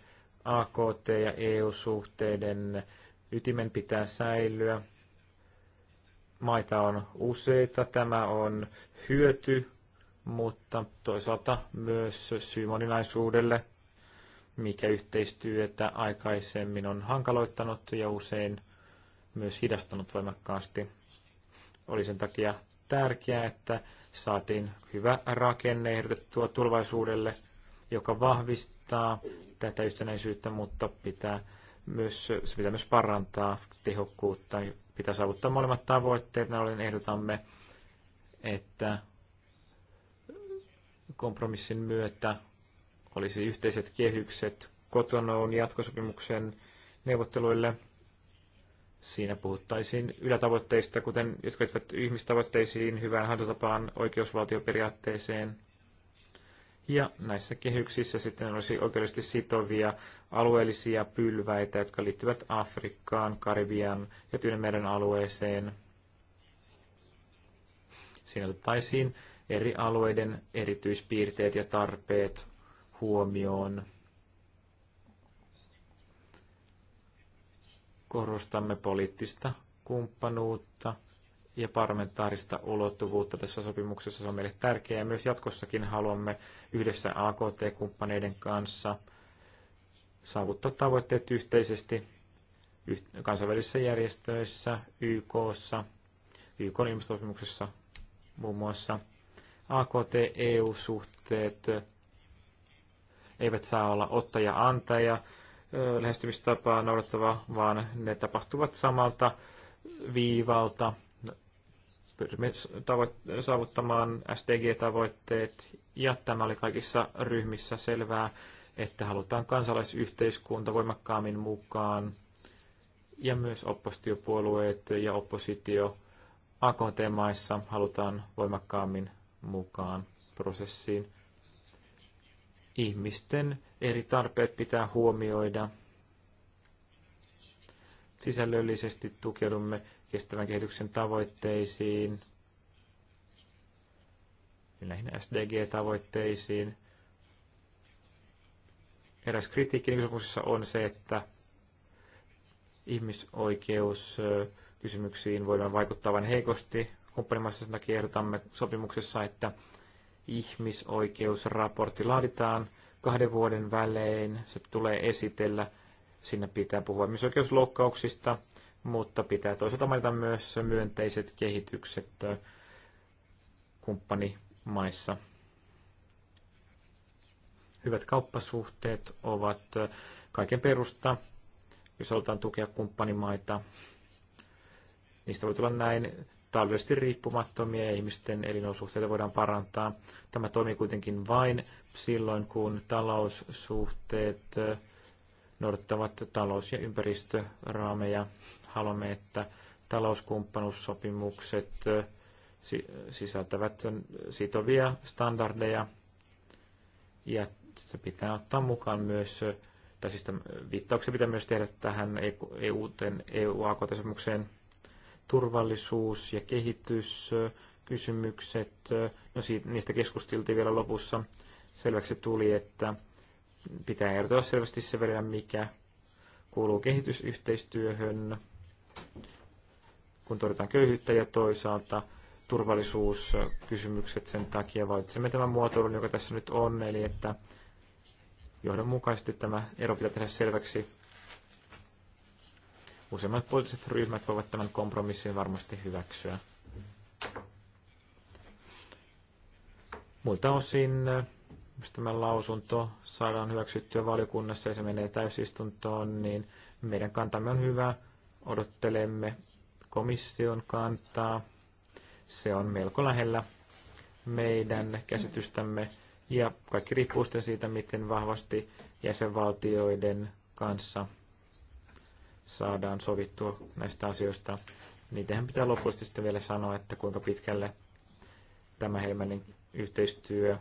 AKT ja EU-suhteiden ytimen pitää säilyä. Maita on useita, tämä on hyöty, mutta toisaalta myös syy moninaisuudelle – mikä yhteistyötä aikaisemmin on hankaloittanut ja usein myös hidastanut voimakkaasti. Oli sen takia tärkeää, että saatiin hyvä rakenne ehdotettua tulevaisuudelle, joka vahvistaa tätä yhtenäisyyttä, mutta pitää myös, se pitää myös parantaa tehokkuutta. Pitää saavuttaa molemmat tavoitteet. Näin ollen ehdotamme, että kompromissin myötä olisi yhteiset kehykset kotonoun jatkosopimuksen neuvotteluille. Siinä puhuttaisiin ylätavoitteista, kuten jotka liittyvät ihmistavoitteisiin, hyvään hallintotapaan, oikeusvaltioperiaatteeseen. Ja näissä kehyksissä sitten olisi oikeudellisesti sitovia alueellisia pylväitä, jotka liittyvät Afrikkaan, Karibian ja Tyynemeren alueeseen. Siinä otettaisiin eri alueiden erityispiirteet ja tarpeet huomioon. Korostamme poliittista kumppanuutta ja parlamentaarista ulottuvuutta tässä sopimuksessa. Se on meille tärkeää ja myös jatkossakin haluamme yhdessä AKT-kumppaneiden kanssa saavuttaa tavoitteet yhteisesti kansainvälisissä järjestöissä, YKssa, YK ilmastosopimuksessa muun muassa. AKT-EU-suhteet eivät saa olla ottaja-antaja lähestymistapaa noudattava, vaan ne tapahtuvat samalta viivalta. Pyrimme saavuttamaan SDG-tavoitteet ja tämä oli kaikissa ryhmissä selvää, että halutaan kansalaisyhteiskunta voimakkaammin mukaan ja myös oppositiopuolueet ja oppositio AKT-maissa halutaan voimakkaammin mukaan prosessiin ihmisten eri tarpeet pitää huomioida. Sisällöllisesti tukeudumme kestävän kehityksen tavoitteisiin, näihin SDG-tavoitteisiin. Eräs kritiikki sopimuksessa on se, että ihmisoikeuskysymyksiin voidaan vaikuttaa vain heikosti. Kumppanimaissa sen takia ehdotamme sopimuksessa, että ihmisoikeusraportti laaditaan kahden vuoden välein. Se tulee esitellä. Siinä pitää puhua ihmisoikeusloukkauksista, mutta pitää toisaalta mainita myös myönteiset kehitykset äh, kumppanimaissa. Hyvät kauppasuhteet ovat äh, kaiken perusta, jos halutaan tukea kumppanimaita. Niistä voi tulla näin talvesti riippumattomia ihmisten elinolosuhteita voidaan parantaa. Tämä toimii kuitenkin vain silloin, kun taloussuhteet noudattavat talous- ja ympäristöraameja. Haluamme, että talouskumppanuussopimukset sisältävät sitovia standardeja ja se pitää ottaa mukaan myös, tai siis viittauksia pitää myös tehdä tähän eu akt eu turvallisuus ja kehitys, kysymykset, no siitä, niistä keskusteltiin vielä lopussa, selväksi tuli, että pitää erotella selvästi se verran, mikä kuuluu kehitysyhteistyöhön, kun todetaan köyhyyttä ja toisaalta turvallisuuskysymykset sen takia valitsemme tämän muotoilun, joka tässä nyt on, eli että johdonmukaisesti tämä ero pitää tehdä selväksi Useimmat poliittiset ryhmät voivat tämän kompromissin varmasti hyväksyä. Muilta osin jos tämä lausunto saadaan hyväksyttyä valiokunnassa ja se menee täysistuntoon, niin meidän kantamme on hyvä. Odottelemme komission kantaa. Se on melko lähellä meidän käsitystämme ja kaikki riippuu siitä, miten vahvasti jäsenvaltioiden kanssa saadaan sovittua näistä asioista. Niitähän pitää lopuksi sitten vielä sanoa, että kuinka pitkälle tämä Helmenin yhteistyö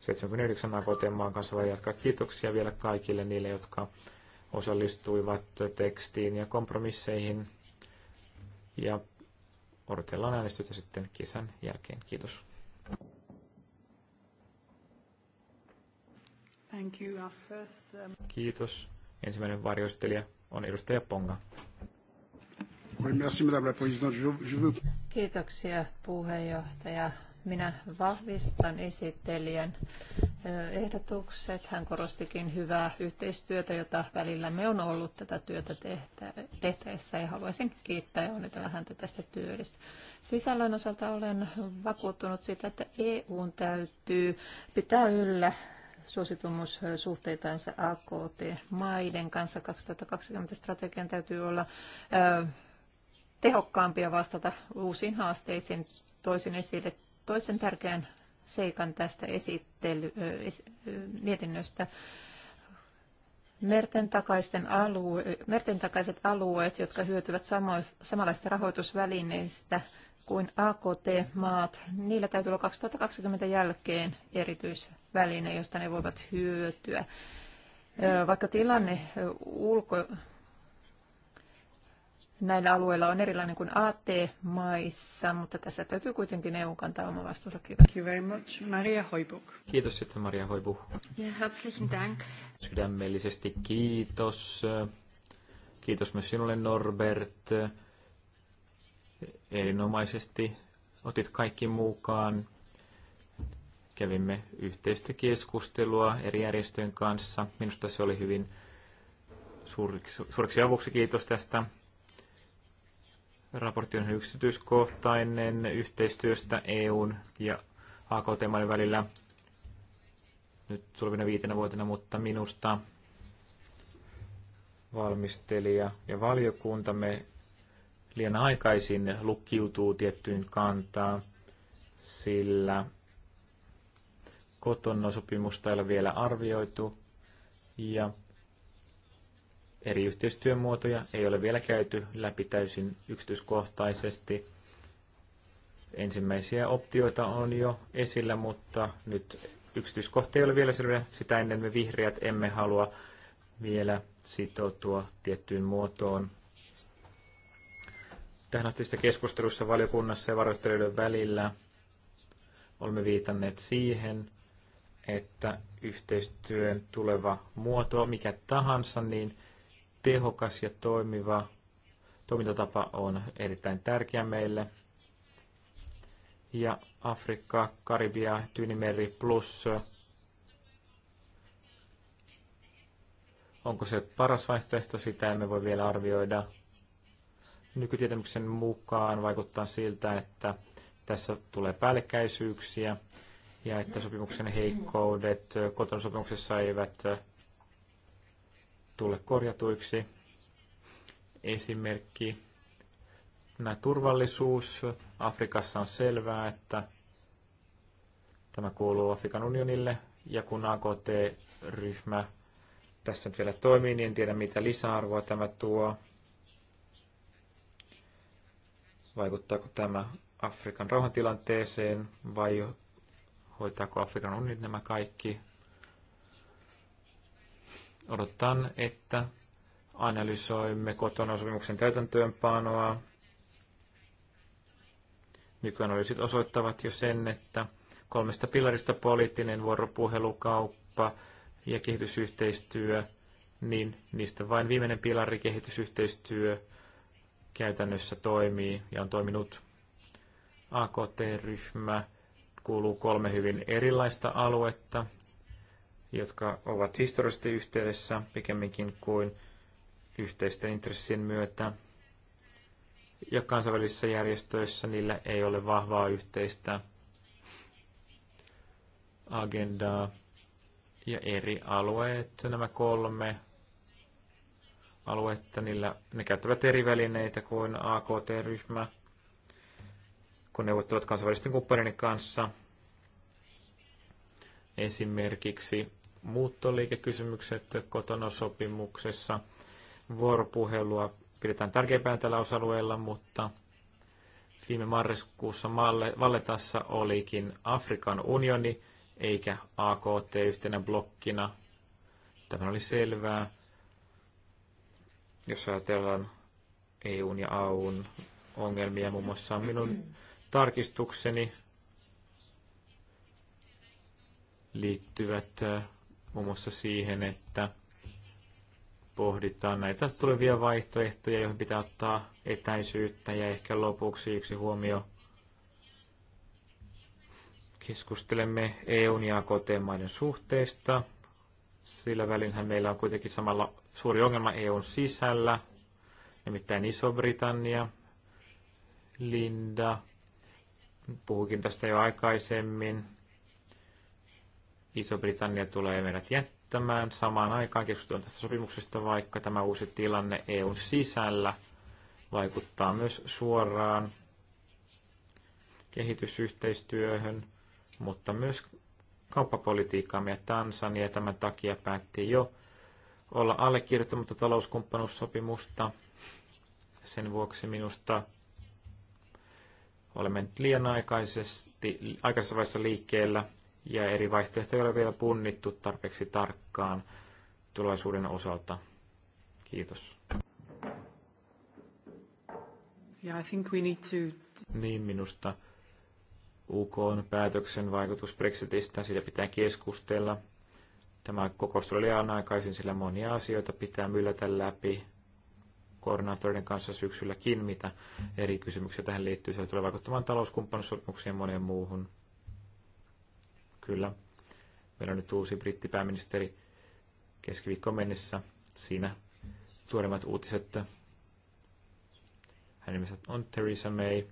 79 AKT maan kanssa voi jatkaa. Kiitoksia vielä kaikille niille, jotka osallistuivat tekstiin ja kompromisseihin. Ja odotellaan äänestystä sitten kesän jälkeen. Kiitos. Thank you. Our first, um... Kiitos. Ensimmäinen varjoistelija on edustaja Ponga. Kiitoksia puheenjohtaja. Minä vahvistan esittelijän ehdotukset. Hän korostikin hyvää yhteistyötä, jota välillä me on ollut tätä työtä tehtäessä ja haluaisin kiittää ja onnitella häntä tästä työstä. Sisällön osalta olen vakuuttunut siitä, että EUn täytyy pitää yllä suositumussuhteitansa AKT-maiden kanssa. 2020 strategian täytyy olla tehokkaampia vastata uusiin haasteisiin. Toisin esille toisen tärkeän seikan tästä esittely, mietinnöstä. Merten, takaisten alue, merten takaiset alueet, jotka hyötyvät samoista, samanlaista rahoitusvälineistä kuin AKT-maat, niillä täytyy olla 2020 jälkeen erityisväline, josta ne voivat hyötyä. Vaikka tilanne ulko, näillä alueilla on erilainen kuin AT-maissa, mutta tässä täytyy kuitenkin EU kantaa oma vastuunsa. Kiitos. Thank you very much. Maria Hoibuk. Kiitos sitten Maria Hoibuk. Ja herzlichen Dank. Sydämellisesti kiitos. Kiitos myös sinulle Norbert erinomaisesti. Otit kaikki mukaan. Kävimme yhteistä keskustelua eri järjestöjen kanssa. Minusta se oli hyvin suuriksi, suureksi avuksi. Kiitos tästä. Raportti on yksityiskohtainen yhteistyöstä EUn ja AKT-maiden välillä nyt tulevina viitenä vuotena, mutta minusta valmistelija ja valiokuntamme liian aikaisin lukkiutuu tiettyyn kantaan, sillä sopimusta ei ole vielä arvioitu ja eri yhteistyömuotoja ei ole vielä käyty läpi täysin yksityiskohtaisesti. Ensimmäisiä optioita on jo esillä, mutta nyt yksityiskohta ei ole vielä selvä. Sitä ennen me vihreät emme halua vielä sitoutua tiettyyn muotoon. Tähän asti keskustelussa valiokunnassa ja varustelijoiden välillä olemme viitanneet siihen, että yhteistyön tuleva muoto, mikä tahansa, niin tehokas ja toimiva toimintatapa on erittäin tärkeä meille. Ja Afrikka, Karibia, Tyynimeri plus. Onko se paras vaihtoehto? Sitä emme voi vielä arvioida nykytietämyksen mukaan vaikuttaa siltä, että tässä tulee päällekkäisyyksiä ja että sopimuksen heikkoudet koton sopimuksessa eivät äh, tule korjatuiksi. Esimerkki, nämä turvallisuus. Afrikassa on selvää, että tämä kuuluu Afrikan unionille ja kun AKT-ryhmä tässä nyt vielä toimii, niin en tiedä mitä lisäarvoa tämä tuo Vaikuttaako tämä Afrikan rauhantilanteeseen vai hoitaako Afrikan unit nämä kaikki? Odotan, että analysoimme kotona sopimuksen täytäntöönpanoa. Nykyanalyysit osoittavat jo sen, että kolmesta pilarista poliittinen vuoropuhelu, kauppa ja kehitysyhteistyö, niin niistä vain viimeinen pilari kehitysyhteistyö käytännössä toimii ja on toiminut. AKT-ryhmä kuuluu kolme hyvin erilaista aluetta, jotka ovat historiallisesti yhteydessä pikemminkin kuin yhteisten intressien myötä. Ja kansainvälisissä järjestöissä niillä ei ole vahvaa yhteistä agendaa. Ja eri alueet, nämä kolme, aluetta. Niillä, ne käyttävät eri välineitä kuin AKT-ryhmä, kun neuvottelut kansainvälisten kumppanien kanssa. Esimerkiksi muuttoliikekysymykset sopimuksessa. Vuoropuhelua pidetään tärkeimpään tällä osa-alueella, mutta viime marraskuussa Valletassa olikin Afrikan unioni, eikä AKT yhtenä blokkina. Tämä oli selvää jos ajatellaan EUn ja AUn ongelmia, muun muassa minun tarkistukseni liittyvät äh, muun muassa siihen, että pohditaan näitä tulevia vaihtoehtoja, joihin pitää ottaa etäisyyttä ja ehkä lopuksi yksi huomio. Keskustelemme EUn ja kotimaiden suhteista. Sillä välinhän meillä on kuitenkin samalla suuri ongelma EUn sisällä, nimittäin Iso-Britannia. Linda puhukin tästä jo aikaisemmin. Iso-Britannia tulee meidät jättämään samaan aikaan keskustelun tästä sopimuksesta, vaikka tämä uusi tilanne EUn sisällä vaikuttaa myös suoraan kehitysyhteistyöhön, mutta myös kauppapolitiikkaamme ja Tansania tämän takia päätti jo olla allekirjoittamatta talouskumppanuussopimusta. Sen vuoksi minusta olemme nyt liian aikaisesti, aikaisessa vaiheessa liikkeellä ja eri vaihtoehtoja ei ole vielä punnittu tarpeeksi tarkkaan tulevaisuuden osalta. Kiitos. Yeah, I think we need to... Niin minusta UK on päätöksen vaikutus Brexitistä, siitä pitää keskustella. Tämä kokous oli aikaisin, sillä monia asioita pitää myllätä läpi koordinaattoreiden kanssa syksylläkin, mitä eri kysymyksiä tähän liittyy. Se tulee vaikuttamaan talouskumppanussopimuksiin ja moneen muuhun. Kyllä. Meillä on nyt uusi brittipääministeri keskiviikko mennessä. Siinä tuoreimmat uutiset. Hänen nimensä on Theresa May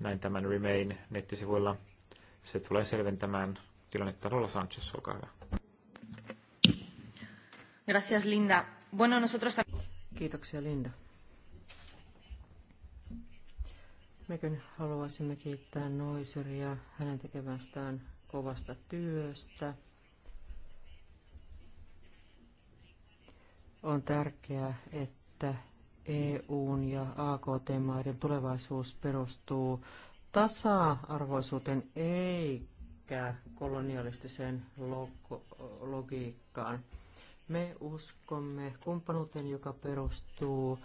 näin tämän Remain nettisivuilla. Se tulee selventämään tilannetta. Lola Sanchez, olkaa hyvä. Gracias, Linda. Bueno, nosotros... Kiitoksia, Linda. Mekin haluaisimme kiittää Noiseria hänen tekemästään kovasta työstä. On tärkeää, että EUn ja AKT-maiden tulevaisuus perustuu tasa-arvoisuuteen eikä kolonialistiseen log- logiikkaan. Me uskomme kumppanuuteen, joka perustuu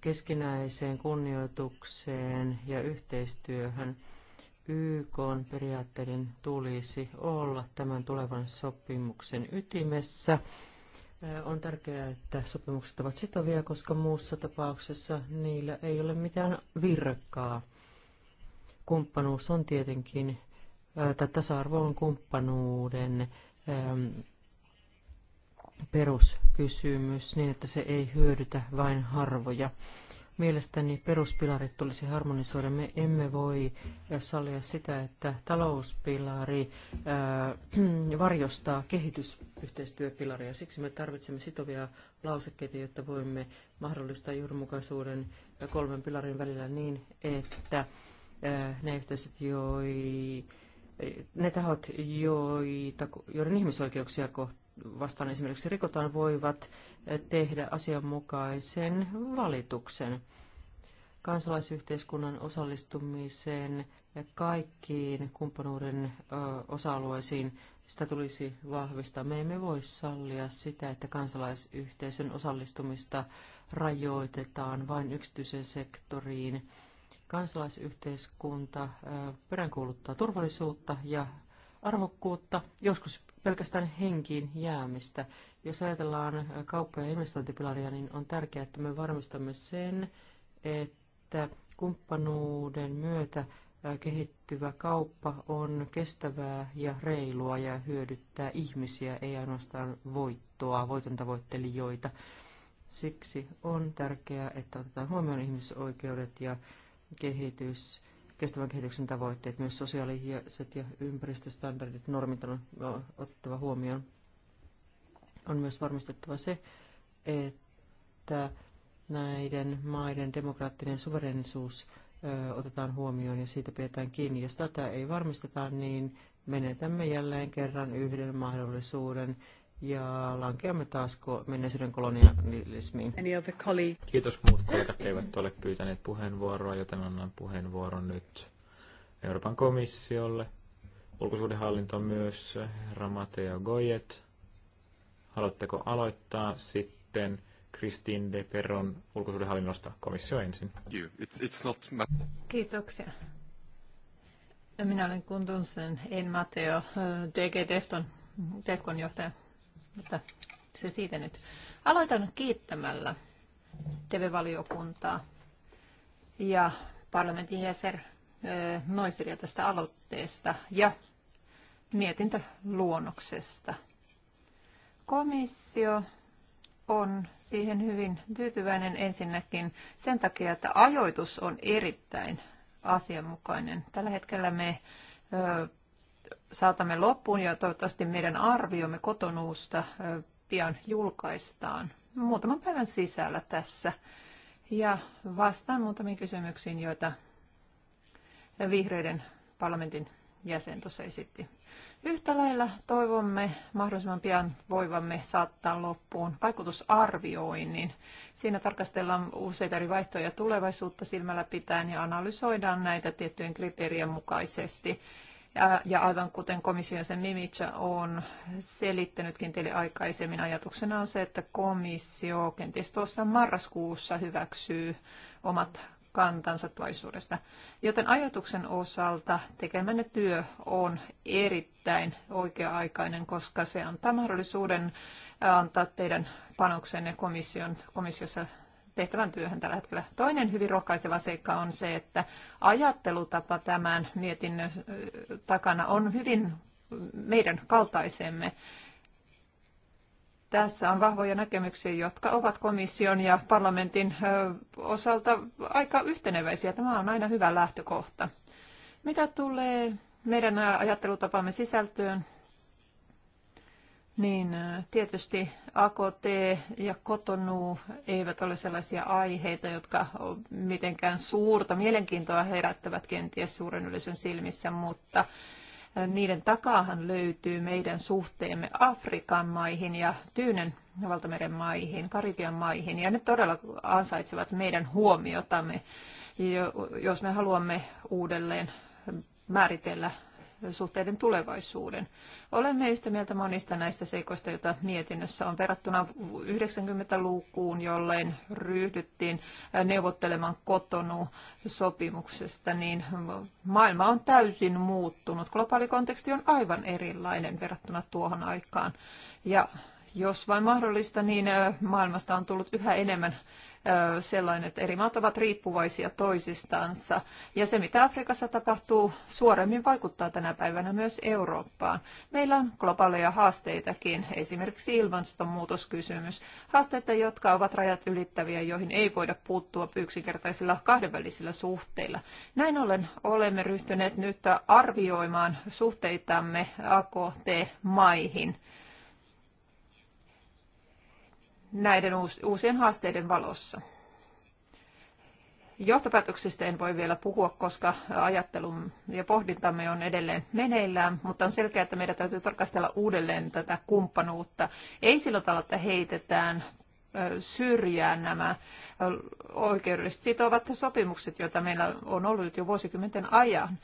keskinäiseen kunnioitukseen ja yhteistyöhön. YK periaatteiden tulisi olla tämän tulevan sopimuksen ytimessä. On tärkeää, että sopimukset ovat sitovia, koska muussa tapauksessa niillä ei ole mitään virkaa. Kumppanuus on tietenkin, tai tasa-arvo on kumppanuuden ähm, peruskysymys niin, että se ei hyödytä vain harvoja. Mielestäni peruspilarit tulisi harmonisoida. Me emme voi äh, sallia sitä, että talouspilari äh, varjostaa kehitysyhteistyöpilaria. Siksi me tarvitsemme sitovia lausekkeita, jotta voimme mahdollistaa johdonmukaisuuden äh, kolmen pilarin välillä niin, että ne yhteisöt, joi, ne tahot, joita, joiden ihmisoikeuksia kohtaan vastaan esimerkiksi rikotaan, voivat tehdä asianmukaisen valituksen kansalaisyhteiskunnan osallistumiseen ja kaikkiin kumppanuuden osa-alueisiin, sitä tulisi vahvistaa. Me emme voi sallia sitä, että kansalaisyhteisön osallistumista rajoitetaan vain yksityiseen sektoriin. Kansalaisyhteiskunta peräänkuuluttaa turvallisuutta ja arvokkuutta. Joskus pelkästään henkiin jäämistä. Jos ajatellaan kauppa- ja investointipilaria, niin on tärkeää, että me varmistamme sen, että kumppanuuden myötä kehittyvä kauppa on kestävää ja reilua ja hyödyttää ihmisiä, ei ainoastaan voittoa, voiton tavoittelijoita. Siksi on tärkeää, että otetaan huomioon ihmisoikeudet ja kehitys kestävän kehityksen tavoitteet, myös sosiaaliset ja ympäristöstandardit, normit on otettava huomioon. On myös varmistettava se, että näiden maiden demokraattinen suverenisuus otetaan huomioon ja siitä pidetään kiinni. Jos tätä ei varmisteta, niin menetämme jälleen kerran yhden mahdollisuuden ja lankeamme taas menneisyyden kolonialismiin. Kiitos muut kollegat eivät ole pyytäneet puheenvuoroa, joten annan puheenvuoron nyt Euroopan komissiolle. Ulkosuhdehallinto myös, herra Goyet. Haluatteko aloittaa sitten Christine de Perron ulkosuhdehallinnosta komissio ensin? Kiitoksia. Minä olen Kuntunsen, en Mateo, eh, DG Defton, Defcon johtaja. Mutta se siitä nyt. Aloitan kiittämällä TV-valiokuntaa ja parlamentin jäsen Noisilia tästä aloitteesta ja mietintöluonnoksesta. Komissio on siihen hyvin tyytyväinen ensinnäkin sen takia, että ajoitus on erittäin asianmukainen. Tällä hetkellä me saatamme loppuun ja toivottavasti meidän arviomme kotonuusta pian julkaistaan muutaman päivän sisällä tässä. Ja vastaan muutamiin kysymyksiin, joita vihreiden parlamentin jäsen tuossa esitti. Yhtä lailla toivomme mahdollisimman pian voivamme saattaa loppuun vaikutusarvioinnin. Siinä tarkastellaan useita eri vaihtoja tulevaisuutta silmällä pitäen ja analysoidaan näitä tiettyjen kriteerien mukaisesti. Ja aivan kuten komission sen Mimicha on selittänytkin teille aikaisemmin, ajatuksena on se, että komissio kenties tuossa marraskuussa hyväksyy omat kantansa toisuudesta. Joten ajatuksen osalta tekemänne työ on erittäin oikea-aikainen, koska se antaa mahdollisuuden antaa teidän panoksenne komission, komissiossa tehtävän työhön tällä hetkellä. Toinen hyvin rohkaiseva seikka on se, että ajattelutapa tämän mietinnön takana on hyvin meidän kaltaisemme. Tässä on vahvoja näkemyksiä, jotka ovat komission ja parlamentin osalta aika yhteneväisiä. Tämä on aina hyvä lähtökohta. Mitä tulee meidän ajattelutapamme sisältöön, niin, äh, tietysti AKT ja kotonuu eivät ole sellaisia aiheita, jotka mitenkään suurta mielenkiintoa herättävät kenties suuren yleisön silmissä, mutta äh, niiden takaahan löytyy meidän suhteemme Afrikan maihin ja Tyynen valtameren maihin, Karibian maihin, ja ne todella ansaitsevat meidän huomiotamme, jos me haluamme uudelleen määritellä suhteiden tulevaisuuden. Olemme yhtä mieltä monista näistä seikoista, joita mietinnössä on verrattuna 90-lukuun, jolloin ryhdyttiin neuvottelemaan kotonu sopimuksesta, niin maailma on täysin muuttunut. Globaali konteksti on aivan erilainen verrattuna tuohon aikaan. Ja jos vain mahdollista, niin maailmasta on tullut yhä enemmän sellainen, että eri maat ovat riippuvaisia toisistansa. Ja se, mitä Afrikassa tapahtuu, suoremmin vaikuttaa tänä päivänä myös Eurooppaan. Meillä on globaaleja haasteitakin, esimerkiksi ilmastonmuutoskysymys. Haasteita, jotka ovat rajat ylittäviä, joihin ei voida puuttua yksinkertaisilla kahdenvälisillä suhteilla. Näin ollen olemme ryhtyneet nyt arvioimaan suhteitamme AKT-maihin näiden uusien haasteiden valossa. Johtopäätöksistä en voi vielä puhua, koska ajattelun ja pohdintamme on edelleen meneillään, mutta on selkeää, että meidän täytyy tarkastella uudelleen tätä kumppanuutta. Ei sillä tavalla, että heitetään syrjään nämä oikeudelliset sitovat sopimukset, joita meillä on ollut jo vuosikymmenten ajan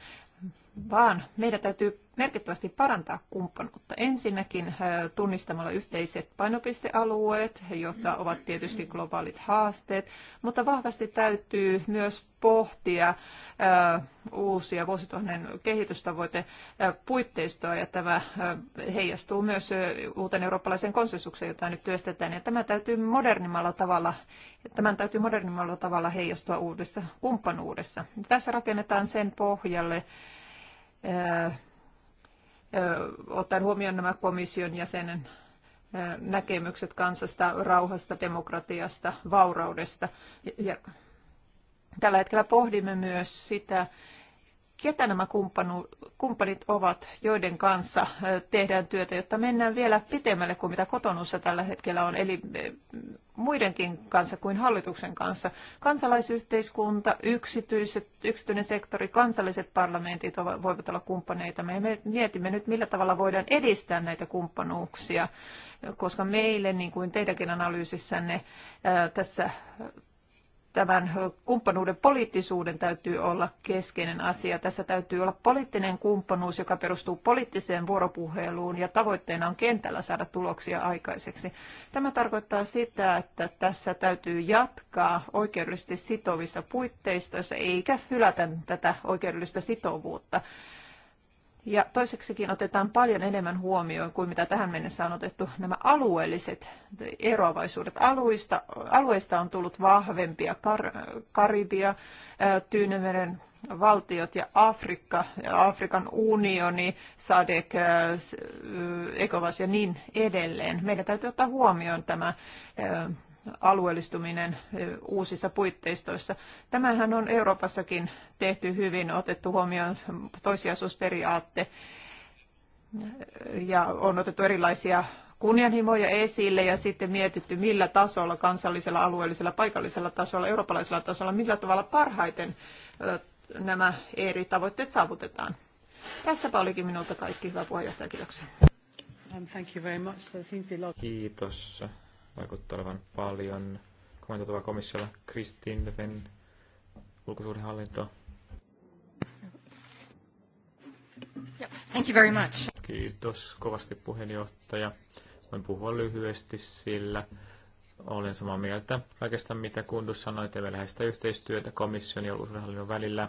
vaan meidän täytyy merkittävästi parantaa kumppanuutta. Ensinnäkin tunnistamalla yhteiset painopistealueet, jotka ovat tietysti globaalit haasteet, mutta vahvasti täytyy myös pohtia uusia vuosituhannen kehitystavoite puitteistoa ja tämä heijastuu myös uuteen eurooppalaiseen konsensukseen, jota nyt työstetään. Ja tämä täytyy modernimmalla tavalla, tämän täytyy modernimmalla tavalla heijastua uudessa kumppanuudessa. Tässä rakennetaan sen pohjalle ottaen huomioon nämä komission jäsenen näkemykset kansasta, rauhasta, demokratiasta, vauraudesta. Ja tällä hetkellä pohdimme myös sitä, ketä nämä kumppanu, kumppanit ovat, joiden kanssa tehdään työtä, jotta mennään vielä pitemmälle kuin mitä kotonussa tällä hetkellä on, eli muidenkin kanssa kuin hallituksen kanssa. Kansalaisyhteiskunta, yksityiset, yksityinen sektori, kansalliset parlamentit voivat olla kumppaneita. Me mietimme nyt, millä tavalla voidaan edistää näitä kumppanuuksia, koska meille, niin kuin teidänkin analyysissänne tässä tämän kumppanuuden poliittisuuden täytyy olla keskeinen asia. Tässä täytyy olla poliittinen kumppanuus, joka perustuu poliittiseen vuoropuheluun ja tavoitteena on kentällä saada tuloksia aikaiseksi. Tämä tarkoittaa sitä, että tässä täytyy jatkaa oikeudellisesti sitovissa puitteissa eikä hylätä tätä oikeudellista sitovuutta. Ja toiseksikin otetaan paljon enemmän huomioon kuin mitä tähän mennessä on otettu nämä alueelliset eroavaisuudet. alueista alueista on tullut vahvempia Kar- Karibia, Tyynemeren valtiot ja Afrikka, Afrikan unioni, SADEC, ECOWAS ja niin edelleen. Meidän täytyy ottaa huomioon tämä alueellistuminen uusissa puitteistoissa. Tämähän on Euroopassakin tehty hyvin, otettu huomioon toisiasuusperiaatte ja on otettu erilaisia kunnianhimoja esille ja sitten mietitty, millä tasolla, kansallisella, alueellisella, paikallisella tasolla, eurooppalaisella tasolla, millä tavalla parhaiten nämä eri tavoitteet saavutetaan. Tässäpä olikin minulta kaikki. Hyvä puheenjohtaja, kiitoksia. Kiitos vaikuttaa olevan paljon Kommentoitava komissiolla. Kristin Leven, ulkosuhdehallinto. Thank you very much. Kiitos kovasti puheenjohtaja. Voin puhua lyhyesti, sillä olen samaa mieltä oikeastaan mitä Kuntus sanoi, teemme läheistä yhteistyötä komission ja ulkosuhdehallinnon välillä.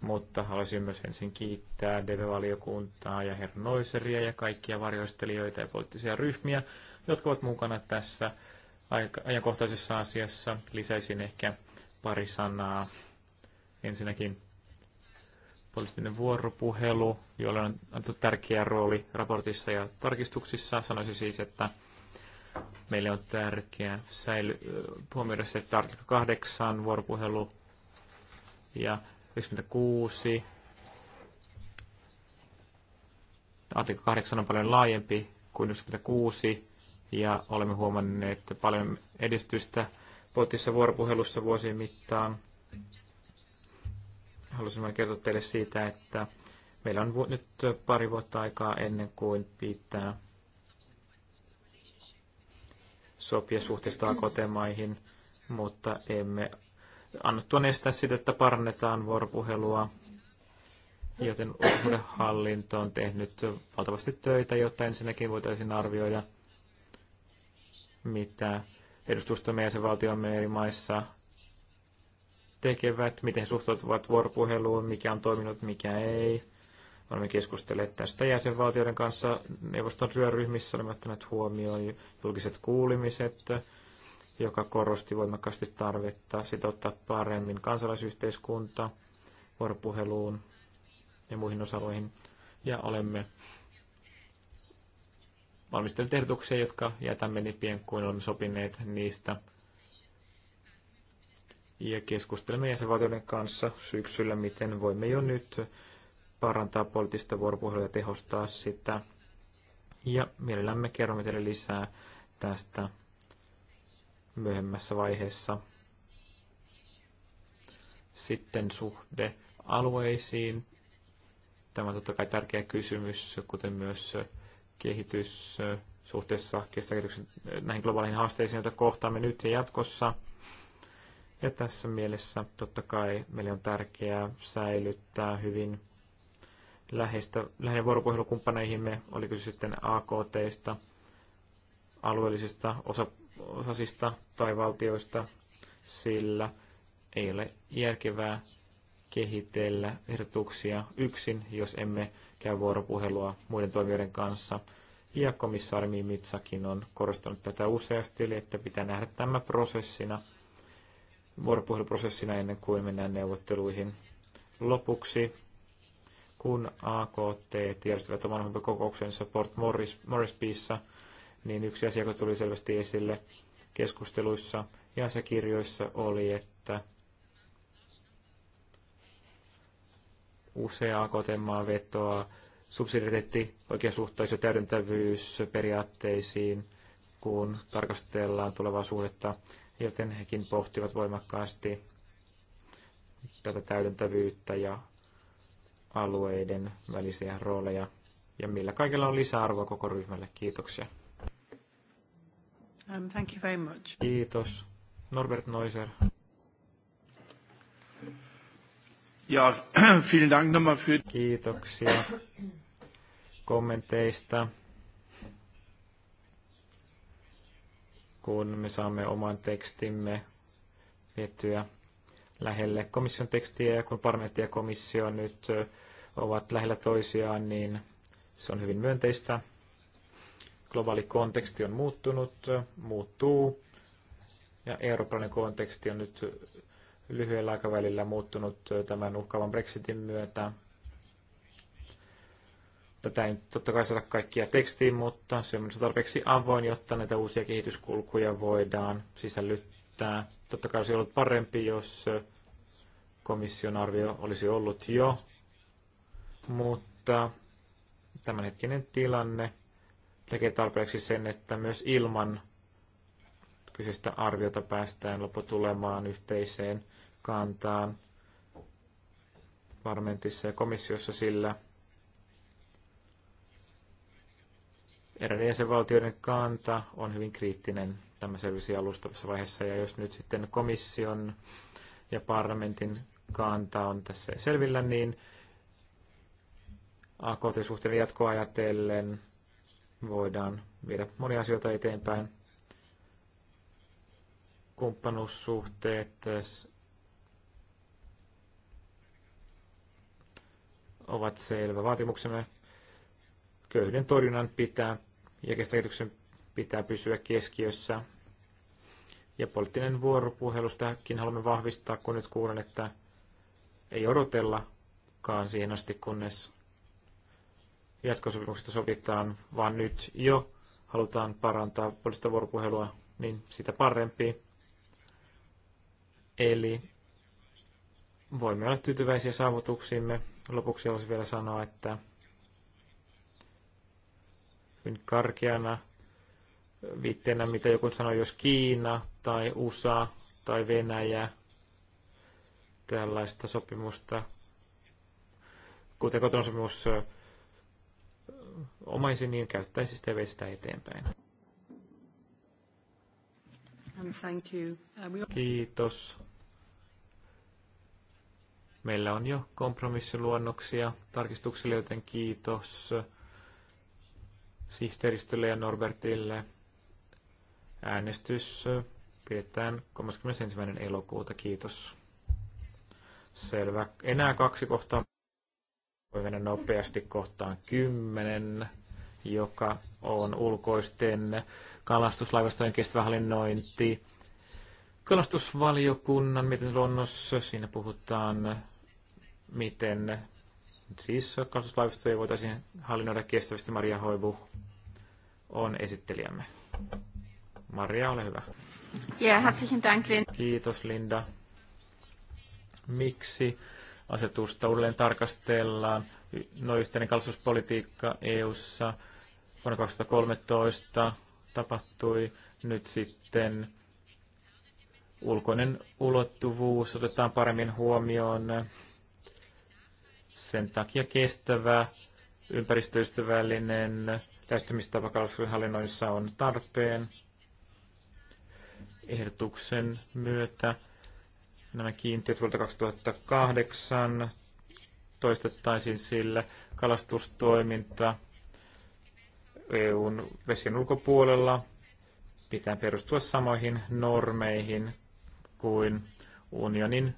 Mutta haluaisin myös ensin kiittää DV-valiokuntaa ja herra Noiseria ja kaikkia varjoistelijoita ja poliittisia ryhmiä jotka ovat mukana tässä ajankohtaisessa asiassa. Lisäisin ehkä pari sanaa. Ensinnäkin poliittinen vuoropuhelu, jolle on annettu tärkeä rooli raportissa ja tarkistuksissa. Sanoisin siis, että meille on tärkeää säily, huomioida se, että artikla 8 vuoropuhelu ja 96. Artikla 8 on paljon laajempi kuin 96 ja olemme huomanneet että paljon edistystä poliittisessa vuoropuhelussa vuosien mittaan. Haluaisin vain kertoa teille siitä, että meillä on nyt pari vuotta aikaa ennen kuin pitää sopia suhteesta akt mutta emme annettua estää sitä, että parannetaan vuoropuhelua, joten uudenhallinto on tehnyt valtavasti töitä, jotta ensinnäkin voitaisiin arvioida mitä edustustomme ja jäsenvaltiomme eri maissa tekevät, miten suhtautuvat vuoropuheluun, mikä on toiminut, mikä ei. Olemme keskustelleet tästä jäsenvaltioiden kanssa neuvoston työryhmissä, olemme ottaneet huomioon julkiset kuulimiset, joka korosti voimakkaasti tarvetta sitouttaa paremmin kansalaisyhteiskunta vuoropuheluun ja muihin osaloihin. Ja olemme valmistelut ehdotuksia, jotka jätämme niin pian kuin olemme sopineet niistä. Ja keskustelemme jäsenvaltioiden kanssa syksyllä, miten voimme jo nyt parantaa poliittista vuoropuhelua ja tehostaa sitä. Ja mielellämme kerromme teille lisää tästä myöhemmässä vaiheessa. Sitten suhde alueisiin. Tämä on totta kai tärkeä kysymys, kuten myös kehitys suhteessa kestäkehityksen näihin globaaleihin haasteisiin, joita kohtaamme nyt ja jatkossa. Ja tässä mielessä totta kai meille on tärkeää säilyttää hyvin läheistä, läheinen vuoropuhelukumppaneihimme, oliko se sitten AKTista, alueellisista osa, osasista tai valtioista, sillä ei ole järkevää kehitellä ehdotuksia yksin, jos emme käy vuoropuhelua muiden toimijoiden kanssa. Ja komissaari Mimitsakin on korostanut tätä useasti, eli että pitää nähdä tämä prosessina, vuoropuheluprosessina ennen kuin mennään neuvotteluihin. Lopuksi, kun AKT järjestivät oman kokouksensa Port Morris, Morrisbyssä, niin yksi asia, joka tuli selvästi esille keskusteluissa ja kirjoissa oli, että useaa kotemaan vetoa, vetoaa subsidiariteetti, oikeasuhtaisuus ja täydentävyys periaatteisiin, kun tarkastellaan tulevaa suhdetta, joten hekin pohtivat voimakkaasti tätä täydentävyyttä ja alueiden välisiä rooleja ja millä kaikella on lisäarvoa koko ryhmälle. Kiitoksia. Um, thank you very much. Kiitos. Norbert Noiser. Ja, vielen Dank nochmal für... Kiitoksia kommenteista. Kun me saamme oman tekstimme vietyä lähelle komission tekstiä ja kun parlamentti ja komissio nyt ovat lähellä toisiaan, niin se on hyvin myönteistä. Globaali konteksti on muuttunut, muuttuu ja eurooppalainen konteksti on nyt lyhyellä aikavälillä muuttunut tämän uhkaavan Brexitin myötä. Tätä ei totta kai saada kaikkia tekstiin, mutta se on tarpeeksi avoin, jotta näitä uusia kehityskulkuja voidaan sisällyttää. Totta kai olisi ollut parempi, jos komission arvio olisi ollut jo, mutta tämänhetkinen tilanne tekee tarpeeksi sen, että myös ilman kyseistä arviota päästään lopputulemaan yhteiseen kantaa parlamentissa ja komissiossa sillä eräiden jäsenvaltioiden kanta on hyvin kriittinen tämä selvisi alustavassa vaiheessa. Ja jos nyt sitten komission ja parlamentin kanta on tässä selvillä, niin AKT-suhteiden jatkoa ajatellen voidaan viedä monia asioita eteenpäin. Kumppanuussuhteet ovat selvä vaatimuksemme. Köyhyyden torjunnan pitää ja kestäkehityksen pitää pysyä keskiössä. Ja poliittinen vuoropuhelu, sitäkin haluamme vahvistaa, kun nyt kuulen, että ei odotellakaan siihen asti, kunnes jatkosopimuksesta sovitaan, vaan nyt jo halutaan parantaa poliittista vuoropuhelua, niin sitä parempi. Eli voimme olla tyytyväisiä saavutuksiimme Lopuksi olisi vielä sanoa, että hyvin karkeana viitteenä, mitä joku sanoi, jos Kiina tai USA tai Venäjä tällaista sopimusta, kuten kotonosopimus omaisi, niin käyttäisi sitä veistä eteenpäin. Um, Kiitos. Meillä on jo kompromissiluonnoksia tarkistuksille, joten kiitos sihteeristölle ja Norbertille. Äänestys pidetään 31. elokuuta. Kiitos. Selvä. Enää kaksi kohtaa. Voi mennä nopeasti kohtaan 10, joka on ulkoisten kalastuslaivastojen kestävä hallinnointi. Kalastusvaliokunnan luonnossa, siinä puhutaan miten siis kansallislaivastoja voitaisiin hallinnoida kestävästi. Maria Hoivu on esittelijämme. Maria, ole hyvä. Yeah, herzlichen Dank, Linda. Kiitos, Linda. Miksi asetusta uudelleen tarkastellaan? No yhteinen kalastuspolitiikka EU:ssa vuonna 2013 tapahtui nyt sitten ulkoinen ulottuvuus otetaan paremmin huomioon sen takia kestävä, ympäristöystävällinen lähestymistapa hallinnoissa on tarpeen. Ehdotuksen myötä nämä kiintiöt vuodelta 2008 toistettaisiin sillä kalastustoiminta EUn vesien ulkopuolella pitää perustua samoihin normeihin kuin unionin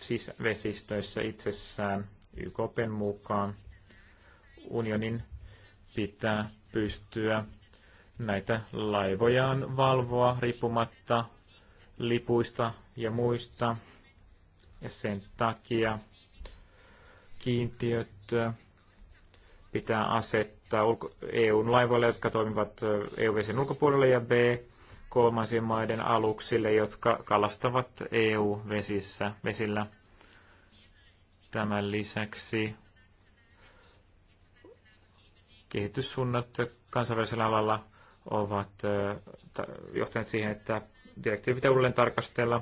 siis vesistöissä itsessään YKPn mukaan. Unionin pitää pystyä näitä laivojaan valvoa riippumatta lipuista ja muista. Ja sen takia kiintiöt pitää asettaa EUn laivoille, jotka toimivat EU-vesien ulkopuolella ja B, kolmansien maiden aluksille, jotka kalastavat EU-vesissä, vesillä. Tämän lisäksi kehityssuunnat kansainvälisellä alalla ovat johtaneet siihen, että direktiivit uudelleen tarkastella.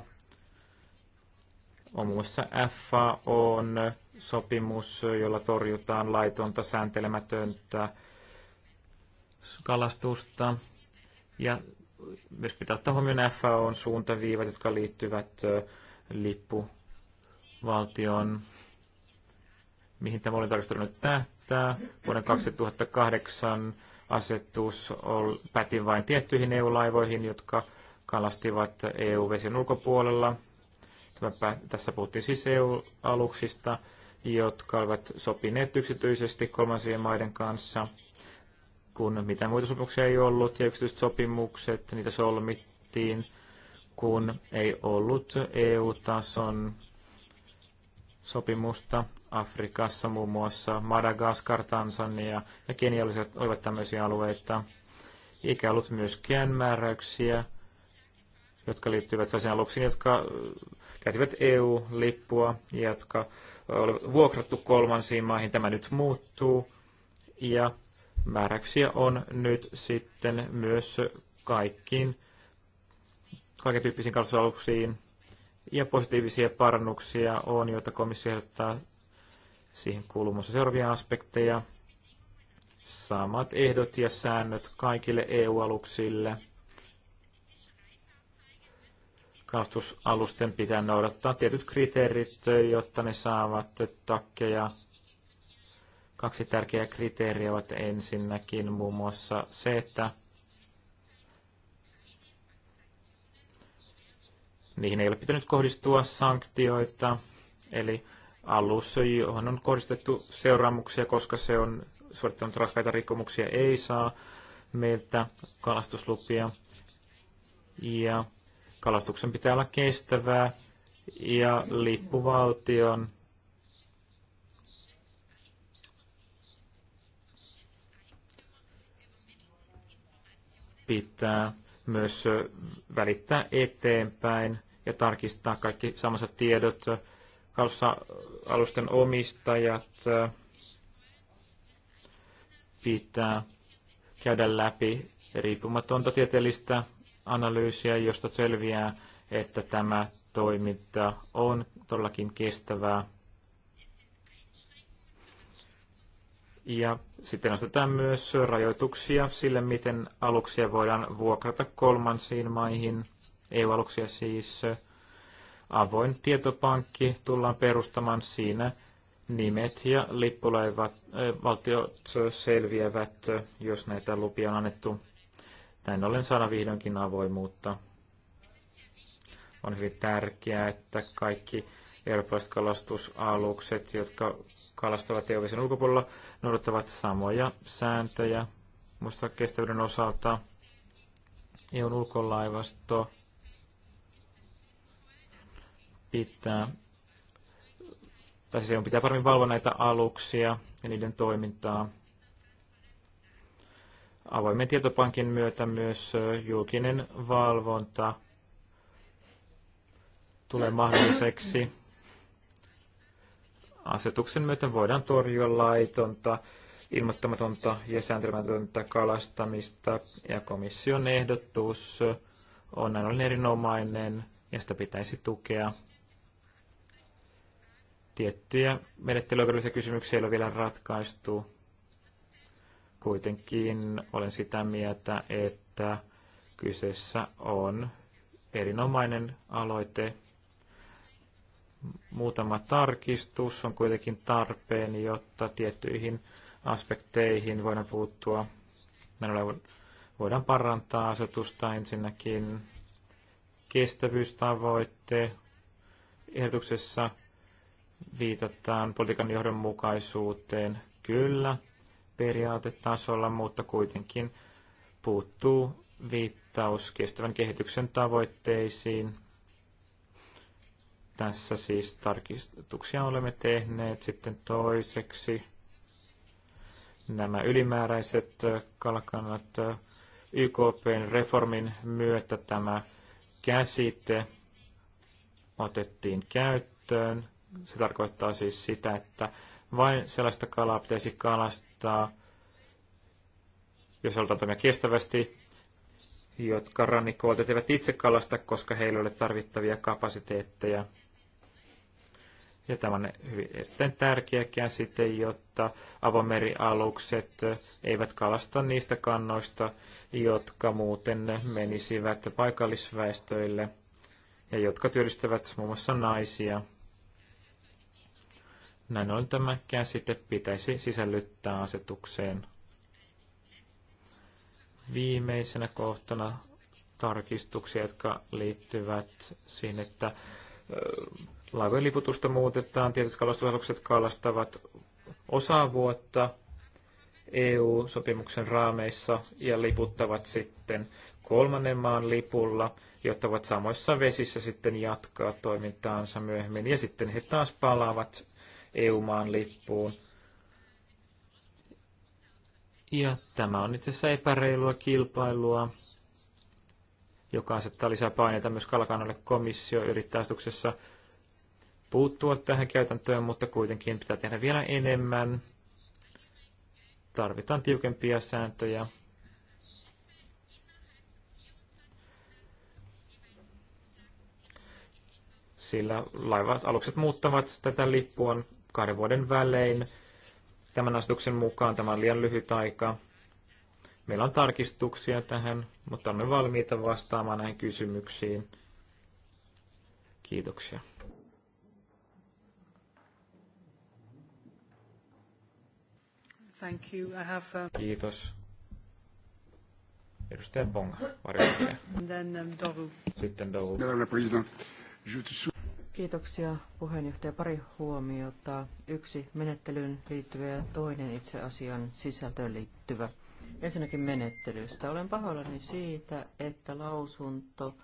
On muun muassa FAOn sopimus, jolla torjutaan laitonta sääntelemätöntä kalastusta. Ja myös pitää ottaa huomioon FAOn suuntaviivat, jotka liittyvät lippuvaltioon, mihin tämä valintarkastelu nyt tähtää. Vuoden 2008 asetus päti vain tiettyihin EU-laivoihin, jotka kalastivat EU-vesien ulkopuolella. Tämä, tässä puhuttiin siis EU-aluksista, jotka olivat sopineet yksityisesti kolmansien maiden kanssa kun mitään muita sopimuksia ei ollut ja yksityiset sopimukset, niitä solmittiin, kun ei ollut EU-tason sopimusta. Afrikassa muun muassa Madagaskar, Tansania ja Kenia olivat tämmöisiä alueita. Eikä ollut myöskään määräyksiä, jotka liittyivät sellaisiin aluksiin, jotka äh, käytivät EU-lippua ja jotka oli vuokrattu kolmansiin maihin. Tämä nyt muuttuu ja määräyksiä on nyt sitten myös kaikkiin, kaiken tyyppisiin kalastusaluksiin. Ja positiivisia parannuksia on, joita komissio ehdottaa siihen kuulumassa seuraavia aspekteja. Samat ehdot ja säännöt kaikille EU-aluksille. Kalastusalusten pitää noudattaa tietyt kriteerit, jotta ne saavat takkeja Kaksi tärkeää kriteeriä ovat ensinnäkin muun muassa se, että niihin ei ole pitänyt kohdistua sanktioita, eli alus, johon on kohdistettu seuraamuksia, koska se on suorittanut raskaita rikkomuksia, ei saa meiltä kalastuslupia. Ja kalastuksen pitää olla kestävää ja lippuvaltion pitää myös välittää eteenpäin ja tarkistaa kaikki samassa tiedot. Kalussa-alusten omistajat äh, pitää käydä läpi riippumatonta tieteellistä analyysiä, josta selviää, että tämä toiminta on todellakin kestävää Ja sitten asetetaan myös rajoituksia sille, miten aluksia voidaan vuokrata kolmansiin maihin, EU-aluksia siis. Avoin tietopankki tullaan perustamaan siinä. Nimet ja lippulaivat eh, valtiot selviävät, jos näitä lupia on annettu. Näin ollen saada vihdoinkin avoimuutta. On hyvin tärkeää, että kaikki eurooppalaiset kalastusalukset, jotka kalastavat eu ulkopuolella, noudattavat samoja sääntöjä. Muista kestävyyden osalta EUn ulkolaivasto pitää, tai siis EU pitää paremmin valvoa näitä aluksia ja niiden toimintaa. Avoimen tietopankin myötä myös julkinen valvonta tulee mahdolliseksi Asetuksen myötä voidaan torjua laitonta, ilmoittamatonta ja sääntelemätöntä kalastamista, ja komission ehdotus on näin ollen erinomainen, ja sitä pitäisi tukea. Tiettyjä menettelyoikeudellisia kysymyksiä ei ole vielä ratkaistu. Kuitenkin olen sitä mieltä, että kyseessä on erinomainen aloite, Muutama tarkistus on kuitenkin tarpeen, jotta tiettyihin aspekteihin voidaan puuttua. Näin voidaan parantaa asetusta ensinnäkin kestävyystavoitte. Ehdotuksessa viitataan politiikan johdonmukaisuuteen kyllä periaatetasolla, mutta kuitenkin puuttuu viittaus kestävän kehityksen tavoitteisiin tässä siis tarkistuksia olemme tehneet. Sitten toiseksi nämä ylimääräiset kalkanat YKPn reformin myötä tämä käsite otettiin käyttöön. Se tarkoittaa siis sitä, että vain sellaista kalaa pitäisi kalastaa, jos halutaan toimia kestävästi, jotka rannikkovaltiot eivät itse kalasta, koska heillä ei ole tarvittavia kapasiteetteja ja tämä on hyvin erittäin tärkeäkään sitten, jotta avomerialukset eivät kalasta niistä kannoista, jotka muuten menisivät paikallisväestöille ja jotka työllistävät muun muassa naisia. Näin ollen tämä käsite pitäisi sisällyttää asetukseen. Viimeisenä kohtana tarkistuksia, jotka liittyvät siihen, että laivojen liputusta muutetaan, tietyt kalastusalukset kalastavat osaa vuotta EU-sopimuksen raameissa ja liputtavat sitten kolmannen maan lipulla, jotta ovat samoissa vesissä sitten jatkaa toimintaansa myöhemmin. Ja sitten he taas palaavat EU-maan lippuun. Ja tämä on itse asiassa epäreilua kilpailua, joka asettaa lisää paineita myös kalakannalle komissio yrittää puuttua tähän käytäntöön, mutta kuitenkin pitää tehdä vielä enemmän. Tarvitaan tiukempia sääntöjä. Sillä laivat alukset muuttavat tätä lippua kahden vuoden välein. Tämän asetuksen mukaan tämä on liian lyhyt aika. Meillä on tarkistuksia tähän, mutta olemme valmiita vastaamaan näihin kysymyksiin. Kiitoksia. Thank you. I have, uh... Kiitos. Edustaja Bong, varjoittaja. Then um, Dovu. Sitten Dovu. Kiitoksia puheenjohtaja. Pari huomiota. Yksi menettelyyn liittyvä ja toinen itse asian sisältöön liittyvä. Ensinnäkin menettelystä. Olen pahoillani siitä, että lausunto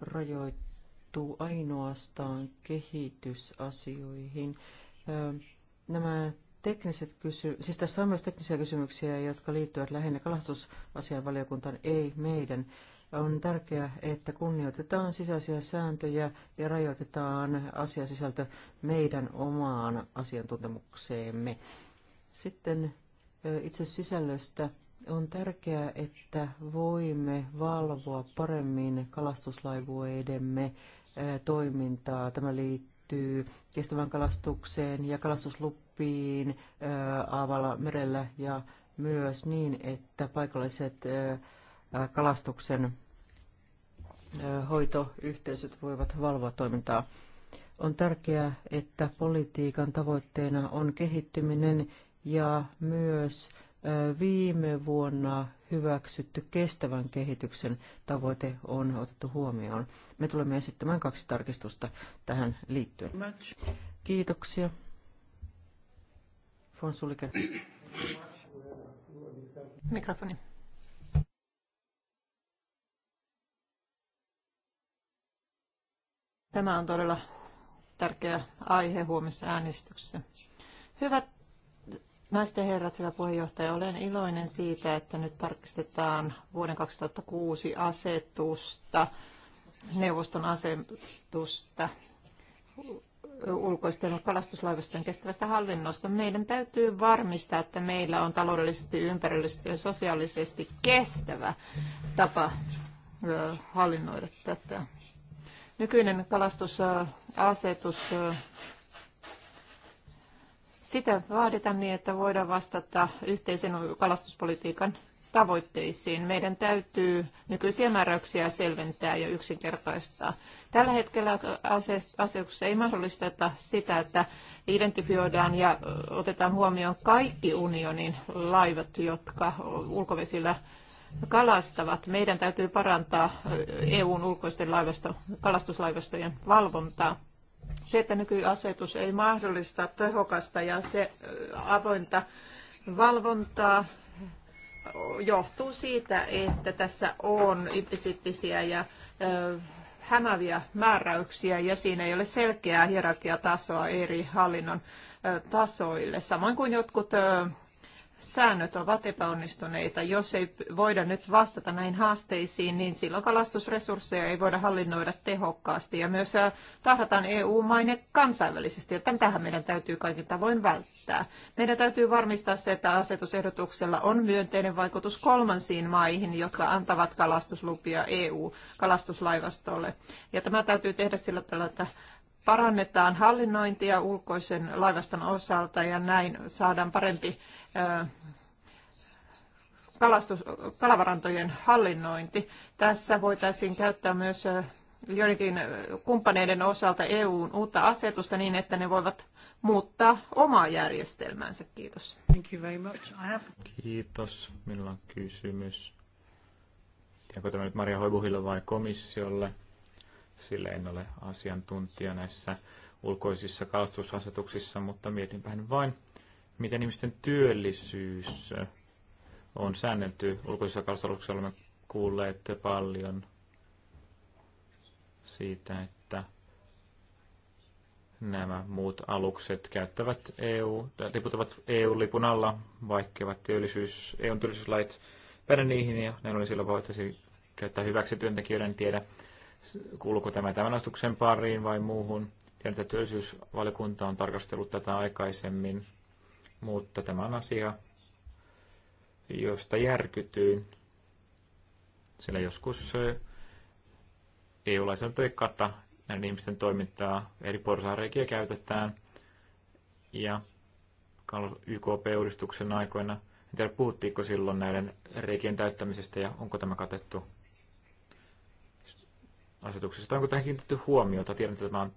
rajoittuu ainoastaan kehitysasioihin. Nämä tekniset kysy- siis tässä on myös teknisiä kysymyksiä, jotka liittyvät lähinnä kalastusasianvaliokuntaan, ei meidän. On tärkeää, että kunnioitetaan sisäisiä sääntöjä ja rajoitetaan asiasisältö meidän omaan asiantuntemukseemme. Sitten itse sisällöstä on tärkeää, että voimme valvoa paremmin kalastuslaivueidemme toimintaa. Tämä liittyy liittyy kestävän kalastukseen ja kalastusluppiin Aavalla merellä ja myös niin, että paikalliset kalastuksen hoitoyhteisöt voivat valvoa toimintaa. On tärkeää, että politiikan tavoitteena on kehittyminen ja myös viime vuonna hyväksytty kestävän kehityksen tavoite on otettu huomioon. Me tulemme esittämään kaksi tarkistusta tähän liittyen. Kiitoksia. Fonsulike. Mikrofoni. Tämä on todella tärkeä aihe huomisessa äänestyksessä. Hyvät Naisten ja herrat, hyvä puheenjohtaja, olen iloinen siitä, että nyt tarkistetaan vuoden 2006 asetusta, neuvoston asetusta ulkoisten kalastuslaivaston kestävästä hallinnosta. Meidän täytyy varmistaa, että meillä on taloudellisesti, ympärillisesti ja sosiaalisesti kestävä tapa hallinnoida tätä. Nykyinen kalastusasetus sitä vaadita niin, että voidaan vastata yhteisen kalastuspolitiikan tavoitteisiin. Meidän täytyy nykyisiä määräyksiä selventää ja yksinkertaistaa. Tällä hetkellä asetus ei mahdollisteta sitä, että identifioidaan ja otetaan huomioon kaikki unionin laivat, jotka ulkovesillä kalastavat. Meidän täytyy parantaa EUn ulkoisten kalastuslaivastojen valvontaa. Se, että nykyasetus ei mahdollista tehokasta ja se avointa valvontaa, johtuu siitä, että tässä on implisiittisiä ja hämäviä määräyksiä ja siinä ei ole selkeää hierarkiatasoa eri hallinnon tasoille. Samoin kuin jotkut säännöt ovat epäonnistuneita. Jos ei voida nyt vastata näihin haasteisiin, niin silloin kalastusresursseja ei voida hallinnoida tehokkaasti ja myös äh, tahdataan EU-maine kansainvälisesti. Ja tähän meidän täytyy kaiken tavoin välttää. Meidän täytyy varmistaa se, että asetusehdotuksella on myönteinen vaikutus kolmansiin maihin, jotka antavat kalastuslupia EU-kalastuslaivastolle. Ja tämä täytyy tehdä sillä tavalla, että parannetaan hallinnointia ulkoisen laivaston osalta ja näin saadaan parempi kalastus, kalavarantojen hallinnointi. Tässä voitaisiin käyttää myös joidenkin kumppaneiden osalta EUn uutta asetusta niin, että ne voivat muuttaa omaa järjestelmäänsä. Kiitos. Thank you very much. I have... Kiitos. Minulla on kysymys. Tiedänkö tämä nyt Maria Hoibuhille vai komissiolle? sillä en ole asiantuntija näissä ulkoisissa kalastusasetuksissa, mutta mietinpä vain, miten ihmisten työllisyys on säännelty. Ulkoisissa kalastusaluksissa olemme kuulleet paljon siitä, että nämä muut alukset käyttävät EU, tai EU-lipun alla, vaikkevat työllisyys, eu työllisyyslait päde niihin, ja ne oli silloin voitaisiin käyttää hyväksi työntekijöiden tiedä, Kuuluuko tämä tämän astuksen pariin vai muuhun? Tiedän, että työllisyysvaliokunta on tarkastellut tätä aikaisemmin, mutta tämä on asia, josta järkytyin. Sillä joskus EU-lainsäädäntö ei kata näiden ihmisten toimintaa, eri porsaareikiä käytetään. Ja YKP-uudistuksen aikoina, en tiedä puhuttiinko silloin näiden reikien täyttämisestä ja onko tämä katettu asetuksesta. Onko tähän kiinnitetty huomiota? Tiedän, että tämä on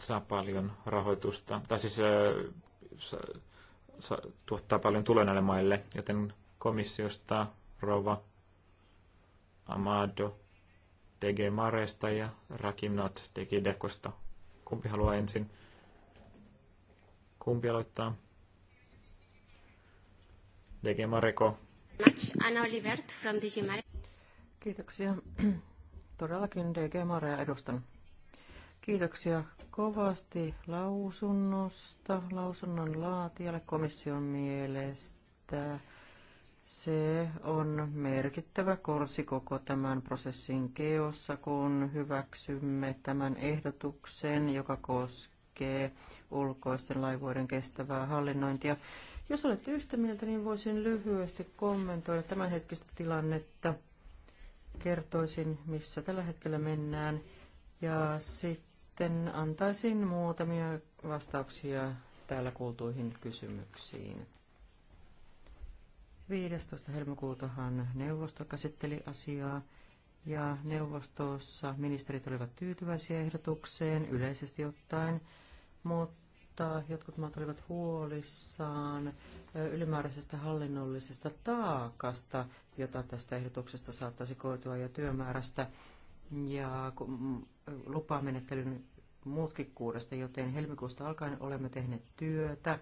saa paljon rahoitusta, tai siis äh, sa, tuottaa paljon tuloja näille maille, joten komissiosta Rova Amado DG Maresta ja Rakimnat teki Dekosta. Kumpi haluaa ensin? Kumpi aloittaa? DG Mareko. Anna Olivert from Digimare. Kiitoksia. Todellakin DG Marea edustan. Kiitoksia kovasti lausunnosta, lausunnon laatijalle komission mielestä. Se on merkittävä korsi koko tämän prosessin keossa, kun hyväksymme tämän ehdotuksen, joka koskee ulkoisten laivoiden kestävää hallinnointia. Jos olette yhtä mieltä, niin voisin lyhyesti kommentoida tämänhetkistä tilannetta. Kertoisin, missä tällä hetkellä mennään. Ja sitten antaisin muutamia vastauksia täällä kuultuihin kysymyksiin. 15. helmikuutahan neuvosto käsitteli asiaa ja neuvostossa ministerit olivat tyytyväisiä ehdotukseen yleisesti ottaen, mutta mutta jotkut maat olivat huolissaan ylimääräisestä hallinnollisesta taakasta, jota tästä ehdotuksesta saattaisi koitua ja työmäärästä ja lupamenettelyn kuudesta, joten helmikuusta alkaen olemme tehneet työtä.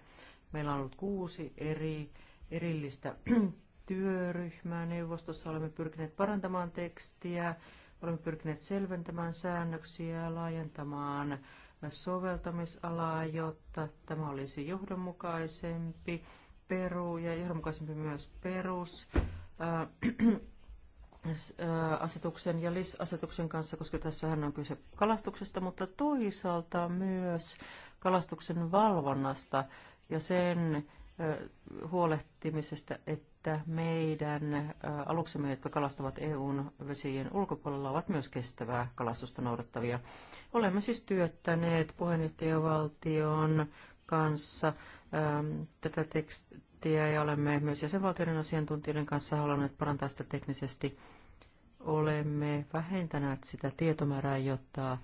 Meillä on ollut kuusi eri, erillistä työryhmää neuvostossa, olemme pyrkineet parantamaan tekstiä, olemme pyrkineet selventämään säännöksiä ja laajentamaan soveltamisalaa, jotta tämä olisi johdonmukaisempi peru ja johdonmukaisempi myös perus äh, äh, asetuksen ja LIS-asetuksen kanssa, koska tässähän on kyse kalastuksesta, mutta toisaalta myös kalastuksen valvonnasta ja sen huolehtimisesta, että meidän aluksemme, jotka kalastavat EUn vesien ulkopuolella, ovat myös kestävää kalastusta noudattavia. Olemme siis työttäneet puheenjohtajavaltion kanssa tätä tekstiä ja olemme myös jäsenvaltioiden asiantuntijoiden kanssa halunneet parantaa sitä teknisesti olemme vähentäneet sitä tietomäärää, jotta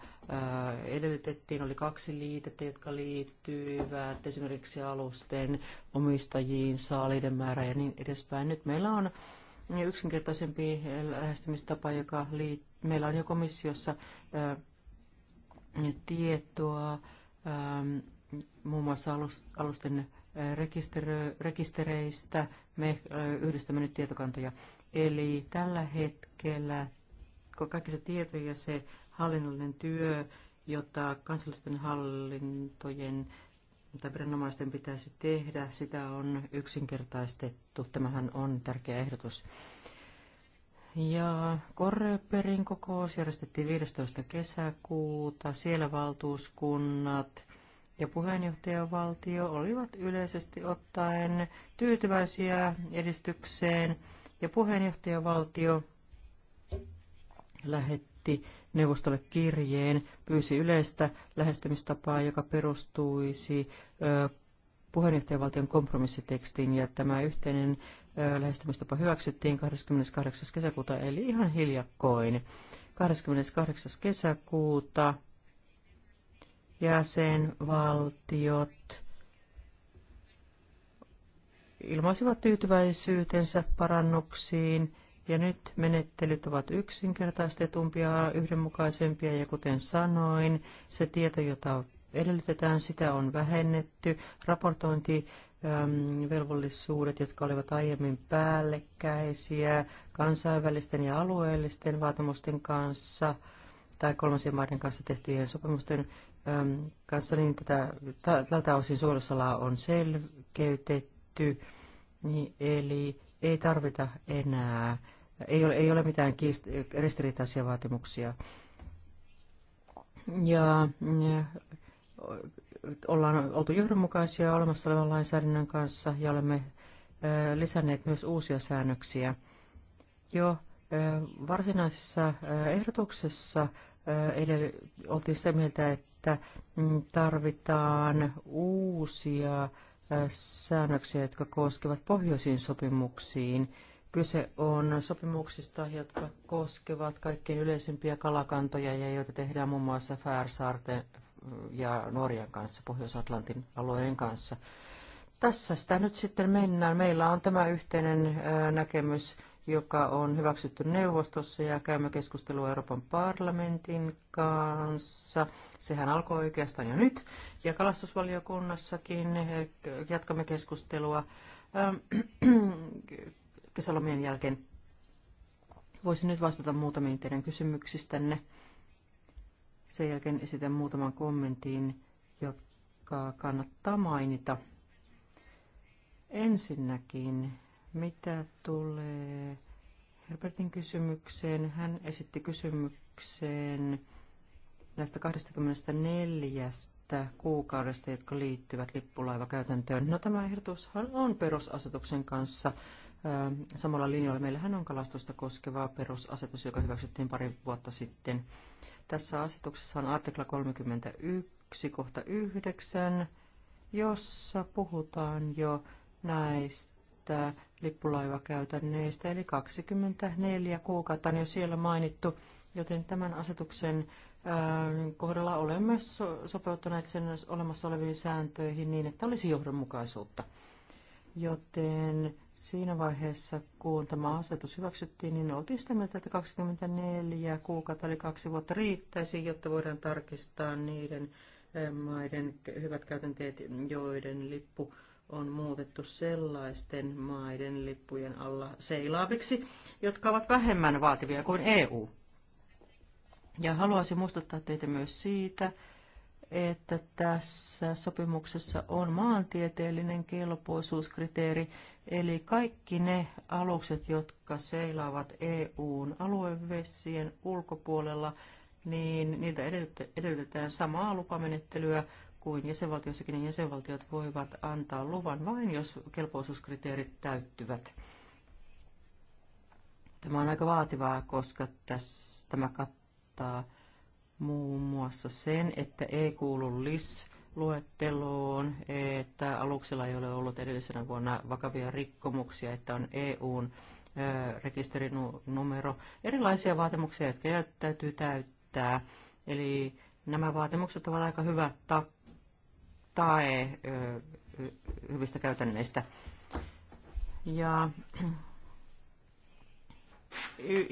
edellytettiin. Oli kaksi liitettä, jotka liittyivät esimerkiksi alusten omistajiin, saaliiden määrä ja niin edespäin. Nyt meillä on yksinkertaisempi lähestymistapa, joka liittyy. Meillä on jo komissiossa tietoa muun muassa alusten rekistereistä. Me yhdistämme nyt tietokantoja Eli tällä hetkellä kaikki se tieto ja se hallinnollinen työ, jota kansallisten hallintojen tai viranomaisten pitäisi tehdä, sitä on yksinkertaistettu. Tämähän on tärkeä ehdotus. Ja Korreperin kokous järjestettiin 15. kesäkuuta. Siellä valtuuskunnat ja puheenjohtajavaltio olivat yleisesti ottaen tyytyväisiä edistykseen – ja puheenjohtajavaltio lähetti neuvostolle kirjeen, pyysi yleistä lähestymistapaa, joka perustuisi puheenjohtajavaltion kompromissitekstiin, ja tämä yhteinen lähestymistapa hyväksyttiin 28. kesäkuuta, eli ihan hiljakkoin. 28. kesäkuuta jäsenvaltiot ilmaisivat tyytyväisyytensä parannuksiin ja nyt menettelyt ovat yksinkertaistetumpia, yhdenmukaisempia ja kuten sanoin, se tieto, jota edellytetään, sitä on vähennetty. Raportointi velvollisuudet, jotka olivat aiemmin päällekkäisiä kansainvälisten ja alueellisten vaatimusten kanssa tai kolmansien maiden kanssa tehtyjen sopimusten kanssa, niin tätä, tältä osin suorassa on selkeytetty tehty, niin eli ei tarvita enää, ei ole, ei ole mitään kiist, ristiriitaisia vaatimuksia. Ja, ja ollaan oltu johdonmukaisia olemassa olevan lainsäädännön kanssa ja olemme lisänneet myös uusia säännöksiä. Jo varsinaisessa ehdotuksessa oltiin sitä mieltä, että mm, tarvitaan uusia säännöksiä, jotka koskevat pohjoisiin sopimuksiin. Kyse on sopimuksista, jotka koskevat kaikkein yleisimpiä kalakantoja ja joita tehdään muun muassa Färsaarten ja Norjan kanssa, Pohjois-Atlantin alueen kanssa. Tässä sitä nyt sitten mennään. Meillä on tämä yhteinen näkemys, joka on hyväksytty neuvostossa ja käymme keskustelua Euroopan parlamentin kanssa. Sehän alkoi oikeastaan jo nyt ja kalastusvaliokunnassakin jatkamme keskustelua ähm, kesälomien jälkeen. Voisin nyt vastata muutamiin teidän kysymyksistänne. Sen jälkeen esitän muutaman kommentin, jotka kannattaa mainita. Ensinnäkin, mitä tulee Herbertin kysymykseen, hän esitti kysymyksen näistä 24 kuukaudesta, jotka liittyvät lippulaivakäytäntöön. No tämä ehdotus on perusasetuksen kanssa samalla linjalla. Meillähän on kalastusta koskeva perusasetus, joka hyväksyttiin pari vuotta sitten. Tässä asetuksessa on artikla 31 kohta 9, jossa puhutaan jo näistä lippulaivakäytänneistä, eli 24 kuukautta on jo siellä mainittu, joten tämän asetuksen Ähm, kohdalla olemme sopeuttaneet sen olemassa oleviin sääntöihin niin, että olisi johdonmukaisuutta. Joten siinä vaiheessa, kun tämä asetus hyväksyttiin, niin oltiin sitä mieltä, että 24 kuukautta eli kaksi vuotta riittäisi, jotta voidaan tarkistaa niiden ähm, maiden hyvät käytänteet, joiden lippu on muutettu sellaisten maiden lippujen alla seilaaviksi, jotka ovat vähemmän vaativia kuin EU. Ja haluaisin muistuttaa teitä myös siitä, että tässä sopimuksessa on maantieteellinen kelpoisuuskriteeri, eli kaikki ne alukset, jotka seilaavat EUn aluevesien ulkopuolella, niin niiltä edellytetään samaa lupamenettelyä kuin jäsenvaltiossakin niin jäsenvaltiot voivat antaa luvan vain, jos kelpoisuuskriteerit täyttyvät. Tämä on aika vaativaa, koska tässä, tämä kattaa tarkoittaa muun muassa sen, että ei kuulu LIS luetteloon, että aluksella ei ole ollut edellisenä vuonna vakavia rikkomuksia, että on EUn rekisterinumero, erilaisia vaatimuksia, jotka täytyy täyttää. Eli nämä vaatimukset ovat aika hyvä ta- tae hyvistä käytännöistä. Ja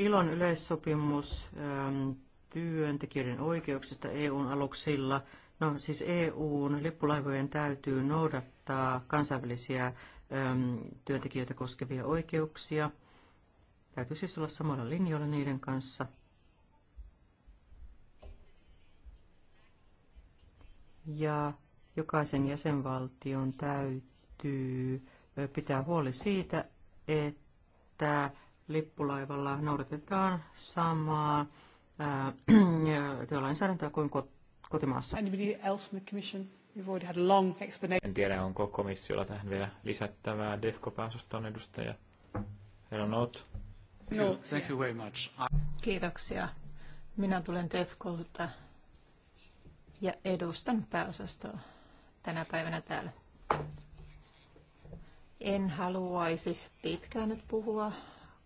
ilon yleissopimus työntekijöiden oikeuksista EUn aluksilla. No siis EUn lippulaivojen täytyy noudattaa kansainvälisiä äm, työntekijöitä koskevia oikeuksia. Täytyy siis olla samalla linjalla niiden kanssa. Ja jokaisen jäsenvaltion täytyy pitää huoli siitä, että lippulaivalla noudatetaan samaa työlainsäädäntöä kuin kotimaassa. En tiedä, onko komissiolla tähän vielä lisättävää. DEFCO-pääosaston edustaja Hello Not. No, thank you very much. Kiitoksia. Minä tulen DEFCOlta ja edustan pääosastoa tänä päivänä täällä. En haluaisi pitkään nyt puhua,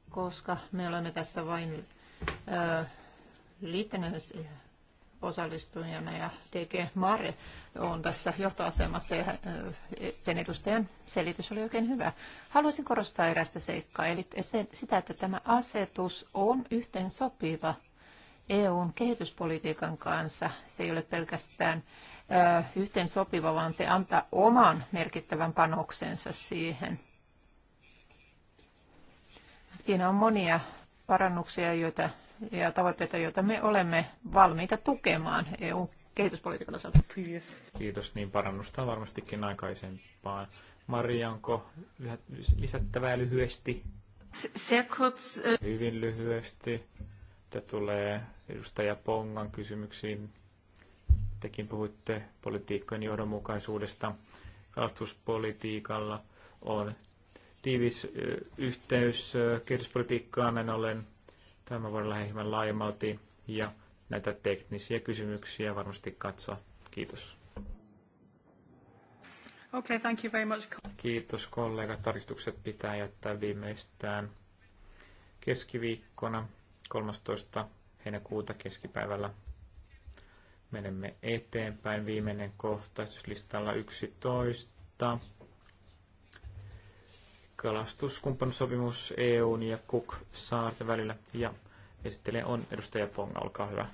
koska me olemme tässä vain äh, liittyneen osallistujana ja TG Mare on tässä johtoasemassa ja sen edustajan selitys oli oikein hyvä. Haluaisin korostaa erästä seikkaa, eli sitä, että tämä asetus on yhteen sopiva EUn kehityspolitiikan kanssa. Se ei ole pelkästään yhteen sopiva, vaan se antaa oman merkittävän panoksensa siihen. Siinä on monia parannuksia, joita ja tavoitteita, joita me olemme valmiita tukemaan EU kehityspolitiikan osalta. Kiitos, niin parannusta on varmastikin aikaisempaan. Maria, onko lisättävää lyhyesti? Äh, Hyvin lyhyesti. Tämä tulee edustaja Pongan kysymyksiin. Tekin puhuitte politiikkojen johdonmukaisuudesta. Kalastuspolitiikalla on tiivis äh, yhteys äh, kehityspolitiikkaan, En ollen Tämä voidaan lähteä hieman laajemmalti ja näitä teknisiä kysymyksiä varmasti katsoa. Kiitos. Okay, thank you very much. Kiitos kollega. Tarkistukset pitää jättää viimeistään keskiviikkona 13. heinäkuuta keskipäivällä. Menemme eteenpäin. Viimeinen listalla 11 kalastuskumppanuussopimus EUn ja Cook-saarten välillä. Ja esittelijä on edustaja Ponga, olkaa hyvä.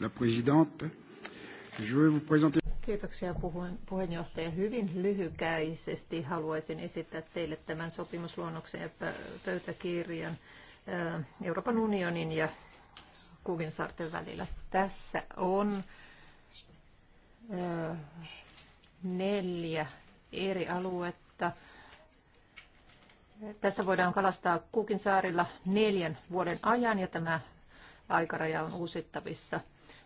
La présidente, je vais vous présenter... Kiitoksia puhuen, puheenjohtaja. Hyvin lyhykäisesti haluaisin esittää teille tämän sopimusluonnoksen ja pöytäkirjan Euroopan unionin ja Kuvin saarten välillä. Tässä on neljä eri aluetta. Tässä voidaan kalastaa kukin saarilla neljän vuoden ajan ja tämä aikaraja on uusittavissa.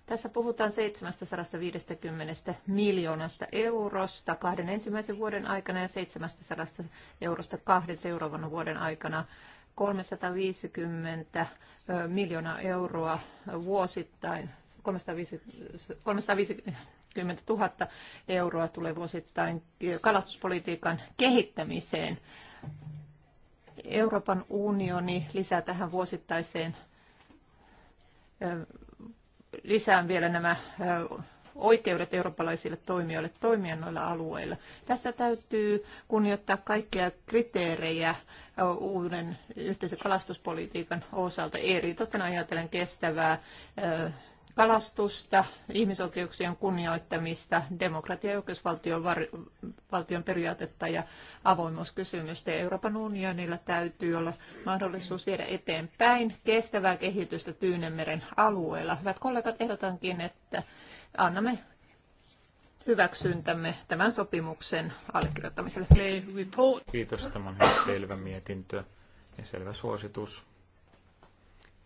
Tässä puhutaan 750 miljoonasta eurosta kahden ensimmäisen vuoden aikana ja 700 eurosta kahden seuraavan vuoden aikana. 350 miljoonaa euroa vuosittain. 350, 350, 50 000 euroa tulee vuosittain kalastuspolitiikan kehittämiseen. Euroopan unioni lisää tähän vuosittaiseen lisään vielä nämä oikeudet eurooppalaisille toimijoille toimia noilla alueilla. Tässä täytyy kunnioittaa kaikkia kriteerejä uuden yhteisen kalastuspolitiikan osalta eri, ajatellen kestävää kalastusta, ihmisoikeuksien kunnioittamista, demokratia- ja oikeusvaltion valtion periaatetta ja avoimuuskysymystä. Euroopan unionilla täytyy olla mahdollisuus viedä eteenpäin kestävää kehitystä Tyynemeren alueella. Hyvät kollegat, ehdotankin, että annamme hyväksyntämme tämän sopimuksen allekirjoittamiselle. Kiitos, tämä on selvä mietintö ja selvä suositus.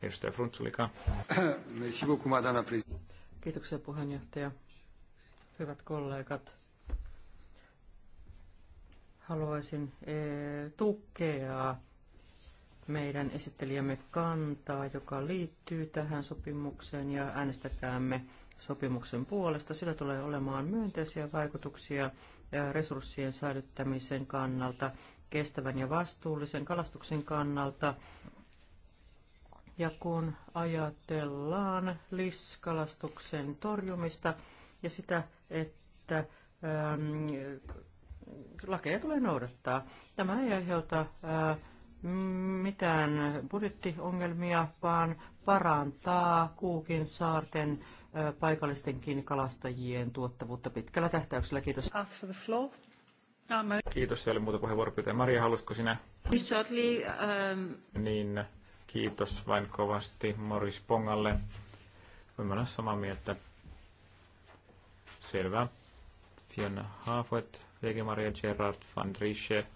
Edustaja Fruntsulika. Kiitoksia puheenjohtaja. Hyvät kollegat, haluaisin eh, tukea meidän esittelijämme kantaa, joka liittyy tähän sopimukseen ja äänestäkäämme sopimuksen puolesta. Sillä tulee olemaan myönteisiä vaikutuksia eh, resurssien säilyttämisen kannalta, kestävän ja vastuullisen kalastuksen kannalta, ja kun ajatellaan liskalastuksen torjumista ja sitä, että ähm, lakeja tulee noudattaa, tämä ei aiheuta äh, mitään budjettiongelmia, vaan parantaa kuukin saarten äh, paikallistenkin kalastajien tuottavuutta pitkällä tähtäyksellä. Kiitos. Kiitos, siellä oli muuta puheenvuoropyyntöjä. Maria, haluaisitko sinä? Shortly, um... Niin, Kiitos vain kovasti Moris Pongalle. Voimme olla samaa mieltä. Selvä. Fiona Haafoet, VG Maria Gerard, Van Riche.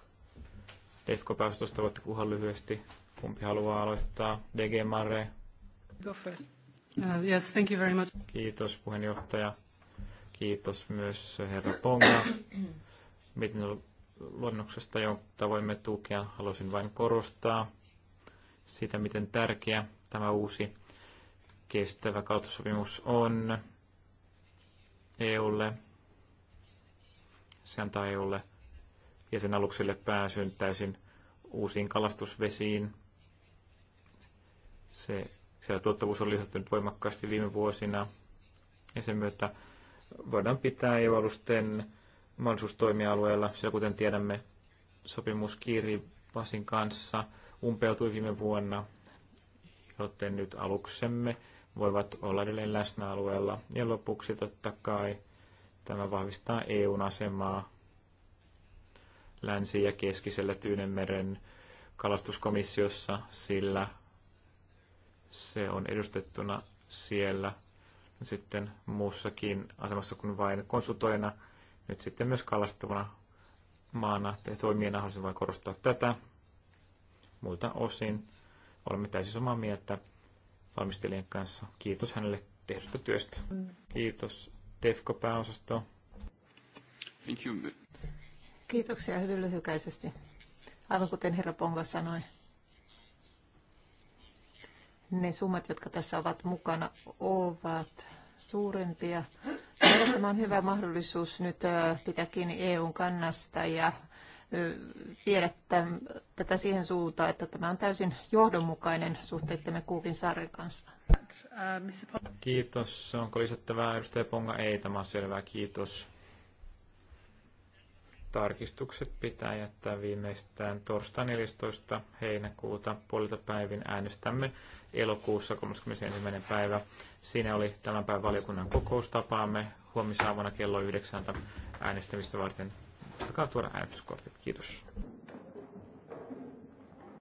Defko päästöstä voitte puhua lyhyesti. Kumpi haluaa aloittaa? DG Mare. Go first. Uh, yes, thank you very much. Kiitos puheenjohtaja. Kiitos myös herra Ponga. Miten luonnoksesta, jota voimme tukea, haluaisin vain korostaa, sitä, miten tärkeä tämä uusi kestävä kauttasopimus on EUlle. Se antaa EUlle ja sen aluksille pääsyn täysin uusiin kalastusvesiin. Se, se tuottavuus on lisättynyt voimakkaasti viime vuosina ja sen myötä voidaan pitää EU-alusten mahdollisuus toimia alueella. kuten tiedämme, sopimus Kiribasiin kanssa – umpeutui viime vuonna, joten nyt aluksemme voivat olla edelleen läsnäalueella. alueella. Ja lopuksi totta kai tämä vahvistaa EUn asemaa länsi- ja keskisellä Tyynemeren kalastuskomissiossa, sillä se on edustettuna siellä sitten muussakin asemassa kuin vain konsultoina, nyt sitten myös kalastavana maana ja toimijana haluaisin vain korostaa tätä muilta osin. Olemme täysin samaa mieltä valmistelijan kanssa. Kiitos hänelle tehdystä työstä. Kiitos Tefko pääosasto Thank you. Kiitoksia hyvin lyhykäisesti. Aivan kuten herra Ponga sanoi, ne summat, jotka tässä ovat mukana, ovat suurempia. Tämä on hyvä mahdollisuus nyt äh, pitää kiinni EUn kannasta ja viedä tämän, tätä siihen suuntaan, että tämä on täysin johdonmukainen suhteittemme Kuukin saaren kanssa. Kiitos. Onko lisättävää edustaja Ponga? Ei, tämä on selvää. Kiitos. Tarkistukset pitää jättää viimeistään torstain 14. heinäkuuta puolilta päivin äänestämme elokuussa 31. päivä. Siinä oli tämän päivän valiokunnan kokoustapaamme huomisaamana kello 9 äänestämistä varten Ottakaa tuoda äänestyskortit. Kiitos.